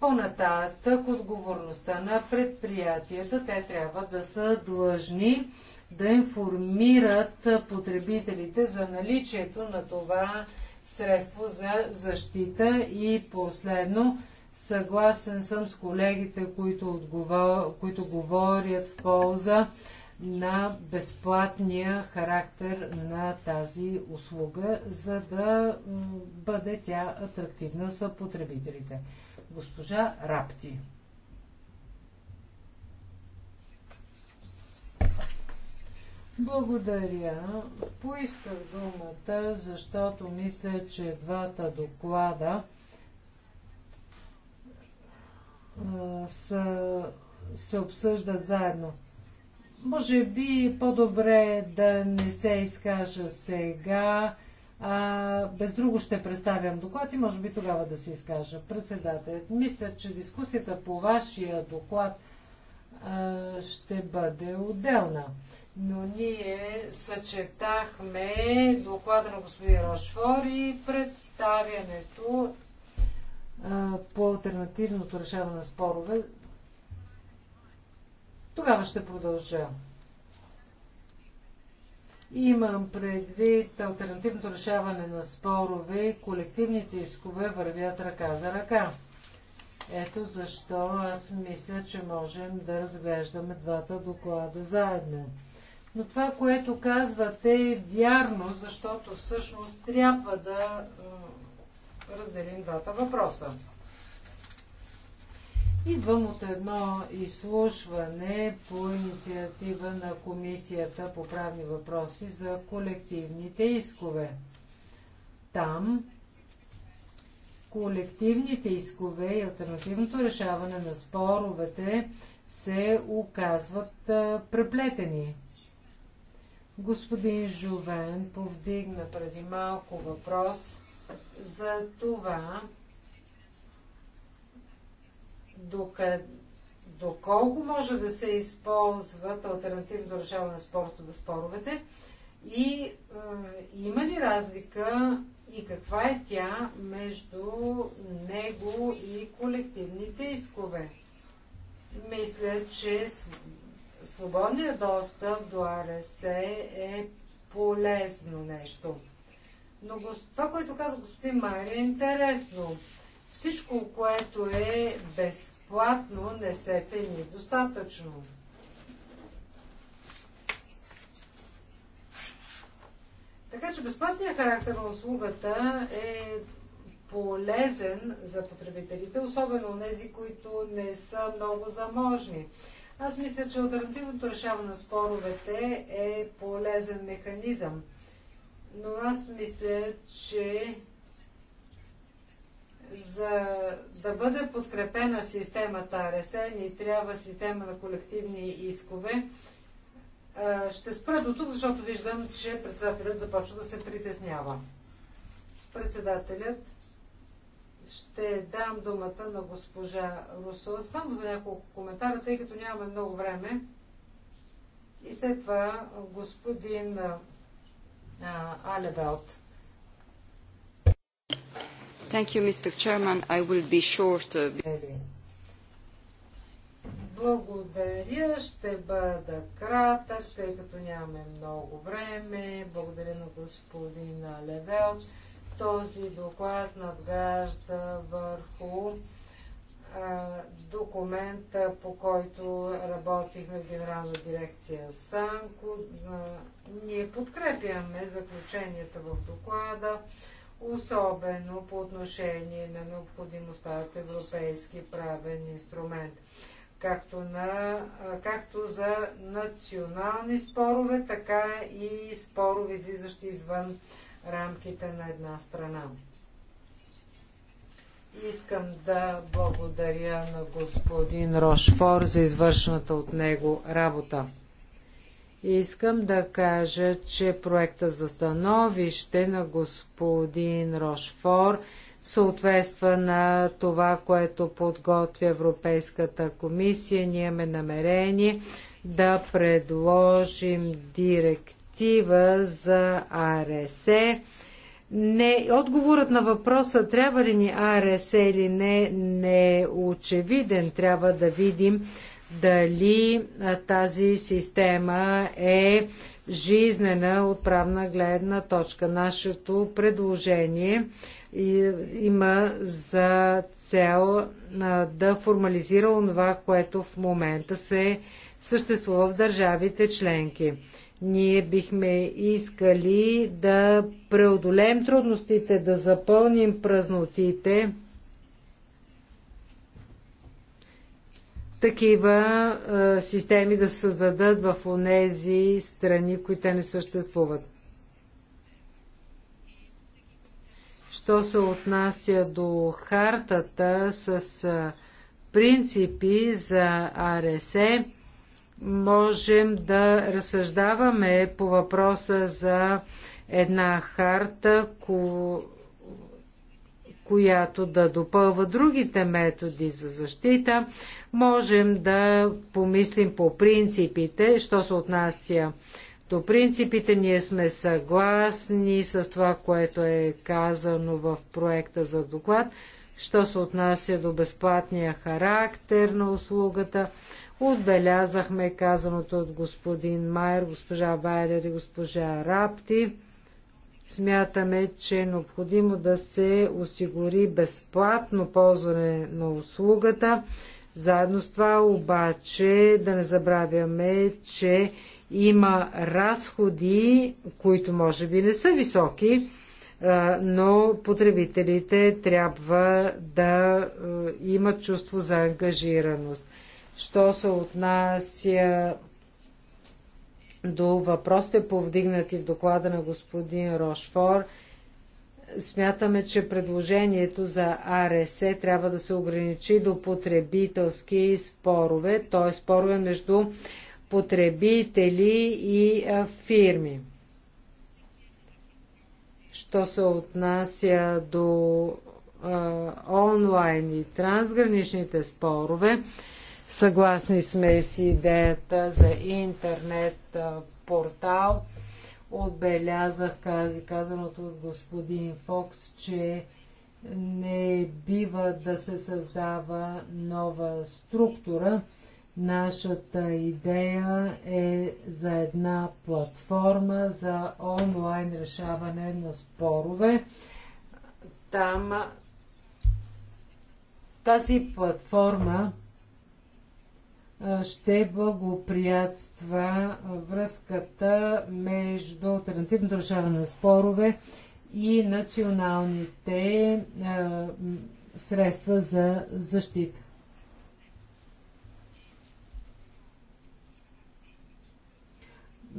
По-нататък отговорността на предприятията, те трябва да са длъжни да информират потребителите за наличието на това средство за защита и последно съгласен съм с колегите, които, отговор... които говорят в полза на безплатния характер на тази услуга, за да бъде тя атрактивна за потребителите. Госпожа Рапти. Благодаря. Поисках думата, защото мисля, че двата доклада а, са, се обсъждат заедно. Може би по-добре да не се изкажа сега. А, без друго ще представям доклад и може би тогава да се изкажа. Председателят, мисля, че дискусията по вашия доклад а, ще бъде отделна. Но ние съчетахме доклада на господин Рошфор и представянето а, по альтернативното решаване на спорове тогава ще продължа. Имам предвид альтернативното решаване на спорове, колективните искове вървят ръка за ръка. Ето защо аз мисля, че можем да разглеждаме двата доклада заедно. Но това, което казвате е вярно, защото всъщност трябва да разделим двата въпроса. Идвам от едно изслушване по инициатива на Комисията по правни въпроси за колективните искове. Там колективните искове и альтернативното решаване на споровете се оказват преплетени. Господин Жовен повдигна преди малко въпрос за това, доколко може да се използват альтернативно решаване на спорта на споровете и е, има ли разлика и каква е тя между него и колективните искове. Мисля, че свободният достъп до АРС е полезно нещо. Но това, което каза господин Майер, е интересно. Всичко, което е безплатно, не се цени достатъчно. Така че безплатният характер на услугата е полезен за потребителите, особено тези, които не са много заможни. Аз мисля, че альтернативното решаване на споровете е полезен механизъм. Но аз мисля, че за да бъде подкрепена системата РС ни трябва система на колективни искове. Ще спра до тук, защото виждам, че председателят започва да се притеснява. Председателят ще дам думата на госпожа Русо само за няколко коментара, тъй като нямаме много време. И след това господин Алевелт. Mr. Chairman. I will be short. Uh, Благодаря, ще бъда кратък, тъй като нямаме много време. Благодаря на господина Левел. Този доклад надгражда върху а, документа, по който работихме в Генерална дирекция Санко. А, ние подкрепяме заключенията в доклада особено по отношение на необходимостта от европейски правен инструмент, както, на, както за национални спорове, така и спорове, излизащи извън рамките на една страна. Искам да благодаря на господин Рошфор за извършената от него работа. Искам да кажа, че проекта за становище на господин Рошфор съответства на това, което подготвя Европейската комисия. Ние имаме намерение да предложим директива за АРСЕ. Не, отговорът на въпроса трябва ли ни АРС или не, не е очевиден. Трябва да видим дали тази система е жизнена от правна гледна точка. Нашето предложение има за цел да формализира това, което в момента се съществува в държавите членки. Ние бихме искали да преодолеем трудностите, да запълним празнотите, такива системи да се създадат в онези страни, в които те не съществуват. Що се отнася до хартата с принципи за АРСЕ, можем да разсъждаваме по въпроса за една харта, която да допълва другите методи за защита. Можем да помислим по принципите, що се отнася до принципите. Ние сме съгласни с това, което е казано в проекта за доклад, що се отнася до безплатния характер на услугата. Отбелязахме казаното от господин Майер, госпожа Байер и госпожа Рапти Смятаме, че е необходимо да се осигури безплатно ползване на услугата. Заедно с това обаче да не забравяме, че има разходи, които може би не са високи, но потребителите трябва да имат чувство за ангажираност. Що се отнася до въпросите повдигнати в доклада на господин Рошфор, смятаме, че предложението за АРС трябва да се ограничи до потребителски спорове, т.е. спорове между потребители и фирми. Що се отнася до онлайн и трансграничните спорове, Съгласни сме с идеята за интернет портал. Отбелязах казаното от господин Фокс, че не бива да се създава нова структура. Нашата идея е за една платформа за онлайн решаване на спорове. Там тази платформа ще благоприятства връзката между альтернативното решаване на спорове и националните средства за защита.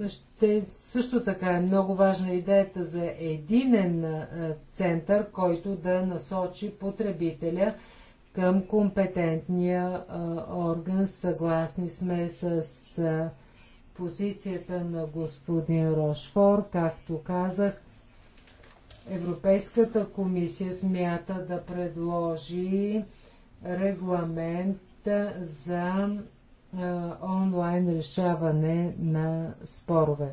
Ще, също така е много важна идеята за единен център, който да насочи потребителя – към компетентния орган. Съгласни сме с позицията на господин Рошфор, както казах. Европейската комисия смята да предложи регламент за онлайн решаване на спорове.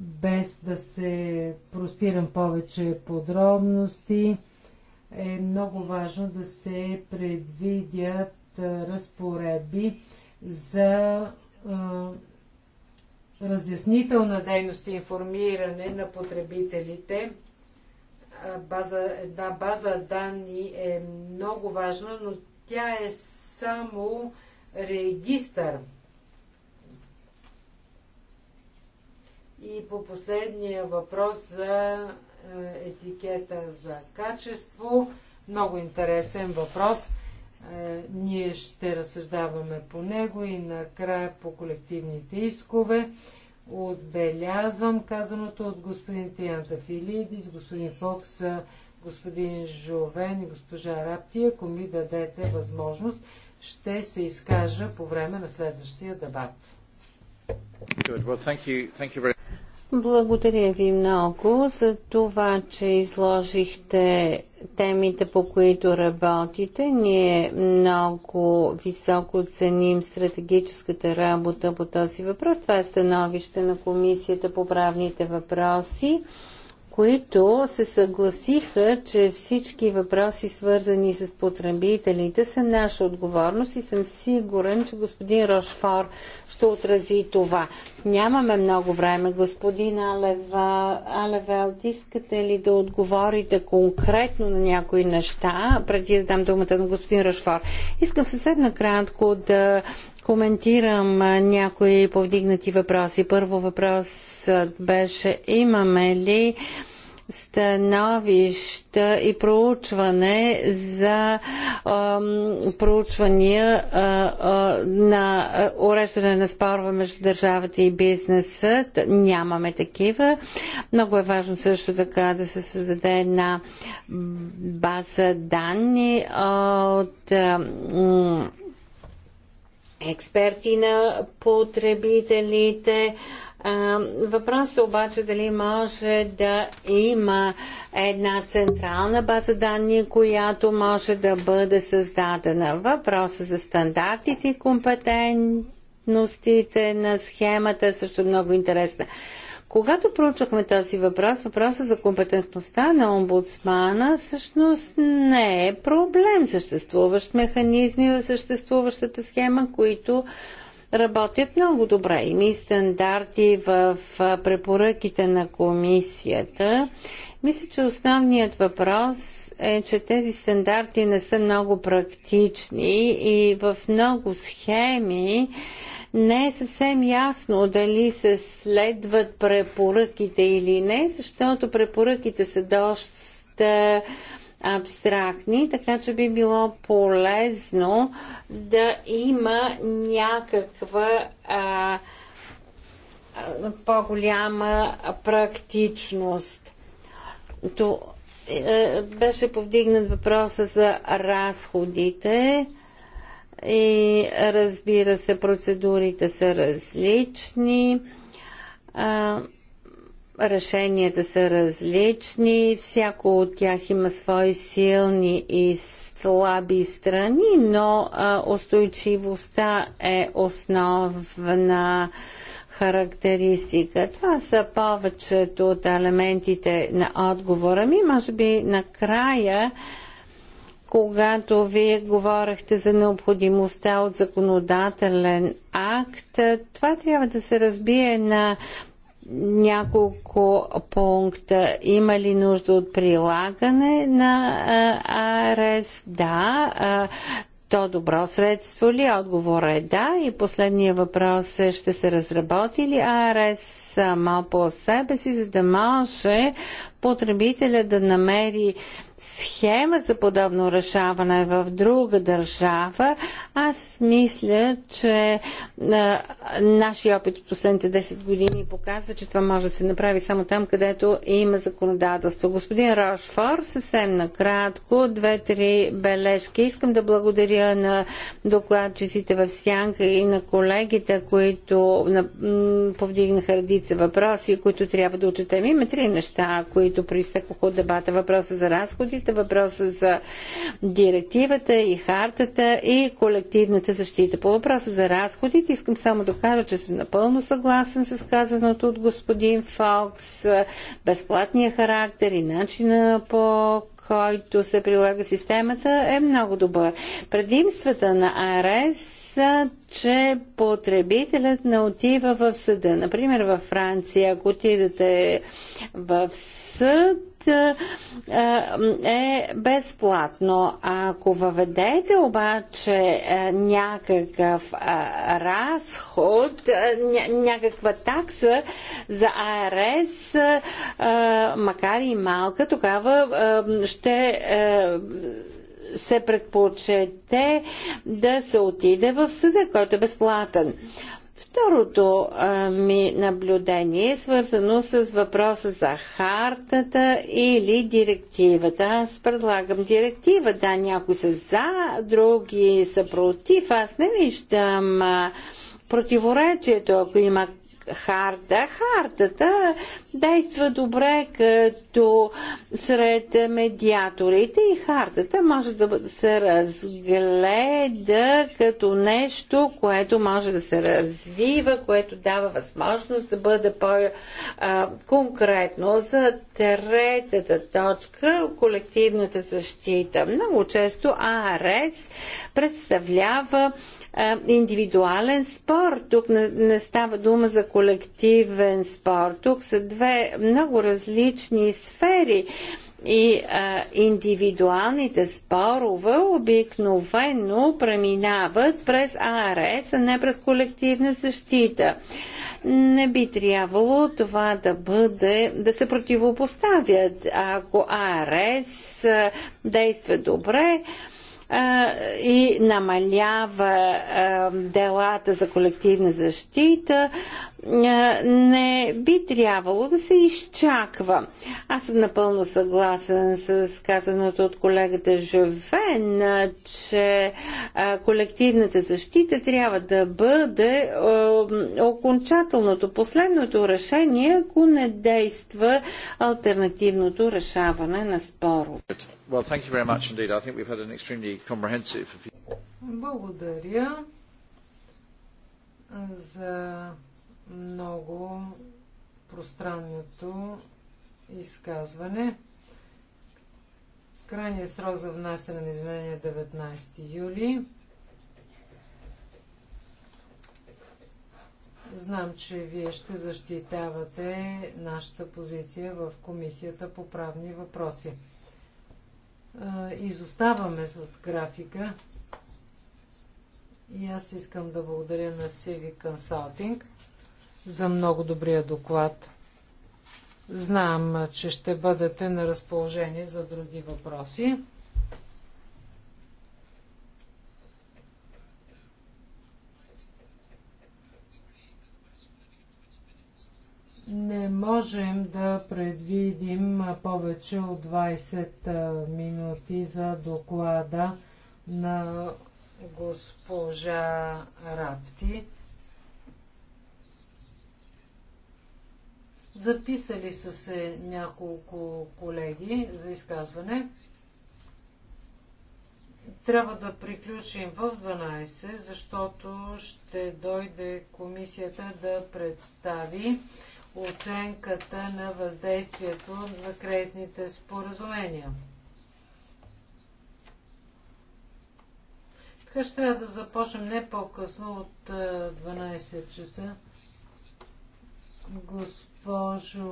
Без да се простирам повече подробности, е много важно да се предвидят разпоредби за а, разяснителна дейност и информиране на потребителите. А, база, една база данни е много важна, но тя е само регистър. И по последния въпрос за е, етикета за качество. Много интересен въпрос. Е, ние ще разсъждаваме по него и накрая по колективните искове. Отбелязвам казаното от господин Тианта Филидис, господин Фокс, господин Жовен и госпожа Рапти. Ако ми дадете възможност, ще се изкажа по време на следващия дебат. Well, thank you. Thank you благодаря ви много за това, че изложихте темите, по които работите. Ние много високо ценим стратегическата работа по този въпрос. Това е становище на Комисията по правните въпроси които се съгласиха, че всички въпроси, свързани с потребителите, са наша отговорност и съм сигурен, че господин Рошфор ще отрази това. Нямаме много време, господин Алева. искате ли да отговорите конкретно на някои неща, преди да дам думата на господин Рошфор? Искам съвсем накратко да коментирам някои повдигнати въпроси. Първо въпрос беше имаме ли становища и проучване за а, проучвания а, а, на уреждане на спорове между държавата и бизнеса. Нямаме такива. Много е важно също така да се създаде една база данни от експерти на потребителите. Въпросът е обаче дали може да има една централна база данни, която може да бъде създадена. Въпросът за стандартите и компетентностите на схемата е също много интересна. Когато проучахме този въпрос, въпроса за компетентността на омбудсмана всъщност не е проблем. Съществуващ механизми в съществуващата схема, които работят много добре. Има и стандарти в препоръките на комисията. Мисля, че основният въпрос е, че тези стандарти не са много практични и в много схеми не е съвсем ясно дали се следват препоръките или не, защото препоръките са доста абстрактни, така че би било полезно да има някаква а, по-голяма практичност. То, е, беше повдигнат въпроса за разходите и разбира се, процедурите са различни, а, решенията са различни, всяко от тях има свои силни и слаби страни, но а, устойчивостта е основна характеристика. Това са повечето от елементите на отговора ми. Може би накрая. А, когато вие говорехте за необходимостта от законодателен акт, това трябва да се разбие на няколко пункта. Има ли нужда от прилагане на АРС? Да. То добро средство ли? Отговора е да. И последния въпрос е ще се разработи ли АРС само по себе си, за да може потребителя да намери схема за подобно решаване в друга държава, аз мисля, че а, нашия опит от последните 10 години показва, че това може да се направи само там, където има законодателство. Господин Рошфор, съвсем накратко, две-три бележки. Искам да благодаря на докладчиците в Сянка и на колегите, които повдигнаха редица въпроси, които трябва да учетем. Има три неща, които проистекоха от дебата. Въпроса за разход подходите, въпроса за директивата и хартата и колективната защита. По въпроса за разходите искам само да кажа, че съм напълно съгласен с казаното от господин Фокс, безплатния характер и начина по който се прилага системата е много добър. Предимствата на АРС са, че потребителят не отива в съда. Например, във Франция, ако отидете в съд, е безплатно. Ако въведете обаче някакъв разход, някаква такса за АРС, макар и малка, тогава ще се предпочете да се отиде в съда, който е безплатен. Второто а, ми наблюдение е свързано с въпроса за хартата или директивата. Аз предлагам директива. Да, някои са за, други са против. Аз не виждам а, противоречието. Ако има харта. Хартата действа добре като сред медиаторите и хартата може да се разгледа като нещо, което може да се развива, което дава възможност да бъде по-конкретно. За третата точка колективната защита. Много често АРС представлява индивидуален спор. Тук не, не става дума за колективен спорт, Тук са две много различни сфери. И а, индивидуалните спорове обикновено преминават през АРС, а не през колективна защита. Не би трябвало това да бъде, да се противопоставят. Ако АРС а, действа добре, а, и намалява делата за колективна защита, не би трябвало да се изчаква. Аз съм напълно съгласен с казаното от колегата Жовен, че колективната защита трябва да бъде окончателното, последното решение, ако не действа альтернативното решаване на спорове. Благодаря за много пространното изказване. Крайният срок за внасяне на изменения 19 е юли. Знам, че вие ще защитавате нашата позиция в Комисията по правни въпроси. Изоставаме от графика и аз искам да благодаря на CV Consulting – за много добрия доклад. Знам, че ще бъдете на разположение за други въпроси. не можем да предвидим повече от 20 минути за доклада на госпожа Рапти. Записали са се няколко колеги за изказване. Трябва да приключим в 12, защото ще дойде комисията да представи оценката на въздействието на кредитните споразумения. Така ще трябва да започнем не по-късно от 12 часа. Господин Госпожо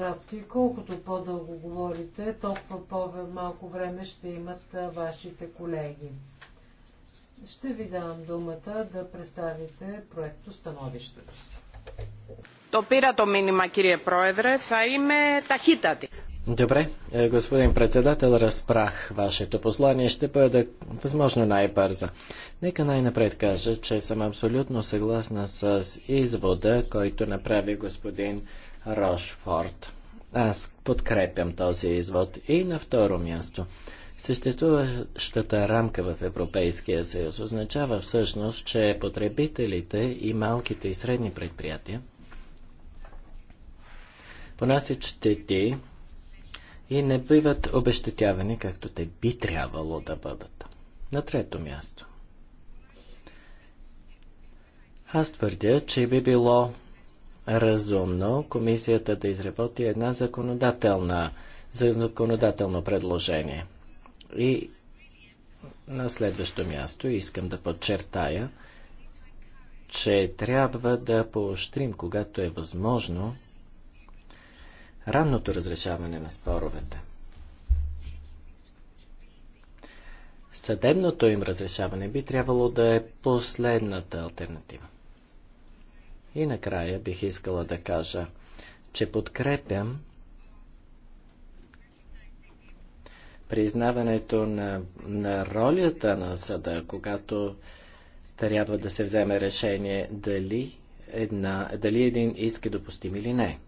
Рапти, колкото по-дълго говорите, толкова по-малко време ще имат вашите колеги. Ще ви дам думата да представите проекто становището си. Το πήρα το μήνυμα κύριε Πρόεδρε, θα είμαι ταχύτατη. Добре, е, господин председател, разпрах вашето послание. Ще бъда възможно най-бърза. Нека най-напред кажа, че съм абсолютно съгласна с извода, който направи господин Рошфорд. Аз подкрепям този извод. И на второ място. Съществуващата рамка в Европейския съюз означава всъщност, че потребителите и малките и средни предприятия понасят щети и не биват обещетявани, както те би трябвало да бъдат. На трето място. Аз твърдя, че би било разумно комисията да изработи една законодателна, законодателно предложение. И на следващо място искам да подчертая, че трябва да поощрим, когато е възможно, ранното разрешаване на споровете. Съдебното им разрешаване би трябвало да е последната альтернатива. И накрая бих искала да кажа, че подкрепям признаването на, на ролята на съда, когато трябва да се вземе решение дали, една, дали един иск е допустим или не.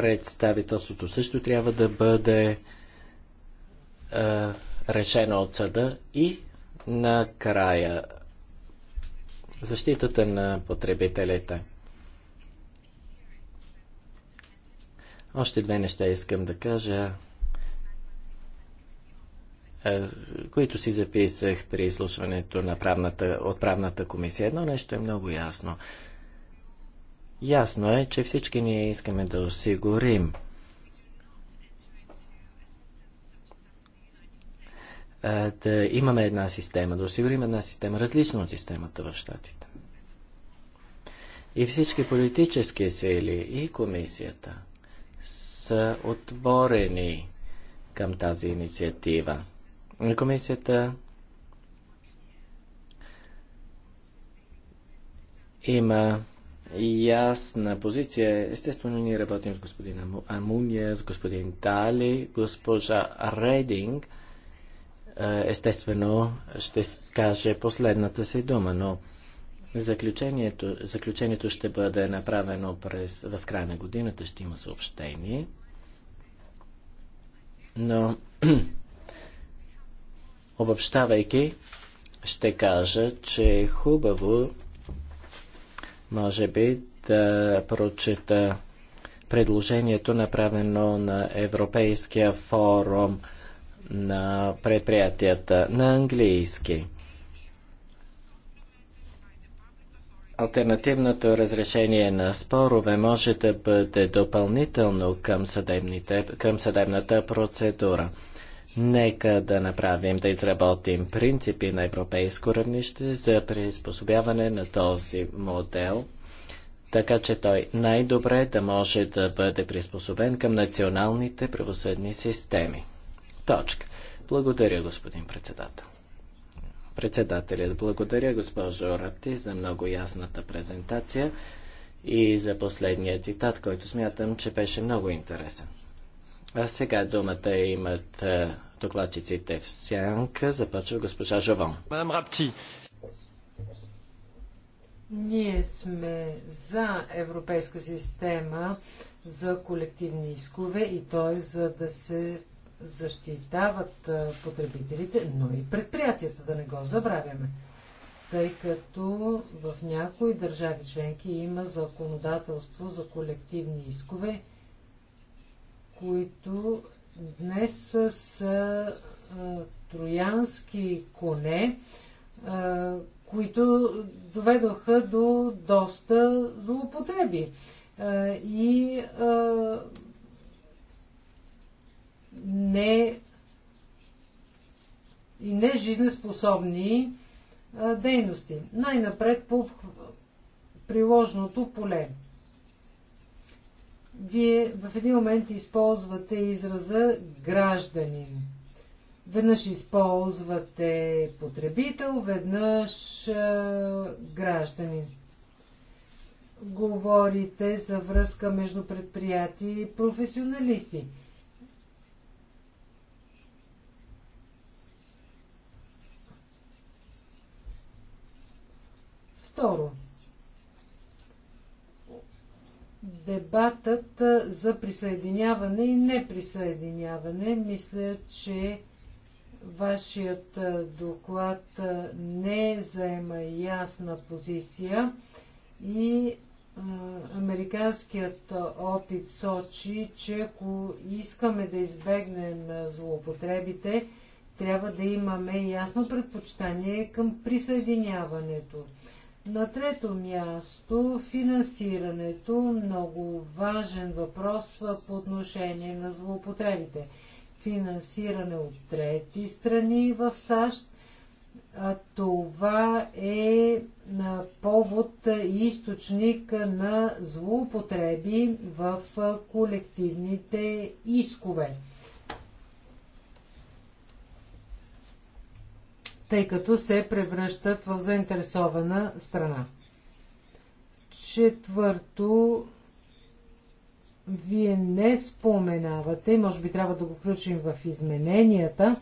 Представителството също трябва да бъде е, решено от съда и накрая защитата на потребителите. Още две неща искам да кажа, които си записах при изслушването на правната, от правната комисия. Едно нещо е много ясно. Ясно е, че всички ние искаме да осигурим да имаме една система, да осигурим една система, различна от системата в Штатите. И всички политически сили и комисията са отворени към тази инициатива. Комисията има ясна позиция. Естествено, ние работим с господин Амуния, с господин Дали, госпожа Рединг. Е, естествено, ще каже последната си дума, но заключението, заключението ще бъде направено през, в края на годината. Ще има съобщение. Но, (clears throat) обобщавайки, ще кажа, че е хубаво може би да прочета предложението, направено на Европейския форум на предприятията на английски. Альтернативното разрешение на спорове може да бъде допълнително към, съдебните, към съдебната процедура. Нека да направим, да изработим принципи на европейско равнище за приспособяване на този модел, така че той най-добре да може да бъде приспособен към националните правосъдни системи. Точка. Благодаря, господин председател. Председателят, благодаря, госпожо Рапти, за много ясната презентация и за последния цитат, който смятам, че беше много интересен. А сега думата имат докладчиците в сянка. Започва госпожа Жовон. Мадам Рапти. Ние сме за европейска система за колективни искове и то е за да се защитават потребителите, но и предприятията, да не го забравяме. Тъй като в някои държави членки има законодателство за колективни искове, които Днес с троянски коне, които доведоха до доста злоупотреби. И не и нежизнеспособни дейности. Най-напред по приложното поле. Вие в един момент използвате израза гражданин. Веднъж използвате потребител, веднъж а, гражданин. Говорите за връзка между предприятия и професионалисти. Второ, дебатът за присъединяване и неприсъединяване. Мисля, че вашият доклад не заема ясна позиция и американският опит сочи, че ако искаме да избегнем злоупотребите, трябва да имаме ясно предпочитание към присъединяването. На трето място, финансирането. Много важен въпрос по отношение на злоупотребите. Финансиране от трети страни в САЩ. Това е повод и източник на злоупотреби в колективните искове. тъй като се превръщат в заинтересована страна. Четвърто, вие не споменавате, може би трябва да го включим в измененията,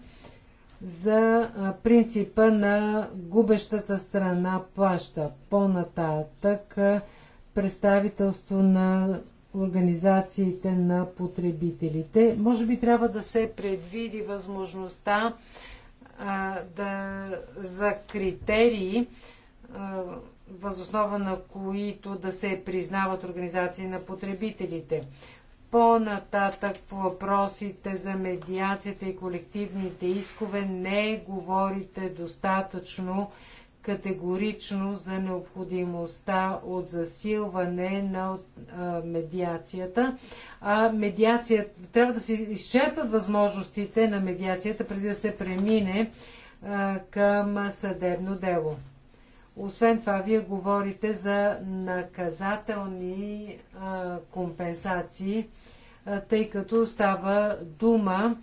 за принципа на губещата страна плаща. По-нататък представителство на организациите на потребителите. Може би трябва да се предвиди възможността а, да, за критерии, а, възоснова на които да се признават организации на потребителите. По-нататък по въпросите за медиацията и колективните искове не говорите достатъчно категорично за необходимостта от засилване на медиацията. А медиация, трябва да се изчерпат възможностите на медиацията преди да се премине към съдебно дело. Освен това, вие говорите за наказателни компенсации, тъй като става дума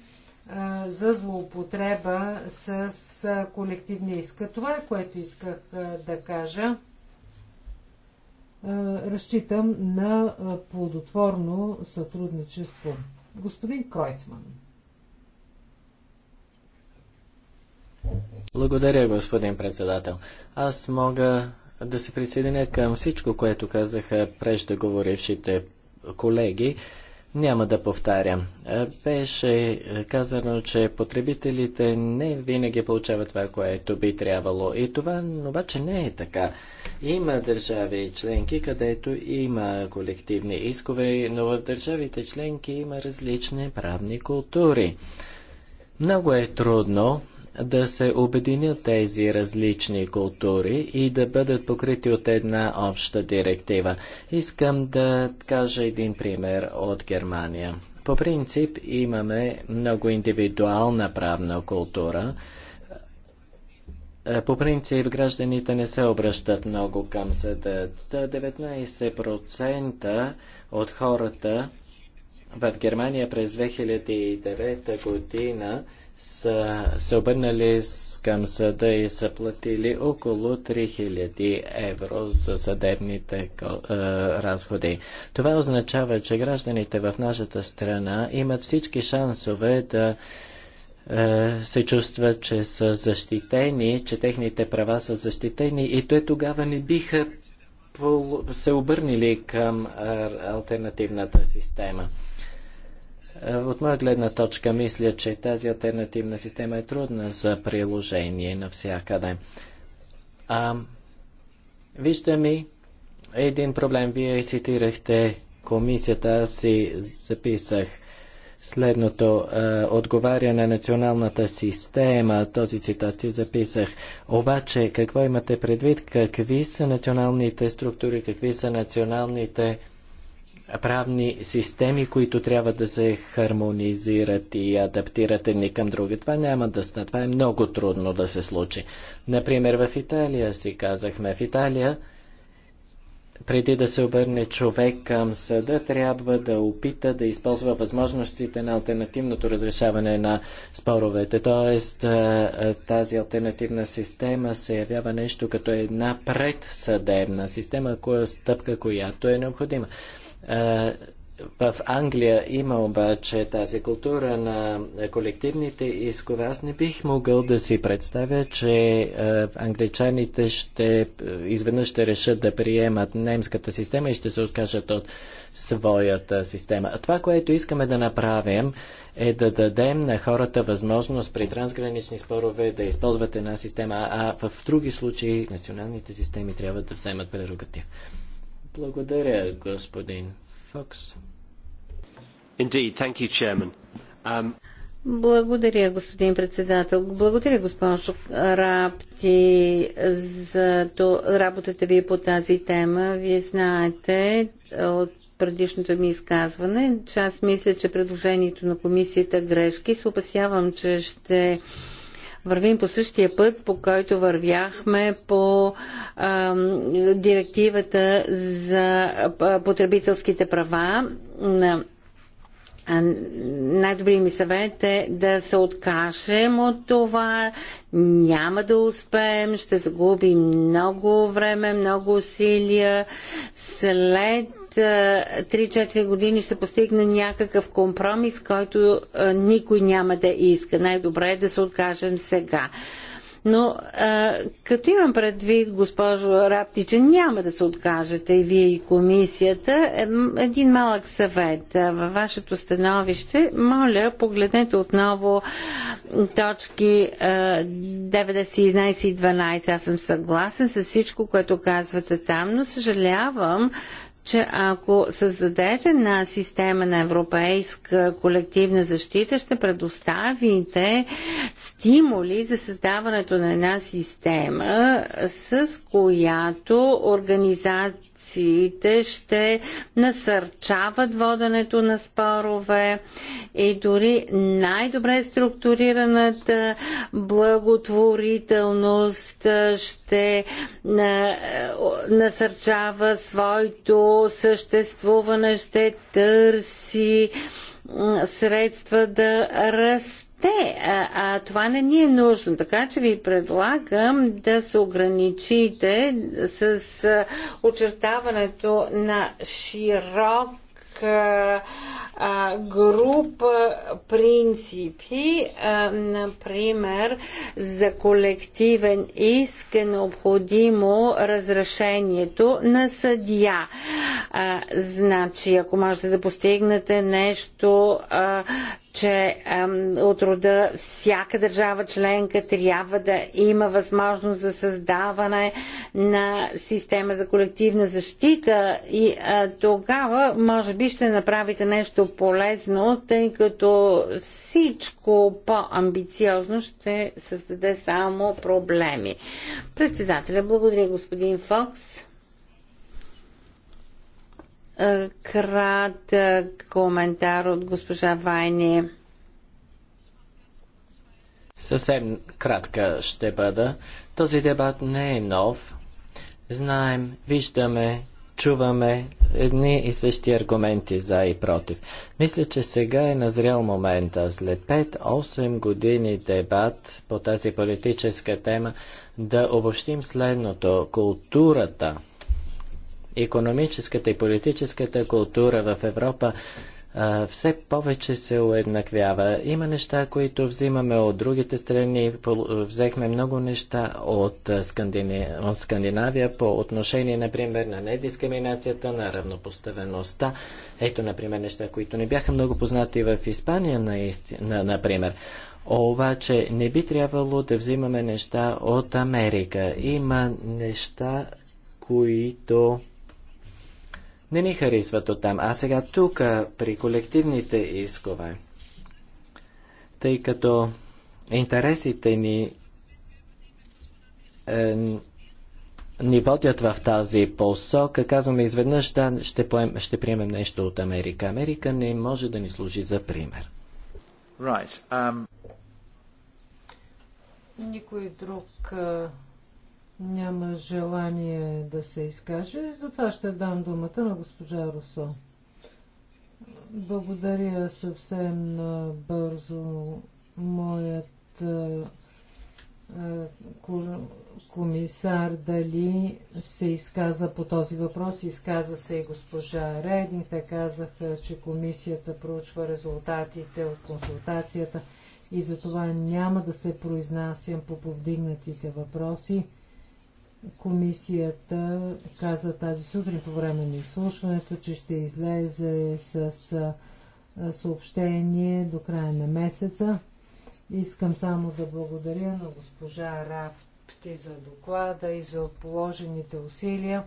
за злоупотреба с колективния иск. Това е което исках да кажа. Разчитам на плодотворно сътрудничество. Господин Кройцман. Благодаря, господин председател. Аз мога да се присъединя към всичко, което казаха преждеговорившите колеги. Няма да повтарям. Е, беше е, казано, че потребителите не винаги получават това, което би трябвало. И това обаче не е така. Има държави и членки, където има колективни искове, но в държавите членки има различни правни култури. Много е трудно да се обединят тези различни култури и да бъдат покрити от една обща директива. Искам да кажа един пример от Германия. По принцип имаме много индивидуална правна култура. Е, по принцип гражданите не се обръщат много към съда. 19% от хората в Германия през 2009 година са се обърнали към съда и са платили около 3000 евро за съдебните е, разходи. Това означава, че гражданите в нашата страна имат всички шансове да е, се чувстват, че са защитени, че техните права са защитени и те тогава не биха се обърнили към е, альтернативната система. Е, от моя гледна точка мисля, че тази альтернативна система е трудна за приложение навсякъде. А, ми един проблем. Вие цитирахте комисията, аз си записах следното. А, е, отговаря на националната система. Този цитат си записах. Обаче, какво имате предвид? Какви са националните структури? Какви са националните правни системи, които трябва да се хармонизират и адаптират едни към други. Това няма да стане. Това е много трудно да се случи. Например, в Италия си казахме. В Италия преди да се обърне човек към съда, трябва да опита да използва възможностите на альтернативното разрешаване на споровете. Тоест, тази альтернативна система се явява нещо като една предсъдебна система, е стъпка, която е необходима. Е, в Англия има обаче тази култура на колективните искове. Аз не бих могъл да си представя, че е, англичаните ще е, изведнъж ще решат да приемат немската система и ще се откажат от своята система. Това, което искаме да направим, е да дадем на хората възможност при трансгранични спорове да използват една система, а в други случаи националните системи трябва да вземат прерогатив. Благодаря, господин Фокс. Indeed, thank you, Chairman. Um... Благодаря, господин председател. Благодаря, госпожо Рапти, за работата ви по тази тема. Вие знаете от предишното ми изказване, че аз мисля, че предложението на комисията грешки. Се опасявам, че ще вървим по същия път, по който вървяхме по а, директивата за потребителските права на най-добрият ми съвет е да се откажем от това. Няма да успеем, ще загубим много време, много усилия. След 3-4 е, години ще постигне някакъв компромис, който е, никой няма да иска. Най-добре е да се откажем сега. Но а, е, като имам предвид, госпожо Рапти, че няма да се откажете и вие и комисията, един малък съвет във вашето становище, моля, погледнете отново точки а, и 12. Аз съм съгласен с всичко, което казвате там, но съжалявам, че ако създадете една система на европейска колективна защита, ще предоставите стимули за създаването на една система, с която организация санкциите ще насърчават воденето на спорове и дори най-добре структурираната благотворителност ще насърчава своето съществуване, ще търси средства да расте те, а, а това не ни е нужно. Така че ви предлагам да се ограничите с очертаването на широк а, група принципи, а, например, за колективен иск е необходимо разрешението на съдия. А, значи, ако можете да постигнете нещо а, че ем, от рода всяка държава членка трябва да има възможност за създаване на система за колективна защита и е, тогава може би ще направите нещо нещо полезно, тъй като всичко по-амбициозно ще създаде само проблеми. Председателя, благодаря господин Фокс. Е, кратък коментар от госпожа Вайни. Съвсем кратка ще бъда. Този дебат не е нов. Знаем, виждаме чуваме едни и същи аргументи за и против. Мисля, че сега е назрял момента, след 5-8 години дебат по тази политическа тема, да обобщим следното. Културата, економическата и политическата култура в Европа все повече се уеднаквява. Има неща, които взимаме от другите страни. Взехме много неща от, Скандини... от Скандинавия по отношение, например, на недискриминацията, на равнопоставеността. Ето, например, неща, които не бяха много познати в Испания, наистина, например. Обаче не би трябвало да взимаме неща от Америка. Има неща, които не ми харесват оттам. А сега тук, при колективните искове, тъй като интересите ни е, ни водят в тази посока. Казваме изведнъж, да, ще, поем, ще приемем нещо от Америка. Америка не може да ни служи за пример. Right, um... Никой друг е, няма желание да се изкаже, затова ще дам думата на госпожа Русо. Благодаря съвсем бързо моят е, е, комисар дали се изказа по този въпрос. Изказа се и госпожа Рединг. Те казаха, че комисията проучва резултатите от консултацията и за това няма да се произнасям по повдигнатите въпроси. Комисията каза тази сутрин по време на изслушването, че ще излезе с съобщение до края на месеца. Искам само да благодаря на госпожа Рапти за доклада и за положените усилия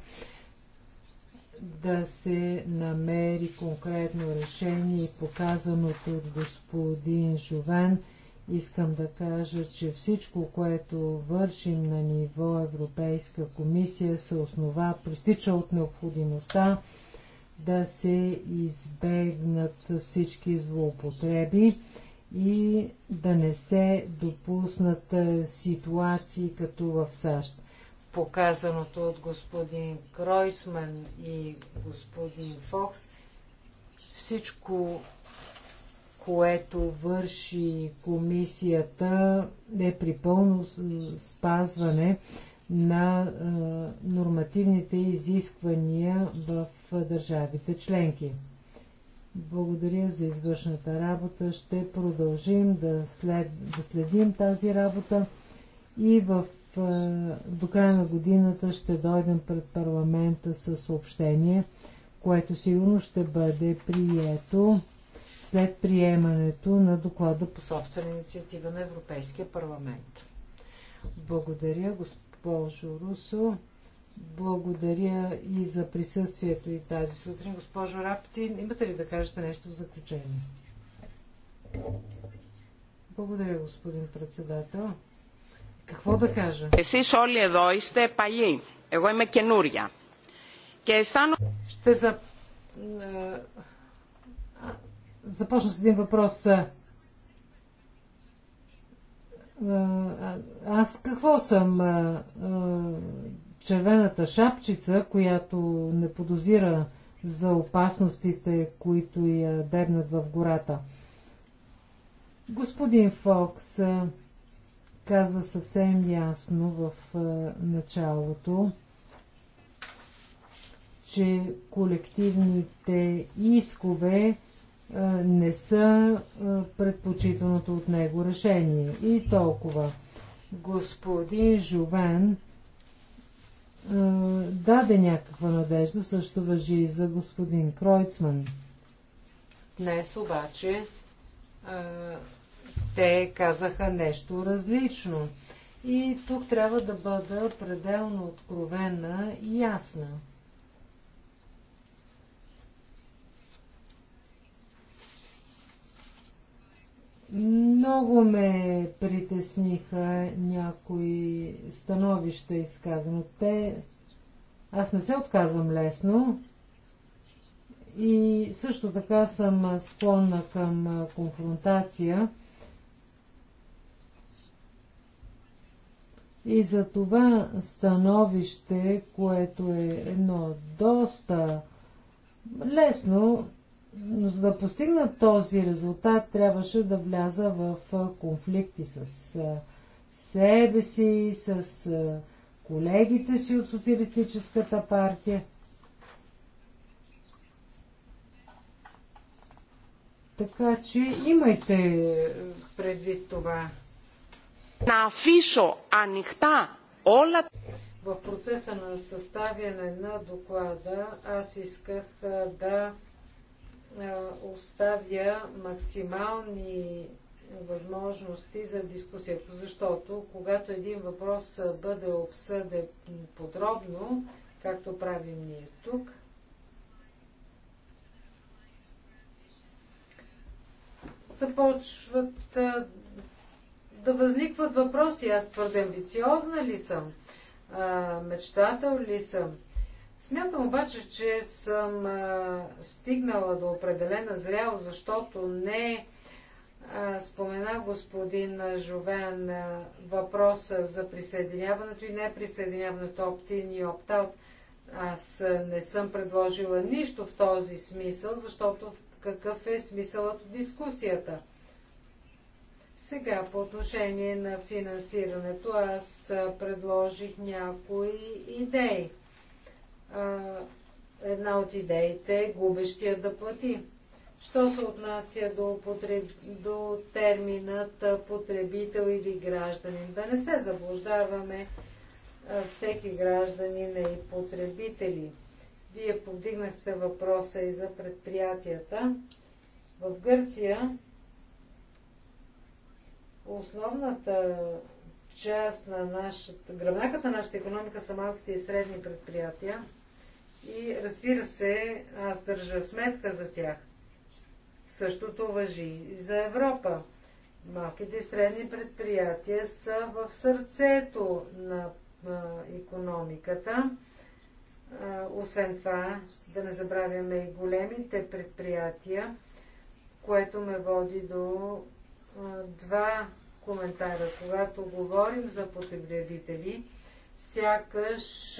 да се намери конкретно решение и показаното от господин Жовен – Искам да кажа, че всичко, което вършим на ниво Европейска комисия, се основа, проистича от необходимостта да се избегнат всички злоупотреби и да не се допуснат ситуации като в САЩ. Показаното от господин Кройсман и господин Фокс, всичко което върши комисията, е при пълно спазване на нормативните изисквания в държавите членки. Благодаря за извършната работа. Ще продължим да, след, да следим тази работа и в, до края на годината ще дойдем пред парламента със съобщение, което сигурно ще бъде прието след приемането на доклада по собствена инициатива на Европейския парламент. Благодаря, госпожо Русо. Благодаря и за присъствието и тази сутрин. Госпожо Рапти, имате ли да кажете нещо в заключение? Благодаря, господин председател. Какво да кажа? Εσείς όλοι εδώ είστε παλιοί. Εγώ είμαι καινούρια. Και αισθάνομαι... Ще за... Започна с един въпрос. Аз какво съм? Червената шапчица, която не подозира за опасностите, които я дебнат в гората. Господин Фокс каза съвсем ясно в началото, че колективните искове не са предпочитаното от него решение. И толкова. Господин Жовен даде някаква надежда, също въжи и за господин Кройцман. Днес обаче те казаха нещо различно. И тук трябва да бъда пределно откровена и ясна. Много ме притесниха някои становища изказано. Те... Аз не се отказвам лесно и също така съм склонна към конфронтация. И за това становище, което е едно доста лесно, но за да постигна този резултат, трябваше да вляза в конфликти с себе си, с колегите си от Социалистическата партия. Така че имайте предвид това. На афишо анихта ола... В процеса на съставяне на доклада аз исках да оставя максимални възможности за дискусията, защото когато един въпрос бъде обсъден подробно, както правим ние тук, започват а, да възникват въпроси. Аз твърде амбициозна ли съм? А, мечтател ли съм? Смятам обаче, че съм а, стигнала до определена зрялост, защото не а, спомена господин Жовен а, въпроса за присъединяването и не присъединяването оптин и оптаут. Аз не съм предложила нищо в този смисъл, защото какъв е смисълът от дискусията. Сега по отношение на финансирането аз предложих някои идеи а, една от идеите е губещия да плати. Що се отнася до, потреб... до терминът потребител или гражданин? Да не се заблуждаваме, всеки гражданин е и потребители. Вие повдигнахте въпроса и за предприятията. В Гърция основната част на нашата, гръбнаката на нашата економика са малките и средни предприятия. И разбира се, аз държа сметка за тях. Същото въжи и за Европа. Малките и средни предприятия са в сърцето на економиката. Освен това, да не забравяме и големите предприятия, което ме води до два коментара. Когато говорим за потребители, сякаш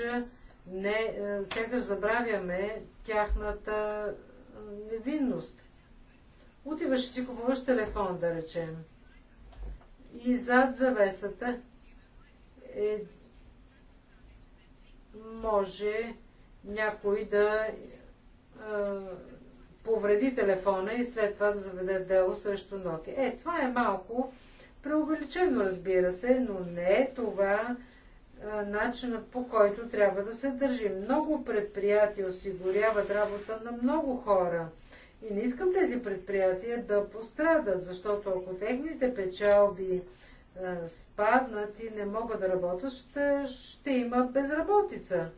не, е, сякаш забравяме тяхната е, невинност. Отиваш и си купуваш телефон, да речем. И зад завесата е, може някой да е, повреди телефона и след това да заведе дело срещу Nokia. Е, това е малко преувеличено, разбира се, но не е това, начинът по който трябва да се държи. Много предприятия осигуряват работа на много хора. И не искам тези предприятия да пострадат, защото ако техните печалби спаднат и не могат да работят, ще, ще има безработица.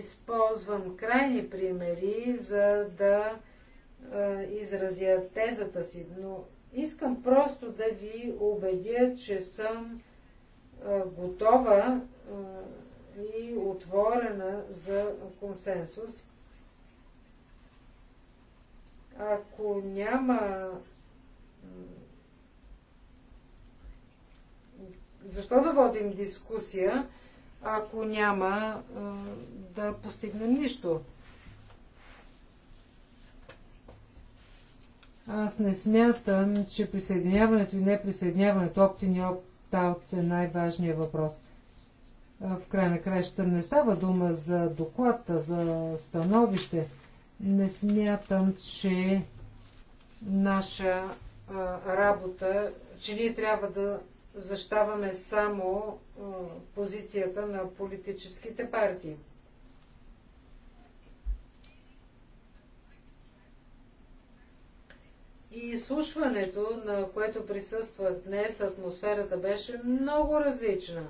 Използвам крайни примери, за да изразя тезата си, но Искам просто да ги убедя, че съм готова и отворена за консенсус. Ако няма. Защо да водим дискусия, ако няма да постигнем нищо? Аз не смятам, че присъединяването и неприсъединяването, оптин и опт-аут е най-важният въпрос. В край на краища не става дума за доклад, за становище. Не смятам, че наша работа, че ние трябва да защаваме само позицията на политическите партии. И изслушването, на което присъства днес, атмосферата беше много различна.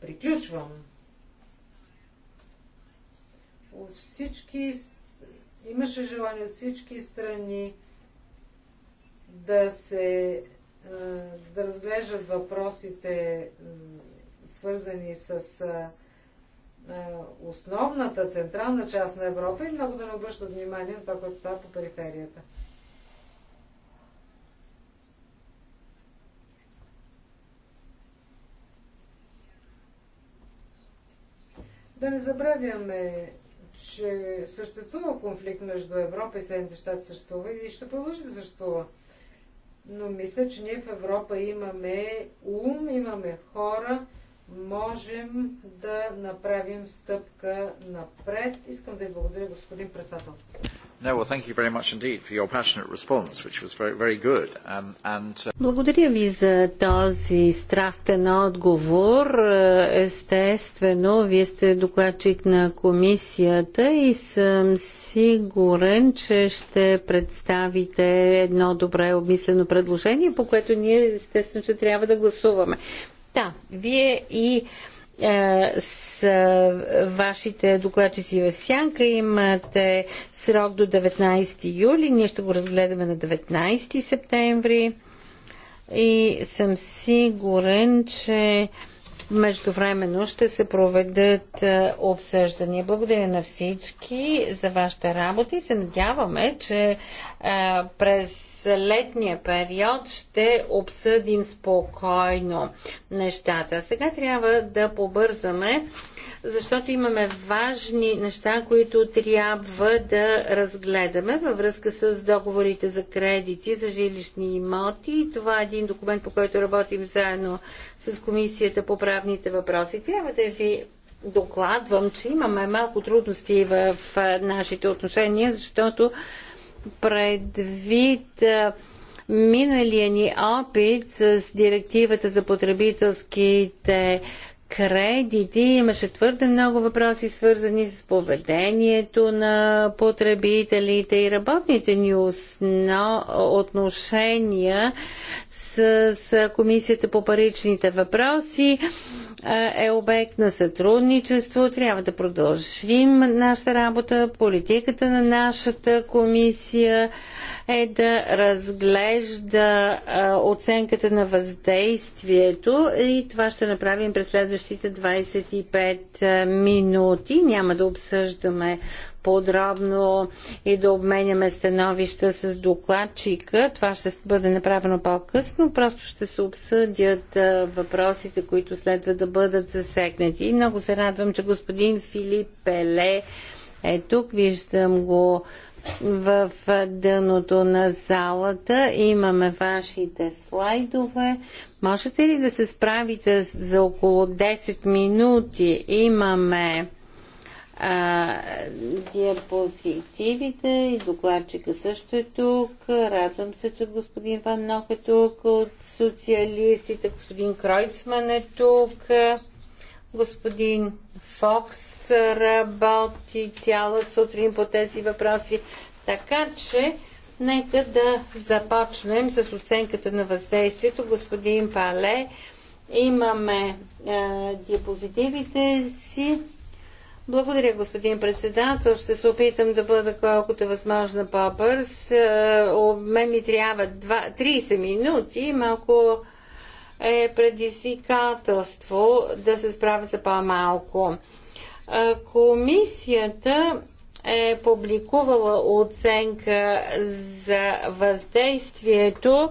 Приключвам. От всички имаше желание от всички страни да се да разглеждат въпросите, свързани с основната централна част на Европа и много да не обръщат внимание на това, което става по периферията. Да не забравяме, че съществува конфликт между Европа и Съединените щати съществува и ще продължи да съществува. Но мисля, че ние в Европа имаме ум, имаме хора, можем да направим стъпка напред. Искам да ви благодаря, господин председател. Благодаря ви за този страстен отговор. Е, естествено, вие сте докладчик на комисията и съм сигурен, че ще представите едно добре обмислено предложение, по което ние естествено ще трябва да гласуваме. Да, вие и е, с е, вашите докладчици в Сянка. Имате срок до 19 юли. Ние ще го разгледаме на 19 септември. И съм сигурен, че междувременно ще се проведат е, обсъждания. Благодаря на всички за вашата работа и се надяваме, че през летния период ще обсъдим спокойно нещата. Сега трябва да побързаме, защото имаме важни неща, които трябва да разгледаме във връзка с договорите за кредити, за жилищни имоти. Това е един документ, по който работим заедно с Комисията по правните въпроси. Трябва да ви докладвам, че имаме малко трудности в нашите отношения, защото предвид миналия ни опит с директивата за потребителските кредити. Имаше твърде много въпроси, свързани с поведението на потребителите и работните ни отношения с, Комисията по паричните въпроси е обект на сътрудничество. Трябва да продължим нашата работа, политиката на нашата комисия е да разглежда а, оценката на въздействието и това ще направим през следващите 25 минути. Няма да обсъждаме подробно и да обменяме становища с докладчика. Това ще бъде направено по-късно. Просто ще се обсъдят въпросите, които следва да бъдат засегнати. И много се радвам, че господин Филип Пеле е тук. Виждам го в дъното на залата. Имаме вашите слайдове. Можете ли да се справите за около 10 минути? Имаме а, диапозитивите и докладчика също е тук. Радвам се, че господин Ван Нох е тук от социалистите. Господин Кройцман е тук. Господин Фокс работи цяла сутрин по тези въпроси. Така че, нека да започнем с оценката на въздействието. Господин Пале, имаме е, диапозитивите си. Благодаря, господин председател. Ще се опитам да бъда колкото е възможно по-бърз. Е, мен ми трябва 2, 30 минути, малко е предизвикателство да се справя за по-малко. Комисията е публикувала оценка за въздействието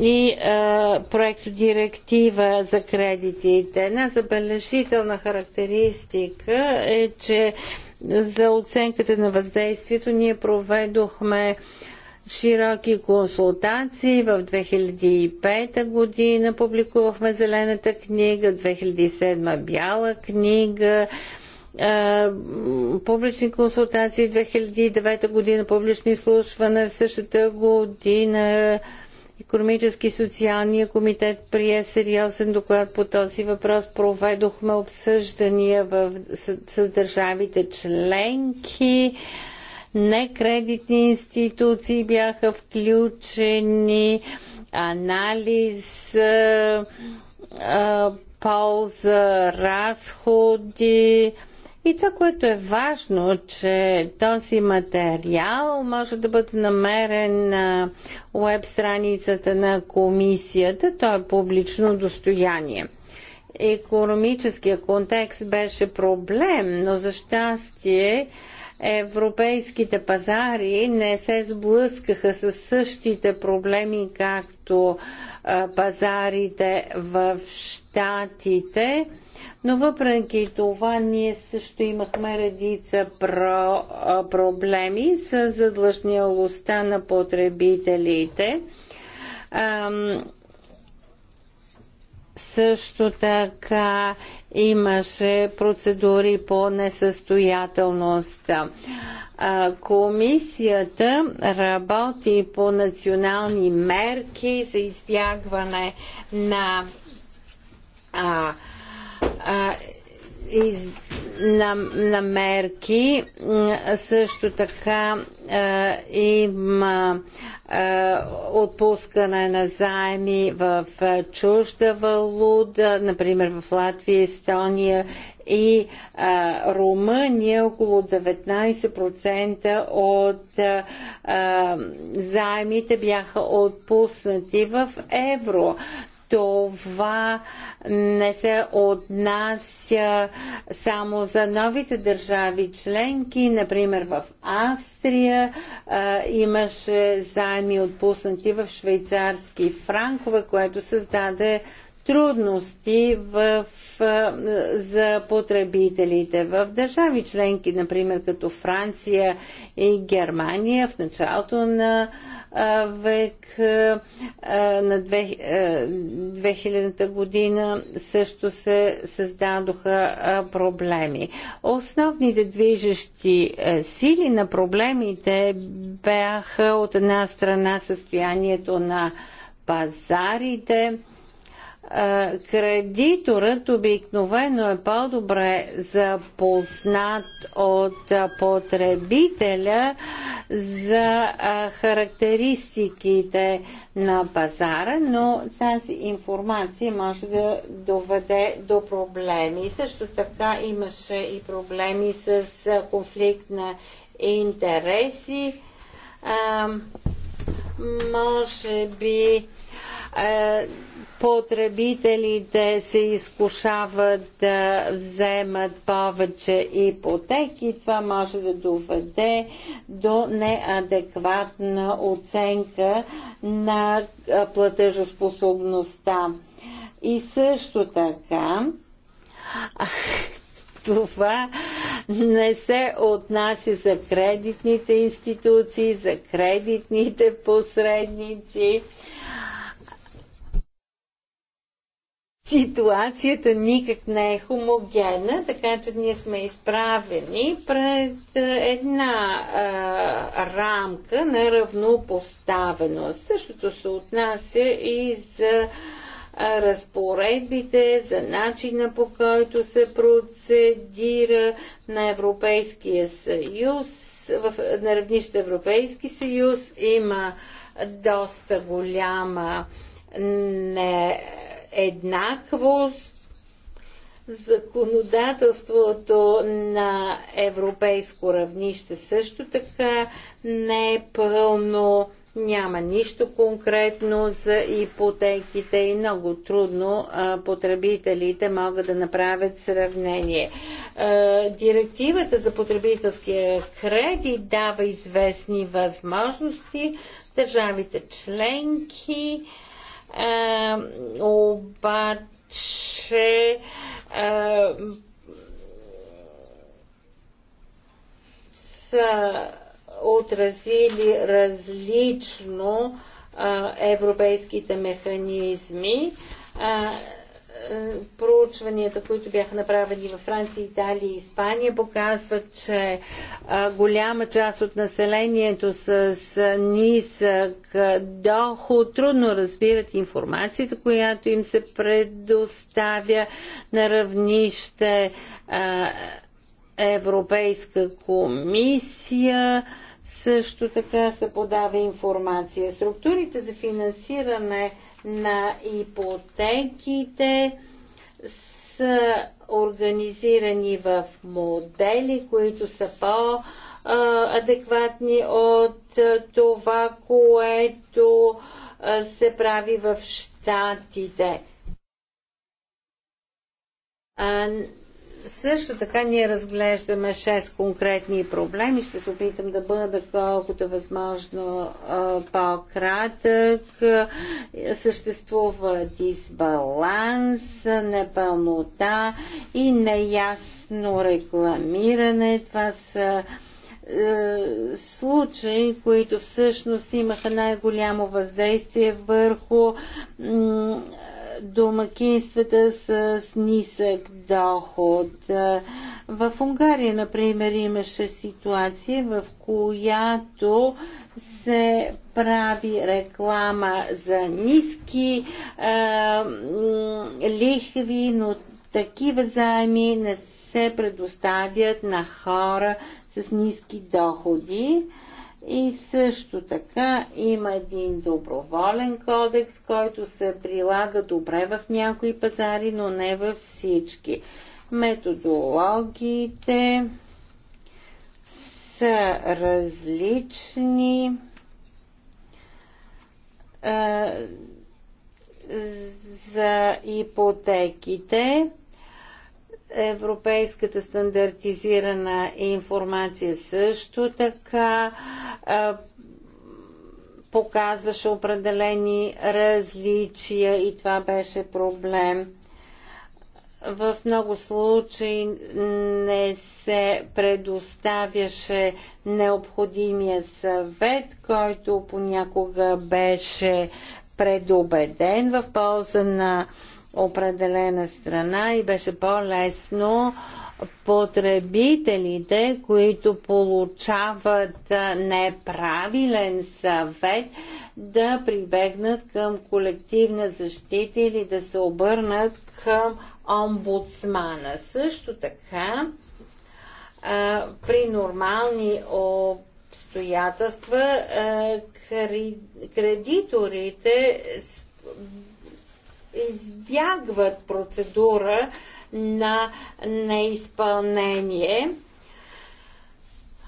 и е, проекто директива за кредитите. Една забележителна характеристика е, че за оценката на въздействието ние проведохме широки консултации. В 2005 година публикувахме Зелената книга, 2007 Бяла книга, публични консултации 2009 година, публични слушване в същата година. Економически и социалния комитет прие сериозен доклад по този въпрос. Проведохме обсъждания в, с, с държавите членки некредитни институции бяха включени, анализ, полза, разходи. И това, което е важно, че този материал може да бъде намерен на веб страницата на комисията. то е публично достояние. Економическия контекст беше проблем, но за щастие европейските пазари не се сблъскаха с същите проблеми, както пазарите в Штатите. Но въпреки това ние също имахме редица про, проблеми с задлъжнялостта на потребителите. Също така имаше процедури по несъстоятелност. Комисията работи по национални мерки за избягване на а, а, из, на, на мерки. Също така е, има е, отпускане на заеми в чужда валута, например в Латвия, Естония и Румъния около 19% от а, заемите бяха отпуснати в евро това не се отнася само за новите държави членки. Например, в Австрия а, имаше заеми отпуснати в швейцарски франкове, което създаде трудности в, а, за потребителите. В държави членки, например, като Франция и Германия, в началото на а, век на 2000-та година също се създадоха проблеми. Основните движещи сили на проблемите бяха от една страна състоянието на пазарите, кредиторът обикновено е по-добре запознат от потребителя за характеристиките на пазара, но тази информация може да доведе до проблеми. Също така имаше и проблеми с конфликт на интереси. може би потребителите се изкушават да вземат повече ипотеки. Това може да доведе до неадекватна оценка на платежоспособността. И също така, (laughs) това не се отнася за кредитните институции, за кредитните посредници. ситуацията никак не е хомогенна, така че ние сме изправени пред е, една а, рамка на равнопоставеност. Същото се отнася и за разпоредбите, за начина по който се процедира на Европейския съюз. В, на равнище Европейски съюз има доста голяма не еднаквост, законодателството на европейско равнище също така не е пълно, няма нищо конкретно за ипотеките и много трудно потребителите могат да направят сравнение. директивата за потребителския кредит дава известни възможности държавите членки обаче а, са отразили различно а, европейските механизми. А, е, проучванията, които бяха направени във Франция, Италия и Испания, показват, че е, голяма част от населението с нисък е, доход трудно разбират информацията, която им се предоставя на равнище Европейска комисия също така се подава информация. Структурите за финансиране на ипотеките са организирани в модели, които са по- адекватни от това, което се прави в Штатите. Също така ние разглеждаме 6 конкретни проблеми. Ще се опитам да бъда колкото е възможно по-кратък. Съществува дисбаланс, непълнота и неясно рекламиране. Това са е, случаи, които всъщност имаха най-голямо въздействие върху домакинствата с нисък доход. В Унгария, например, имаше ситуация, в която се прави реклама за ниски е, лихви, но такива заеми не се предоставят на хора с ниски доходи. И също така има един доброволен кодекс, който се прилага добре в някои пазари, но не във всички. Методологиите са различни. за ипотеките европейската стандартизирана информация също така а, показваше определени различия и това беше проблем. В много случаи не се предоставяше необходимия съвет, който понякога беше предубеден в полза на а, определена страна и беше по-лесно потребителите, които получават неправилен съвет, да прибегнат към колективна защита или да се обърнат към омбудсмана. Също така, при нормални обстоятелства, кредиторите избягват процедура на неизпълнение.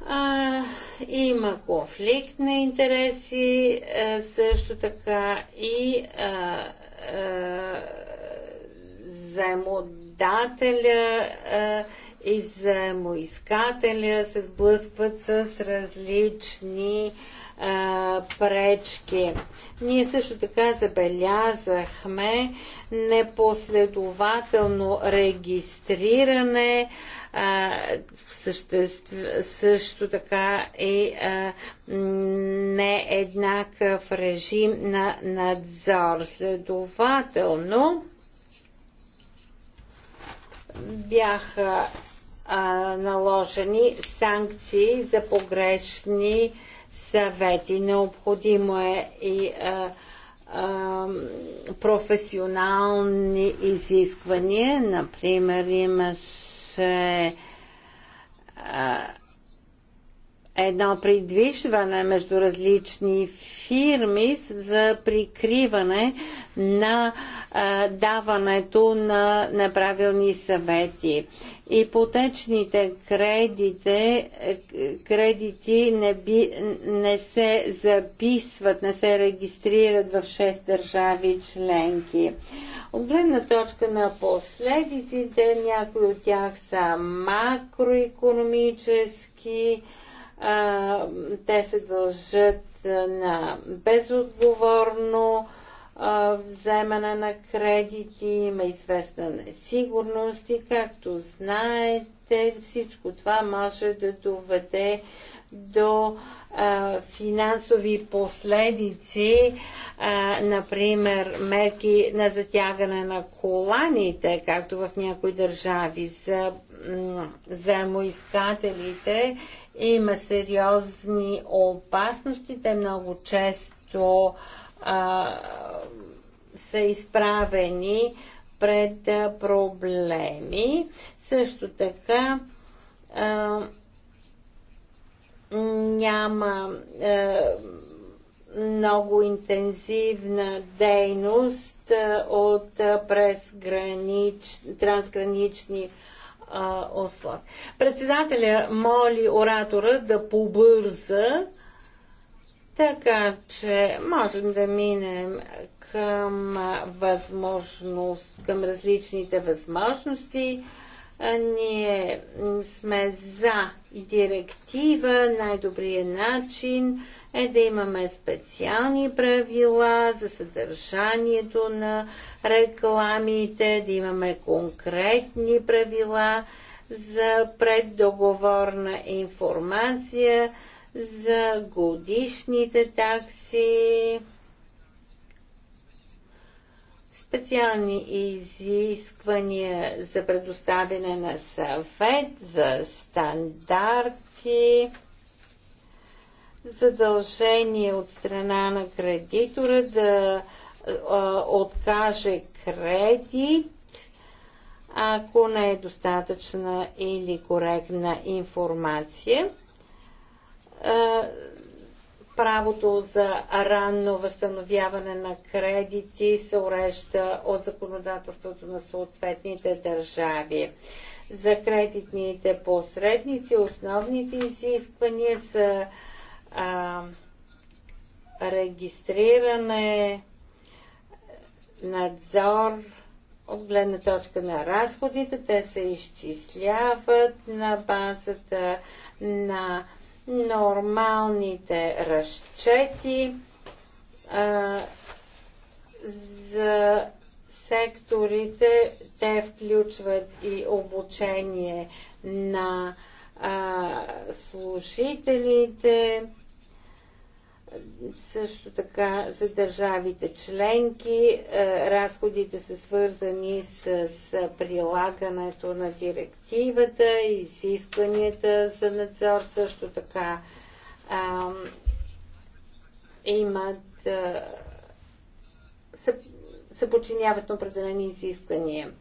А, има конфликт на интереси, а, също така и а, а, заемодателя а, и заемоискателя се сблъскват с различни а, а, пречки. Ние също така забелязахме непоследователно регистриране, а, съществ, също така и а, не еднакъв режим на надзор. Следователно бяха а, наложени санкции за погрешни съвети. Необходимо е и а, а, професионални изисквания. Например, имаше а, едно придвижване между различни фирми за прикриване на а, даването на неправилни съвети ипотечните кредите, е, кредити не, би, не се записват, не се регистрират в 6 държави членки. От гледна точка на последиците, някои от тях са макроекономически, те се дължат на безотговорно вземане на кредити, има известна несигурност и както знаете, всичко това може да доведе до а, финансови последици, а, например мерки на затягане на коланите, както в някои държави за заемоискателите. Има сериозни опасности, те много често а, са изправени пред проблеми. Също така а, няма а, много интензивна дейност от презгранич, трансгранични а, условия. Председателя моли оратора да побърза така че можем да минем към възможност, към различните възможности. Ние сме за директива. Най-добрият начин е да имаме специални правила за съдържанието на рекламите, да имаме конкретни правила за преддоговорна информация за годишните такси, специални изисквания за предоставяне на съвет, за стандарти, задължение от страна на кредитора да а, откаже кредит, ако не е достатъчна или коректна информация правото за ранно възстановяване на кредити се урежда от законодателството на съответните държави. За кредитните посредници основните изисквания са а, регистриране, надзор от гледна точка на разходите. Те се изчисляват на базата на нормалните разчети а, за секторите. Те включват и обучение на а, служителите, също така за държавите членки е, разходите са свързани с, прилагането на директивата, изискванията за надзор също така а, имат а, е, се, подчиняват на определени изисквания.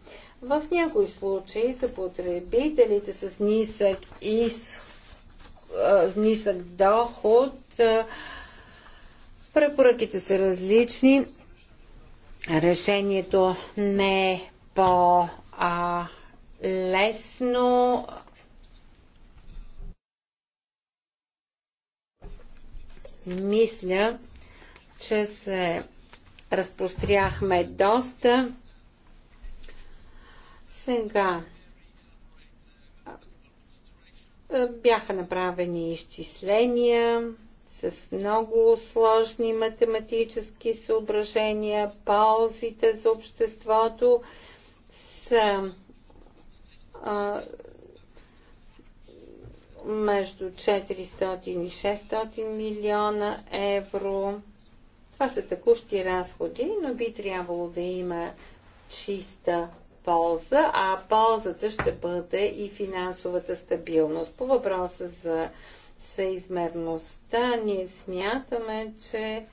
В някои случаи за потребителите с нисък, из, е, нисък доход а, Препоръките са различни. Решението не е по-лесно. Мисля, че се разпростряхме доста. Сега бяха направени изчисления с много сложни математически съображения, ползите за обществото са а, между 400 и 600 милиона евро. Това са текущи разходи, но би трябвало да има чиста полза, а ползата ще бъде и финансовата стабилност. По въпроса за съизмерността, ние смятаме, че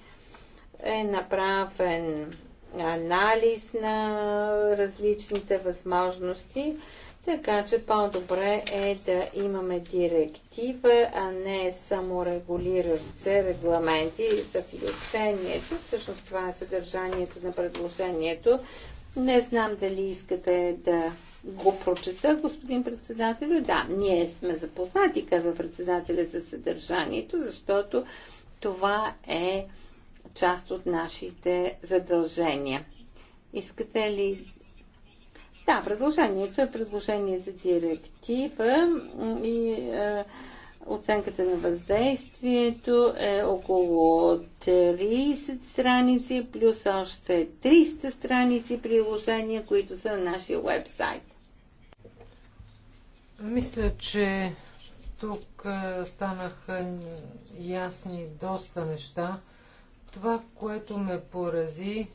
е направен анализ на различните възможности, така че по-добре е да имаме директива, а не само регулиращ се регламенти за лечението. Всъщност това е съдържанието на предложението. Не знам дали искате да го прочета, господин председателю. Да, ние сме запознати, казва председателя за съдържанието, защото това е част от нашите задължения. Искате ли да, предложението е предложение за директива и е, оценката на въздействието е около 30 страници, плюс още 300 страници приложения, които са на нашия вебсайт. Мисля, че тук станаха ясни доста неща. Това, което ме порази,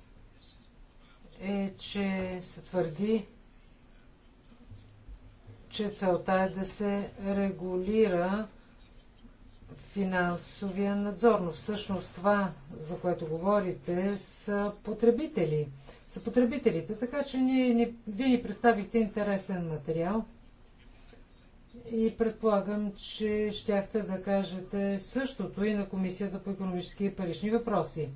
е, че се твърди, че целта е да се регулира финансовия надзор, но всъщност това, за което говорите, са потребители. Са потребителите, така че ние, ни, вие ни представихте интересен материал – и предполагам, че щяхте да кажете същото и на Комисията по економически и парични въпроси.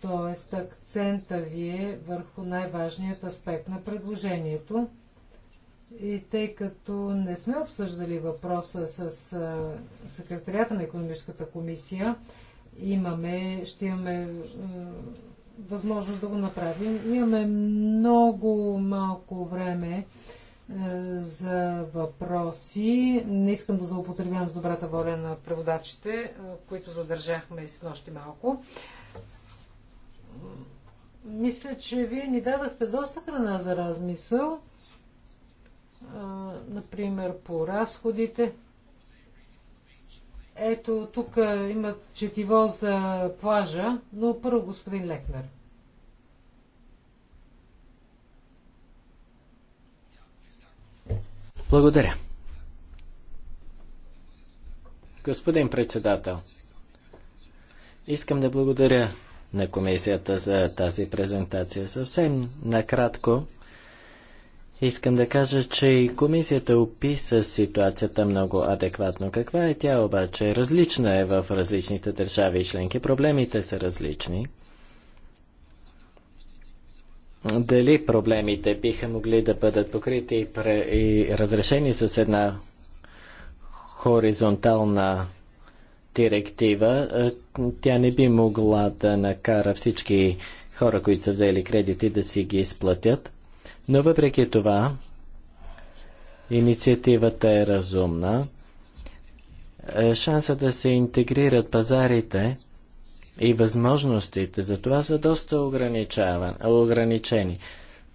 Тоест, акцента ви е върху най-важният аспект на предложението. И тъй като не сме обсъждали въпроса с а, секретарията на економическата комисия, имаме, ще имаме възможност да го направим. Имаме много малко време е, за въпроси. Не искам да злоупотребявам с добрата воля на преводачите, е, които задържахме с нощи малко. Мисля, че вие ни дадахте доста храна за размисъл. Е, например, по разходите. Ето, тук има четиво за плажа, но първо господин Лекнер. Благодаря. Господин председател, искам да благодаря на комисията за тази презентация. Съвсем накратко искам да кажа, че и комисията описа ситуацията много адекватно. Каква е тя обаче? Различна е в различните държави и членки. Проблемите са различни дали проблемите биха могли да бъдат покрити и, разрешени с една хоризонтална директива, тя не би могла да накара всички хора, които са взели кредити, да си ги изплатят. Но въпреки това, инициативата е разумна. Е, шанса да се интегрират пазарите и възможностите за това са доста ограничени.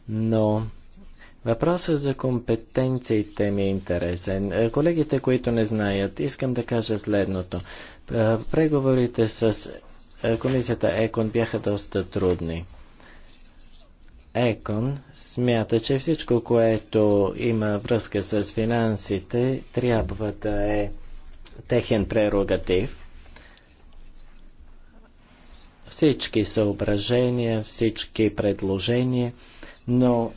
Но въпросът за компетенциите ми е интересен. Е, колегите, които не знаят, искам да кажа следното. Е, преговорите с е, комисията ЕКОН бяха доста трудни. ЕКОН смята, че всичко, което има връзка с финансите, трябва да е техен прерогатив – всички съображения, всички предложения, но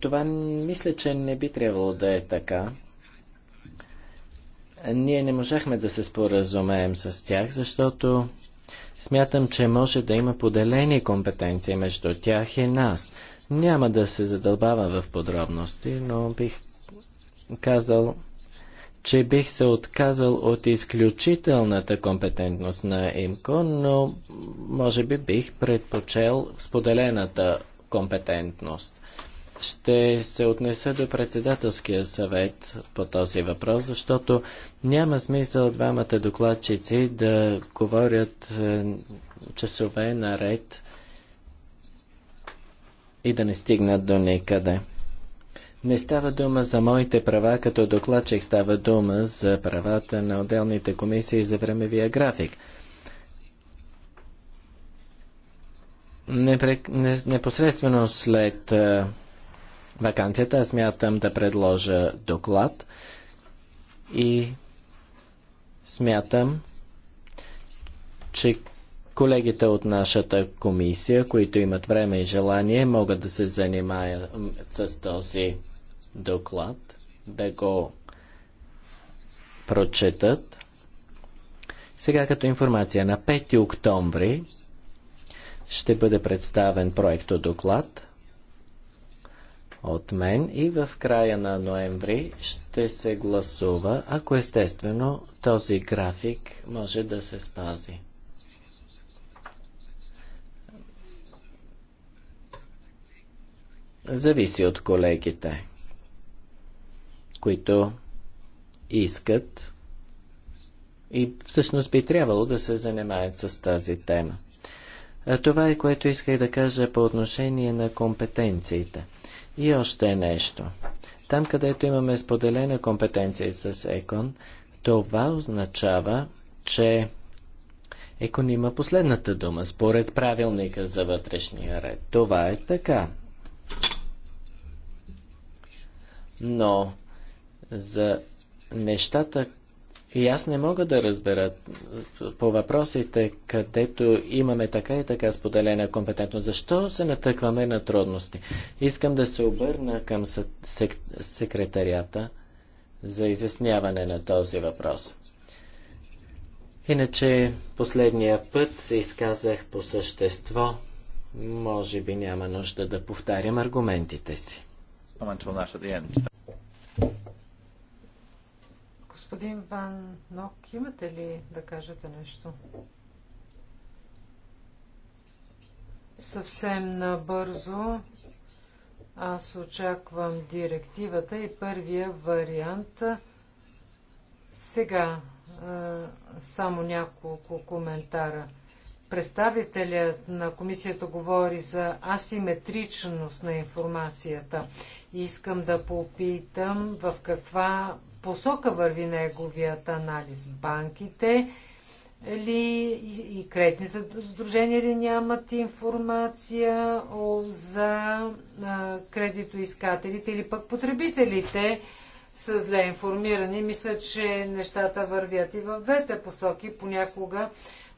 това мисля, че не би трябвало да е така. Ние не можахме да се споразумеем с тях, защото смятам, че може да има поделени компетенции между тях и нас. Няма да се задълбава в подробности, но бих казал, че бих се отказал от изключителната компетентност на ИМКО, но може би бих предпочел споделената компетентност. Ще се отнеса до председателския съвет по този въпрос, защото няма смисъл двамата докладчици да говорят е, часове наред и да не стигнат до никъде. Не става дума за моите права като докладчик, става дума за правата на отделните комисии за времевия график. Непосредствено след вакансията аз мятам да предложа доклад и смятам, че Колегите от нашата комисия, които имат време и желание, могат да се занимаят с този доклад, да го прочетат. Сега като информация на 5 октомври ще бъде представен проекто доклад от мен и в края на ноември ще се гласува, ако естествено този график може да се спази. зависи от колегите, които искат и всъщност би трябвало да се занимаят с тази тема. А това е което исках да кажа по отношение на компетенциите. И още нещо. Там, където имаме споделена компетенция с ЕКОН, това означава, че ЕКОН има последната дума според правилника за вътрешния ред. Това е така но за нещата и аз не мога да разбера по въпросите, където имаме така и така споделена компетентност. Защо се натъкваме на трудности? Искам да се обърна към сек... секретарията за изясняване на този въпрос. Иначе последния път се изказах по същество. Може би няма нужда да повтарям аргументите си. Господин Ван Нок, имате ли да кажете нещо? Съвсем набързо аз очаквам директивата и първия вариант. Сега само няколко коментара – представителят на комисията говори за асиметричност на информацията. Искам да попитам в каква посока върви неговият анализ. Банките ли и кредитните сдружения ли нямат информация за кредитоискателите или пък потребителите? са зле информирани. Мисля, че нещата вървят и в двете посоки. Понякога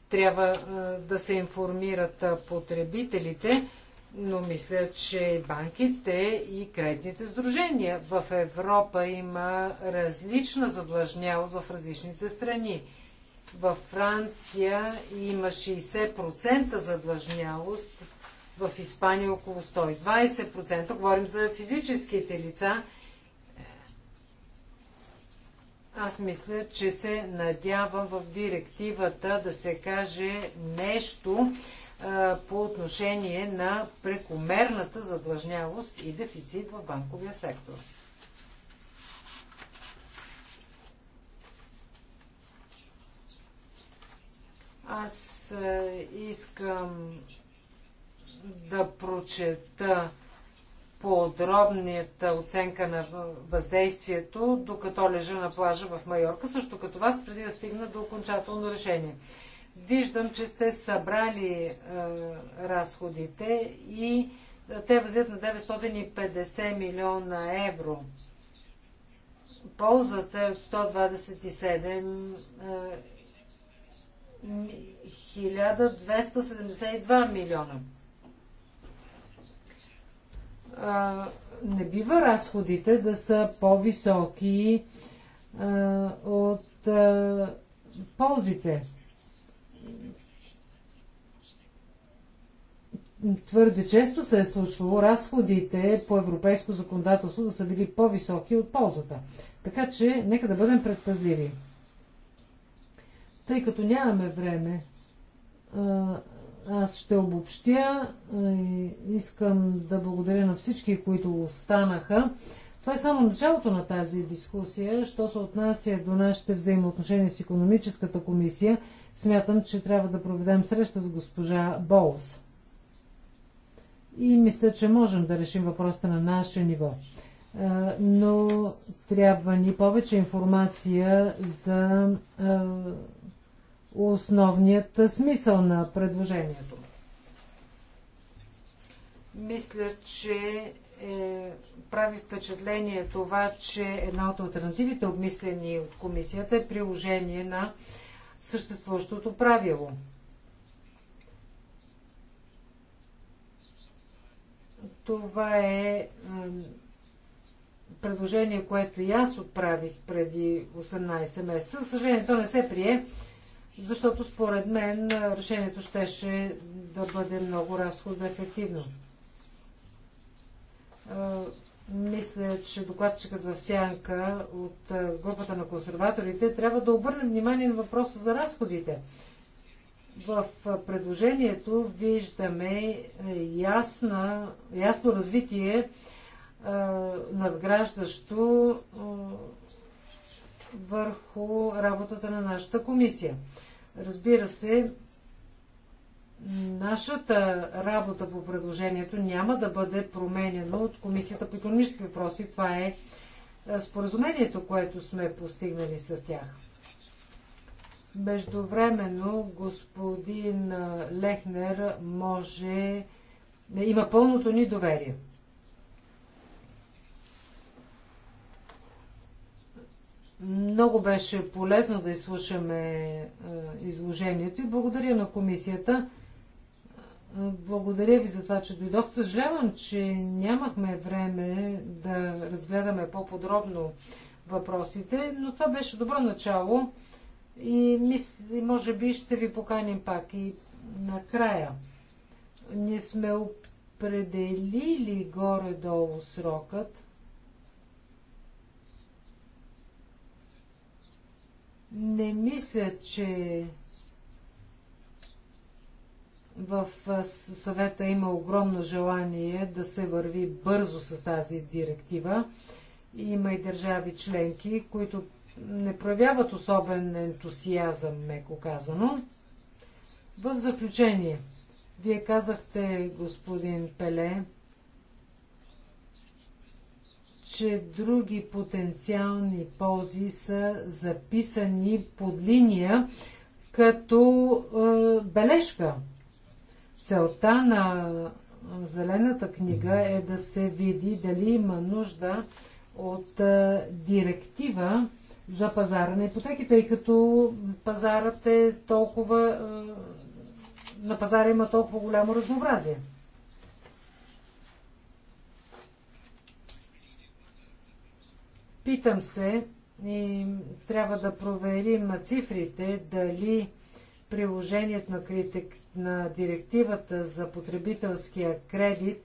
трябва е, да се информират потребителите, но мисля, че и банките и кредитните сдружения в Европа има различна задлъжнялост в различните страни. Във Франция има 60% задлъжнялост, в Испания около 120%. Говорим за физическите лица – аз мисля, че се надявам в директивата да се каже нещо а, по отношение на прекомерната задлъжнявост и дефицит в банковия сектор. Аз искам да прочета подробната оценка на въздействието, докато лежа на плажа в Майорка, също като вас, преди да стигна до окончателно решение. Виждам, че сте събрали е, разходите и е, те възят на 950 милиона евро. Ползата е от 127 е, 1272 милиона не бива разходите да са по-високи от а, ползите. Твърде често се е случвало разходите по европейско законодателство да са били по-високи от ползата. Така че, нека да бъдем предпазливи. Тъй като нямаме време, аз ще обобщя. Е, искам да благодаря на всички, които останаха. Това е само началото на тази дискусия. Що се отнася до нашите взаимоотношения с економическата комисия, смятам, че трябва да проведем среща с госпожа Болс. И мисля, че можем да решим въпросите на наше ниво. Е, но трябва ни повече информация за е, основният смисъл на предложението. Мисля, че е, прави впечатление това, че една от альтернативите, обмислени от комисията, е приложение на съществуващото правило. Това е предложение, което и аз отправих преди 18 месеца. Съжаление, то не се прие защото според мен решението щеше да бъде много разходно ефективно. Мисля, че докладчикът в Сянка от групата на консерваторите трябва да обърне внимание на въпроса за разходите. В предложението виждаме ясна, ясно развитие надграждащо върху работата на нашата комисия. Разбира се, нашата работа по предложението няма да бъде променена от Комисията по економически въпроси. Това е, е споразумението, което сме постигнали с тях. Междувременно господин Лехнер може има пълното ни доверие. Много беше полезно да изслушаме е, изложението и благодаря на комисията. Е, благодаря ви за това, че дойдох. Съжалявам, че нямахме време да разгледаме по-подробно въпросите, но това беше добро начало и може би ще ви поканим пак и накрая. Ние сме определили горе-долу срокът. Не мисля, че в съвета има огромно желание да се върви бързо с тази директива. Има и държави членки, които не проявяват особен ентусиазъм, меко казано. В заключение, вие казахте, господин Пеле, че други потенциални ползи са записани под линия като е, бележка. Целта на е, Зелената книга е да се види дали има нужда от е, директива за пазара на ипотеки, тъй като пазарът е толкова. Е, на пазара има толкова голямо разнообразие. Питам се и трябва да проверим цифрите дали приложението на, критик, на директивата за потребителския кредит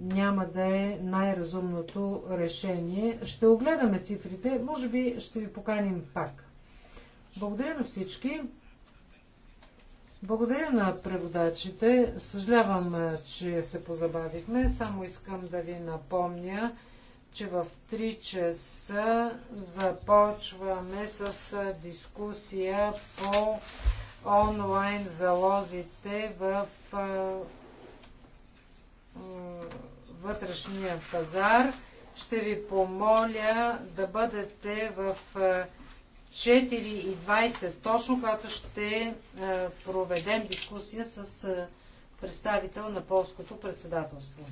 няма да е най-разумното решение. Ще огледаме цифрите, може би ще ви поканим пак. Благодаря на всички. Благодаря на преводачите. Съжалявам, че се позабавихме. Само искам да ви напомня, че в 3 часа започваме с дискусия по онлайн залозите в вътрешния пазар. Ще ви помоля да бъдете в 4.20 точно, когато ще проведем дискусия с представител на полското председателство.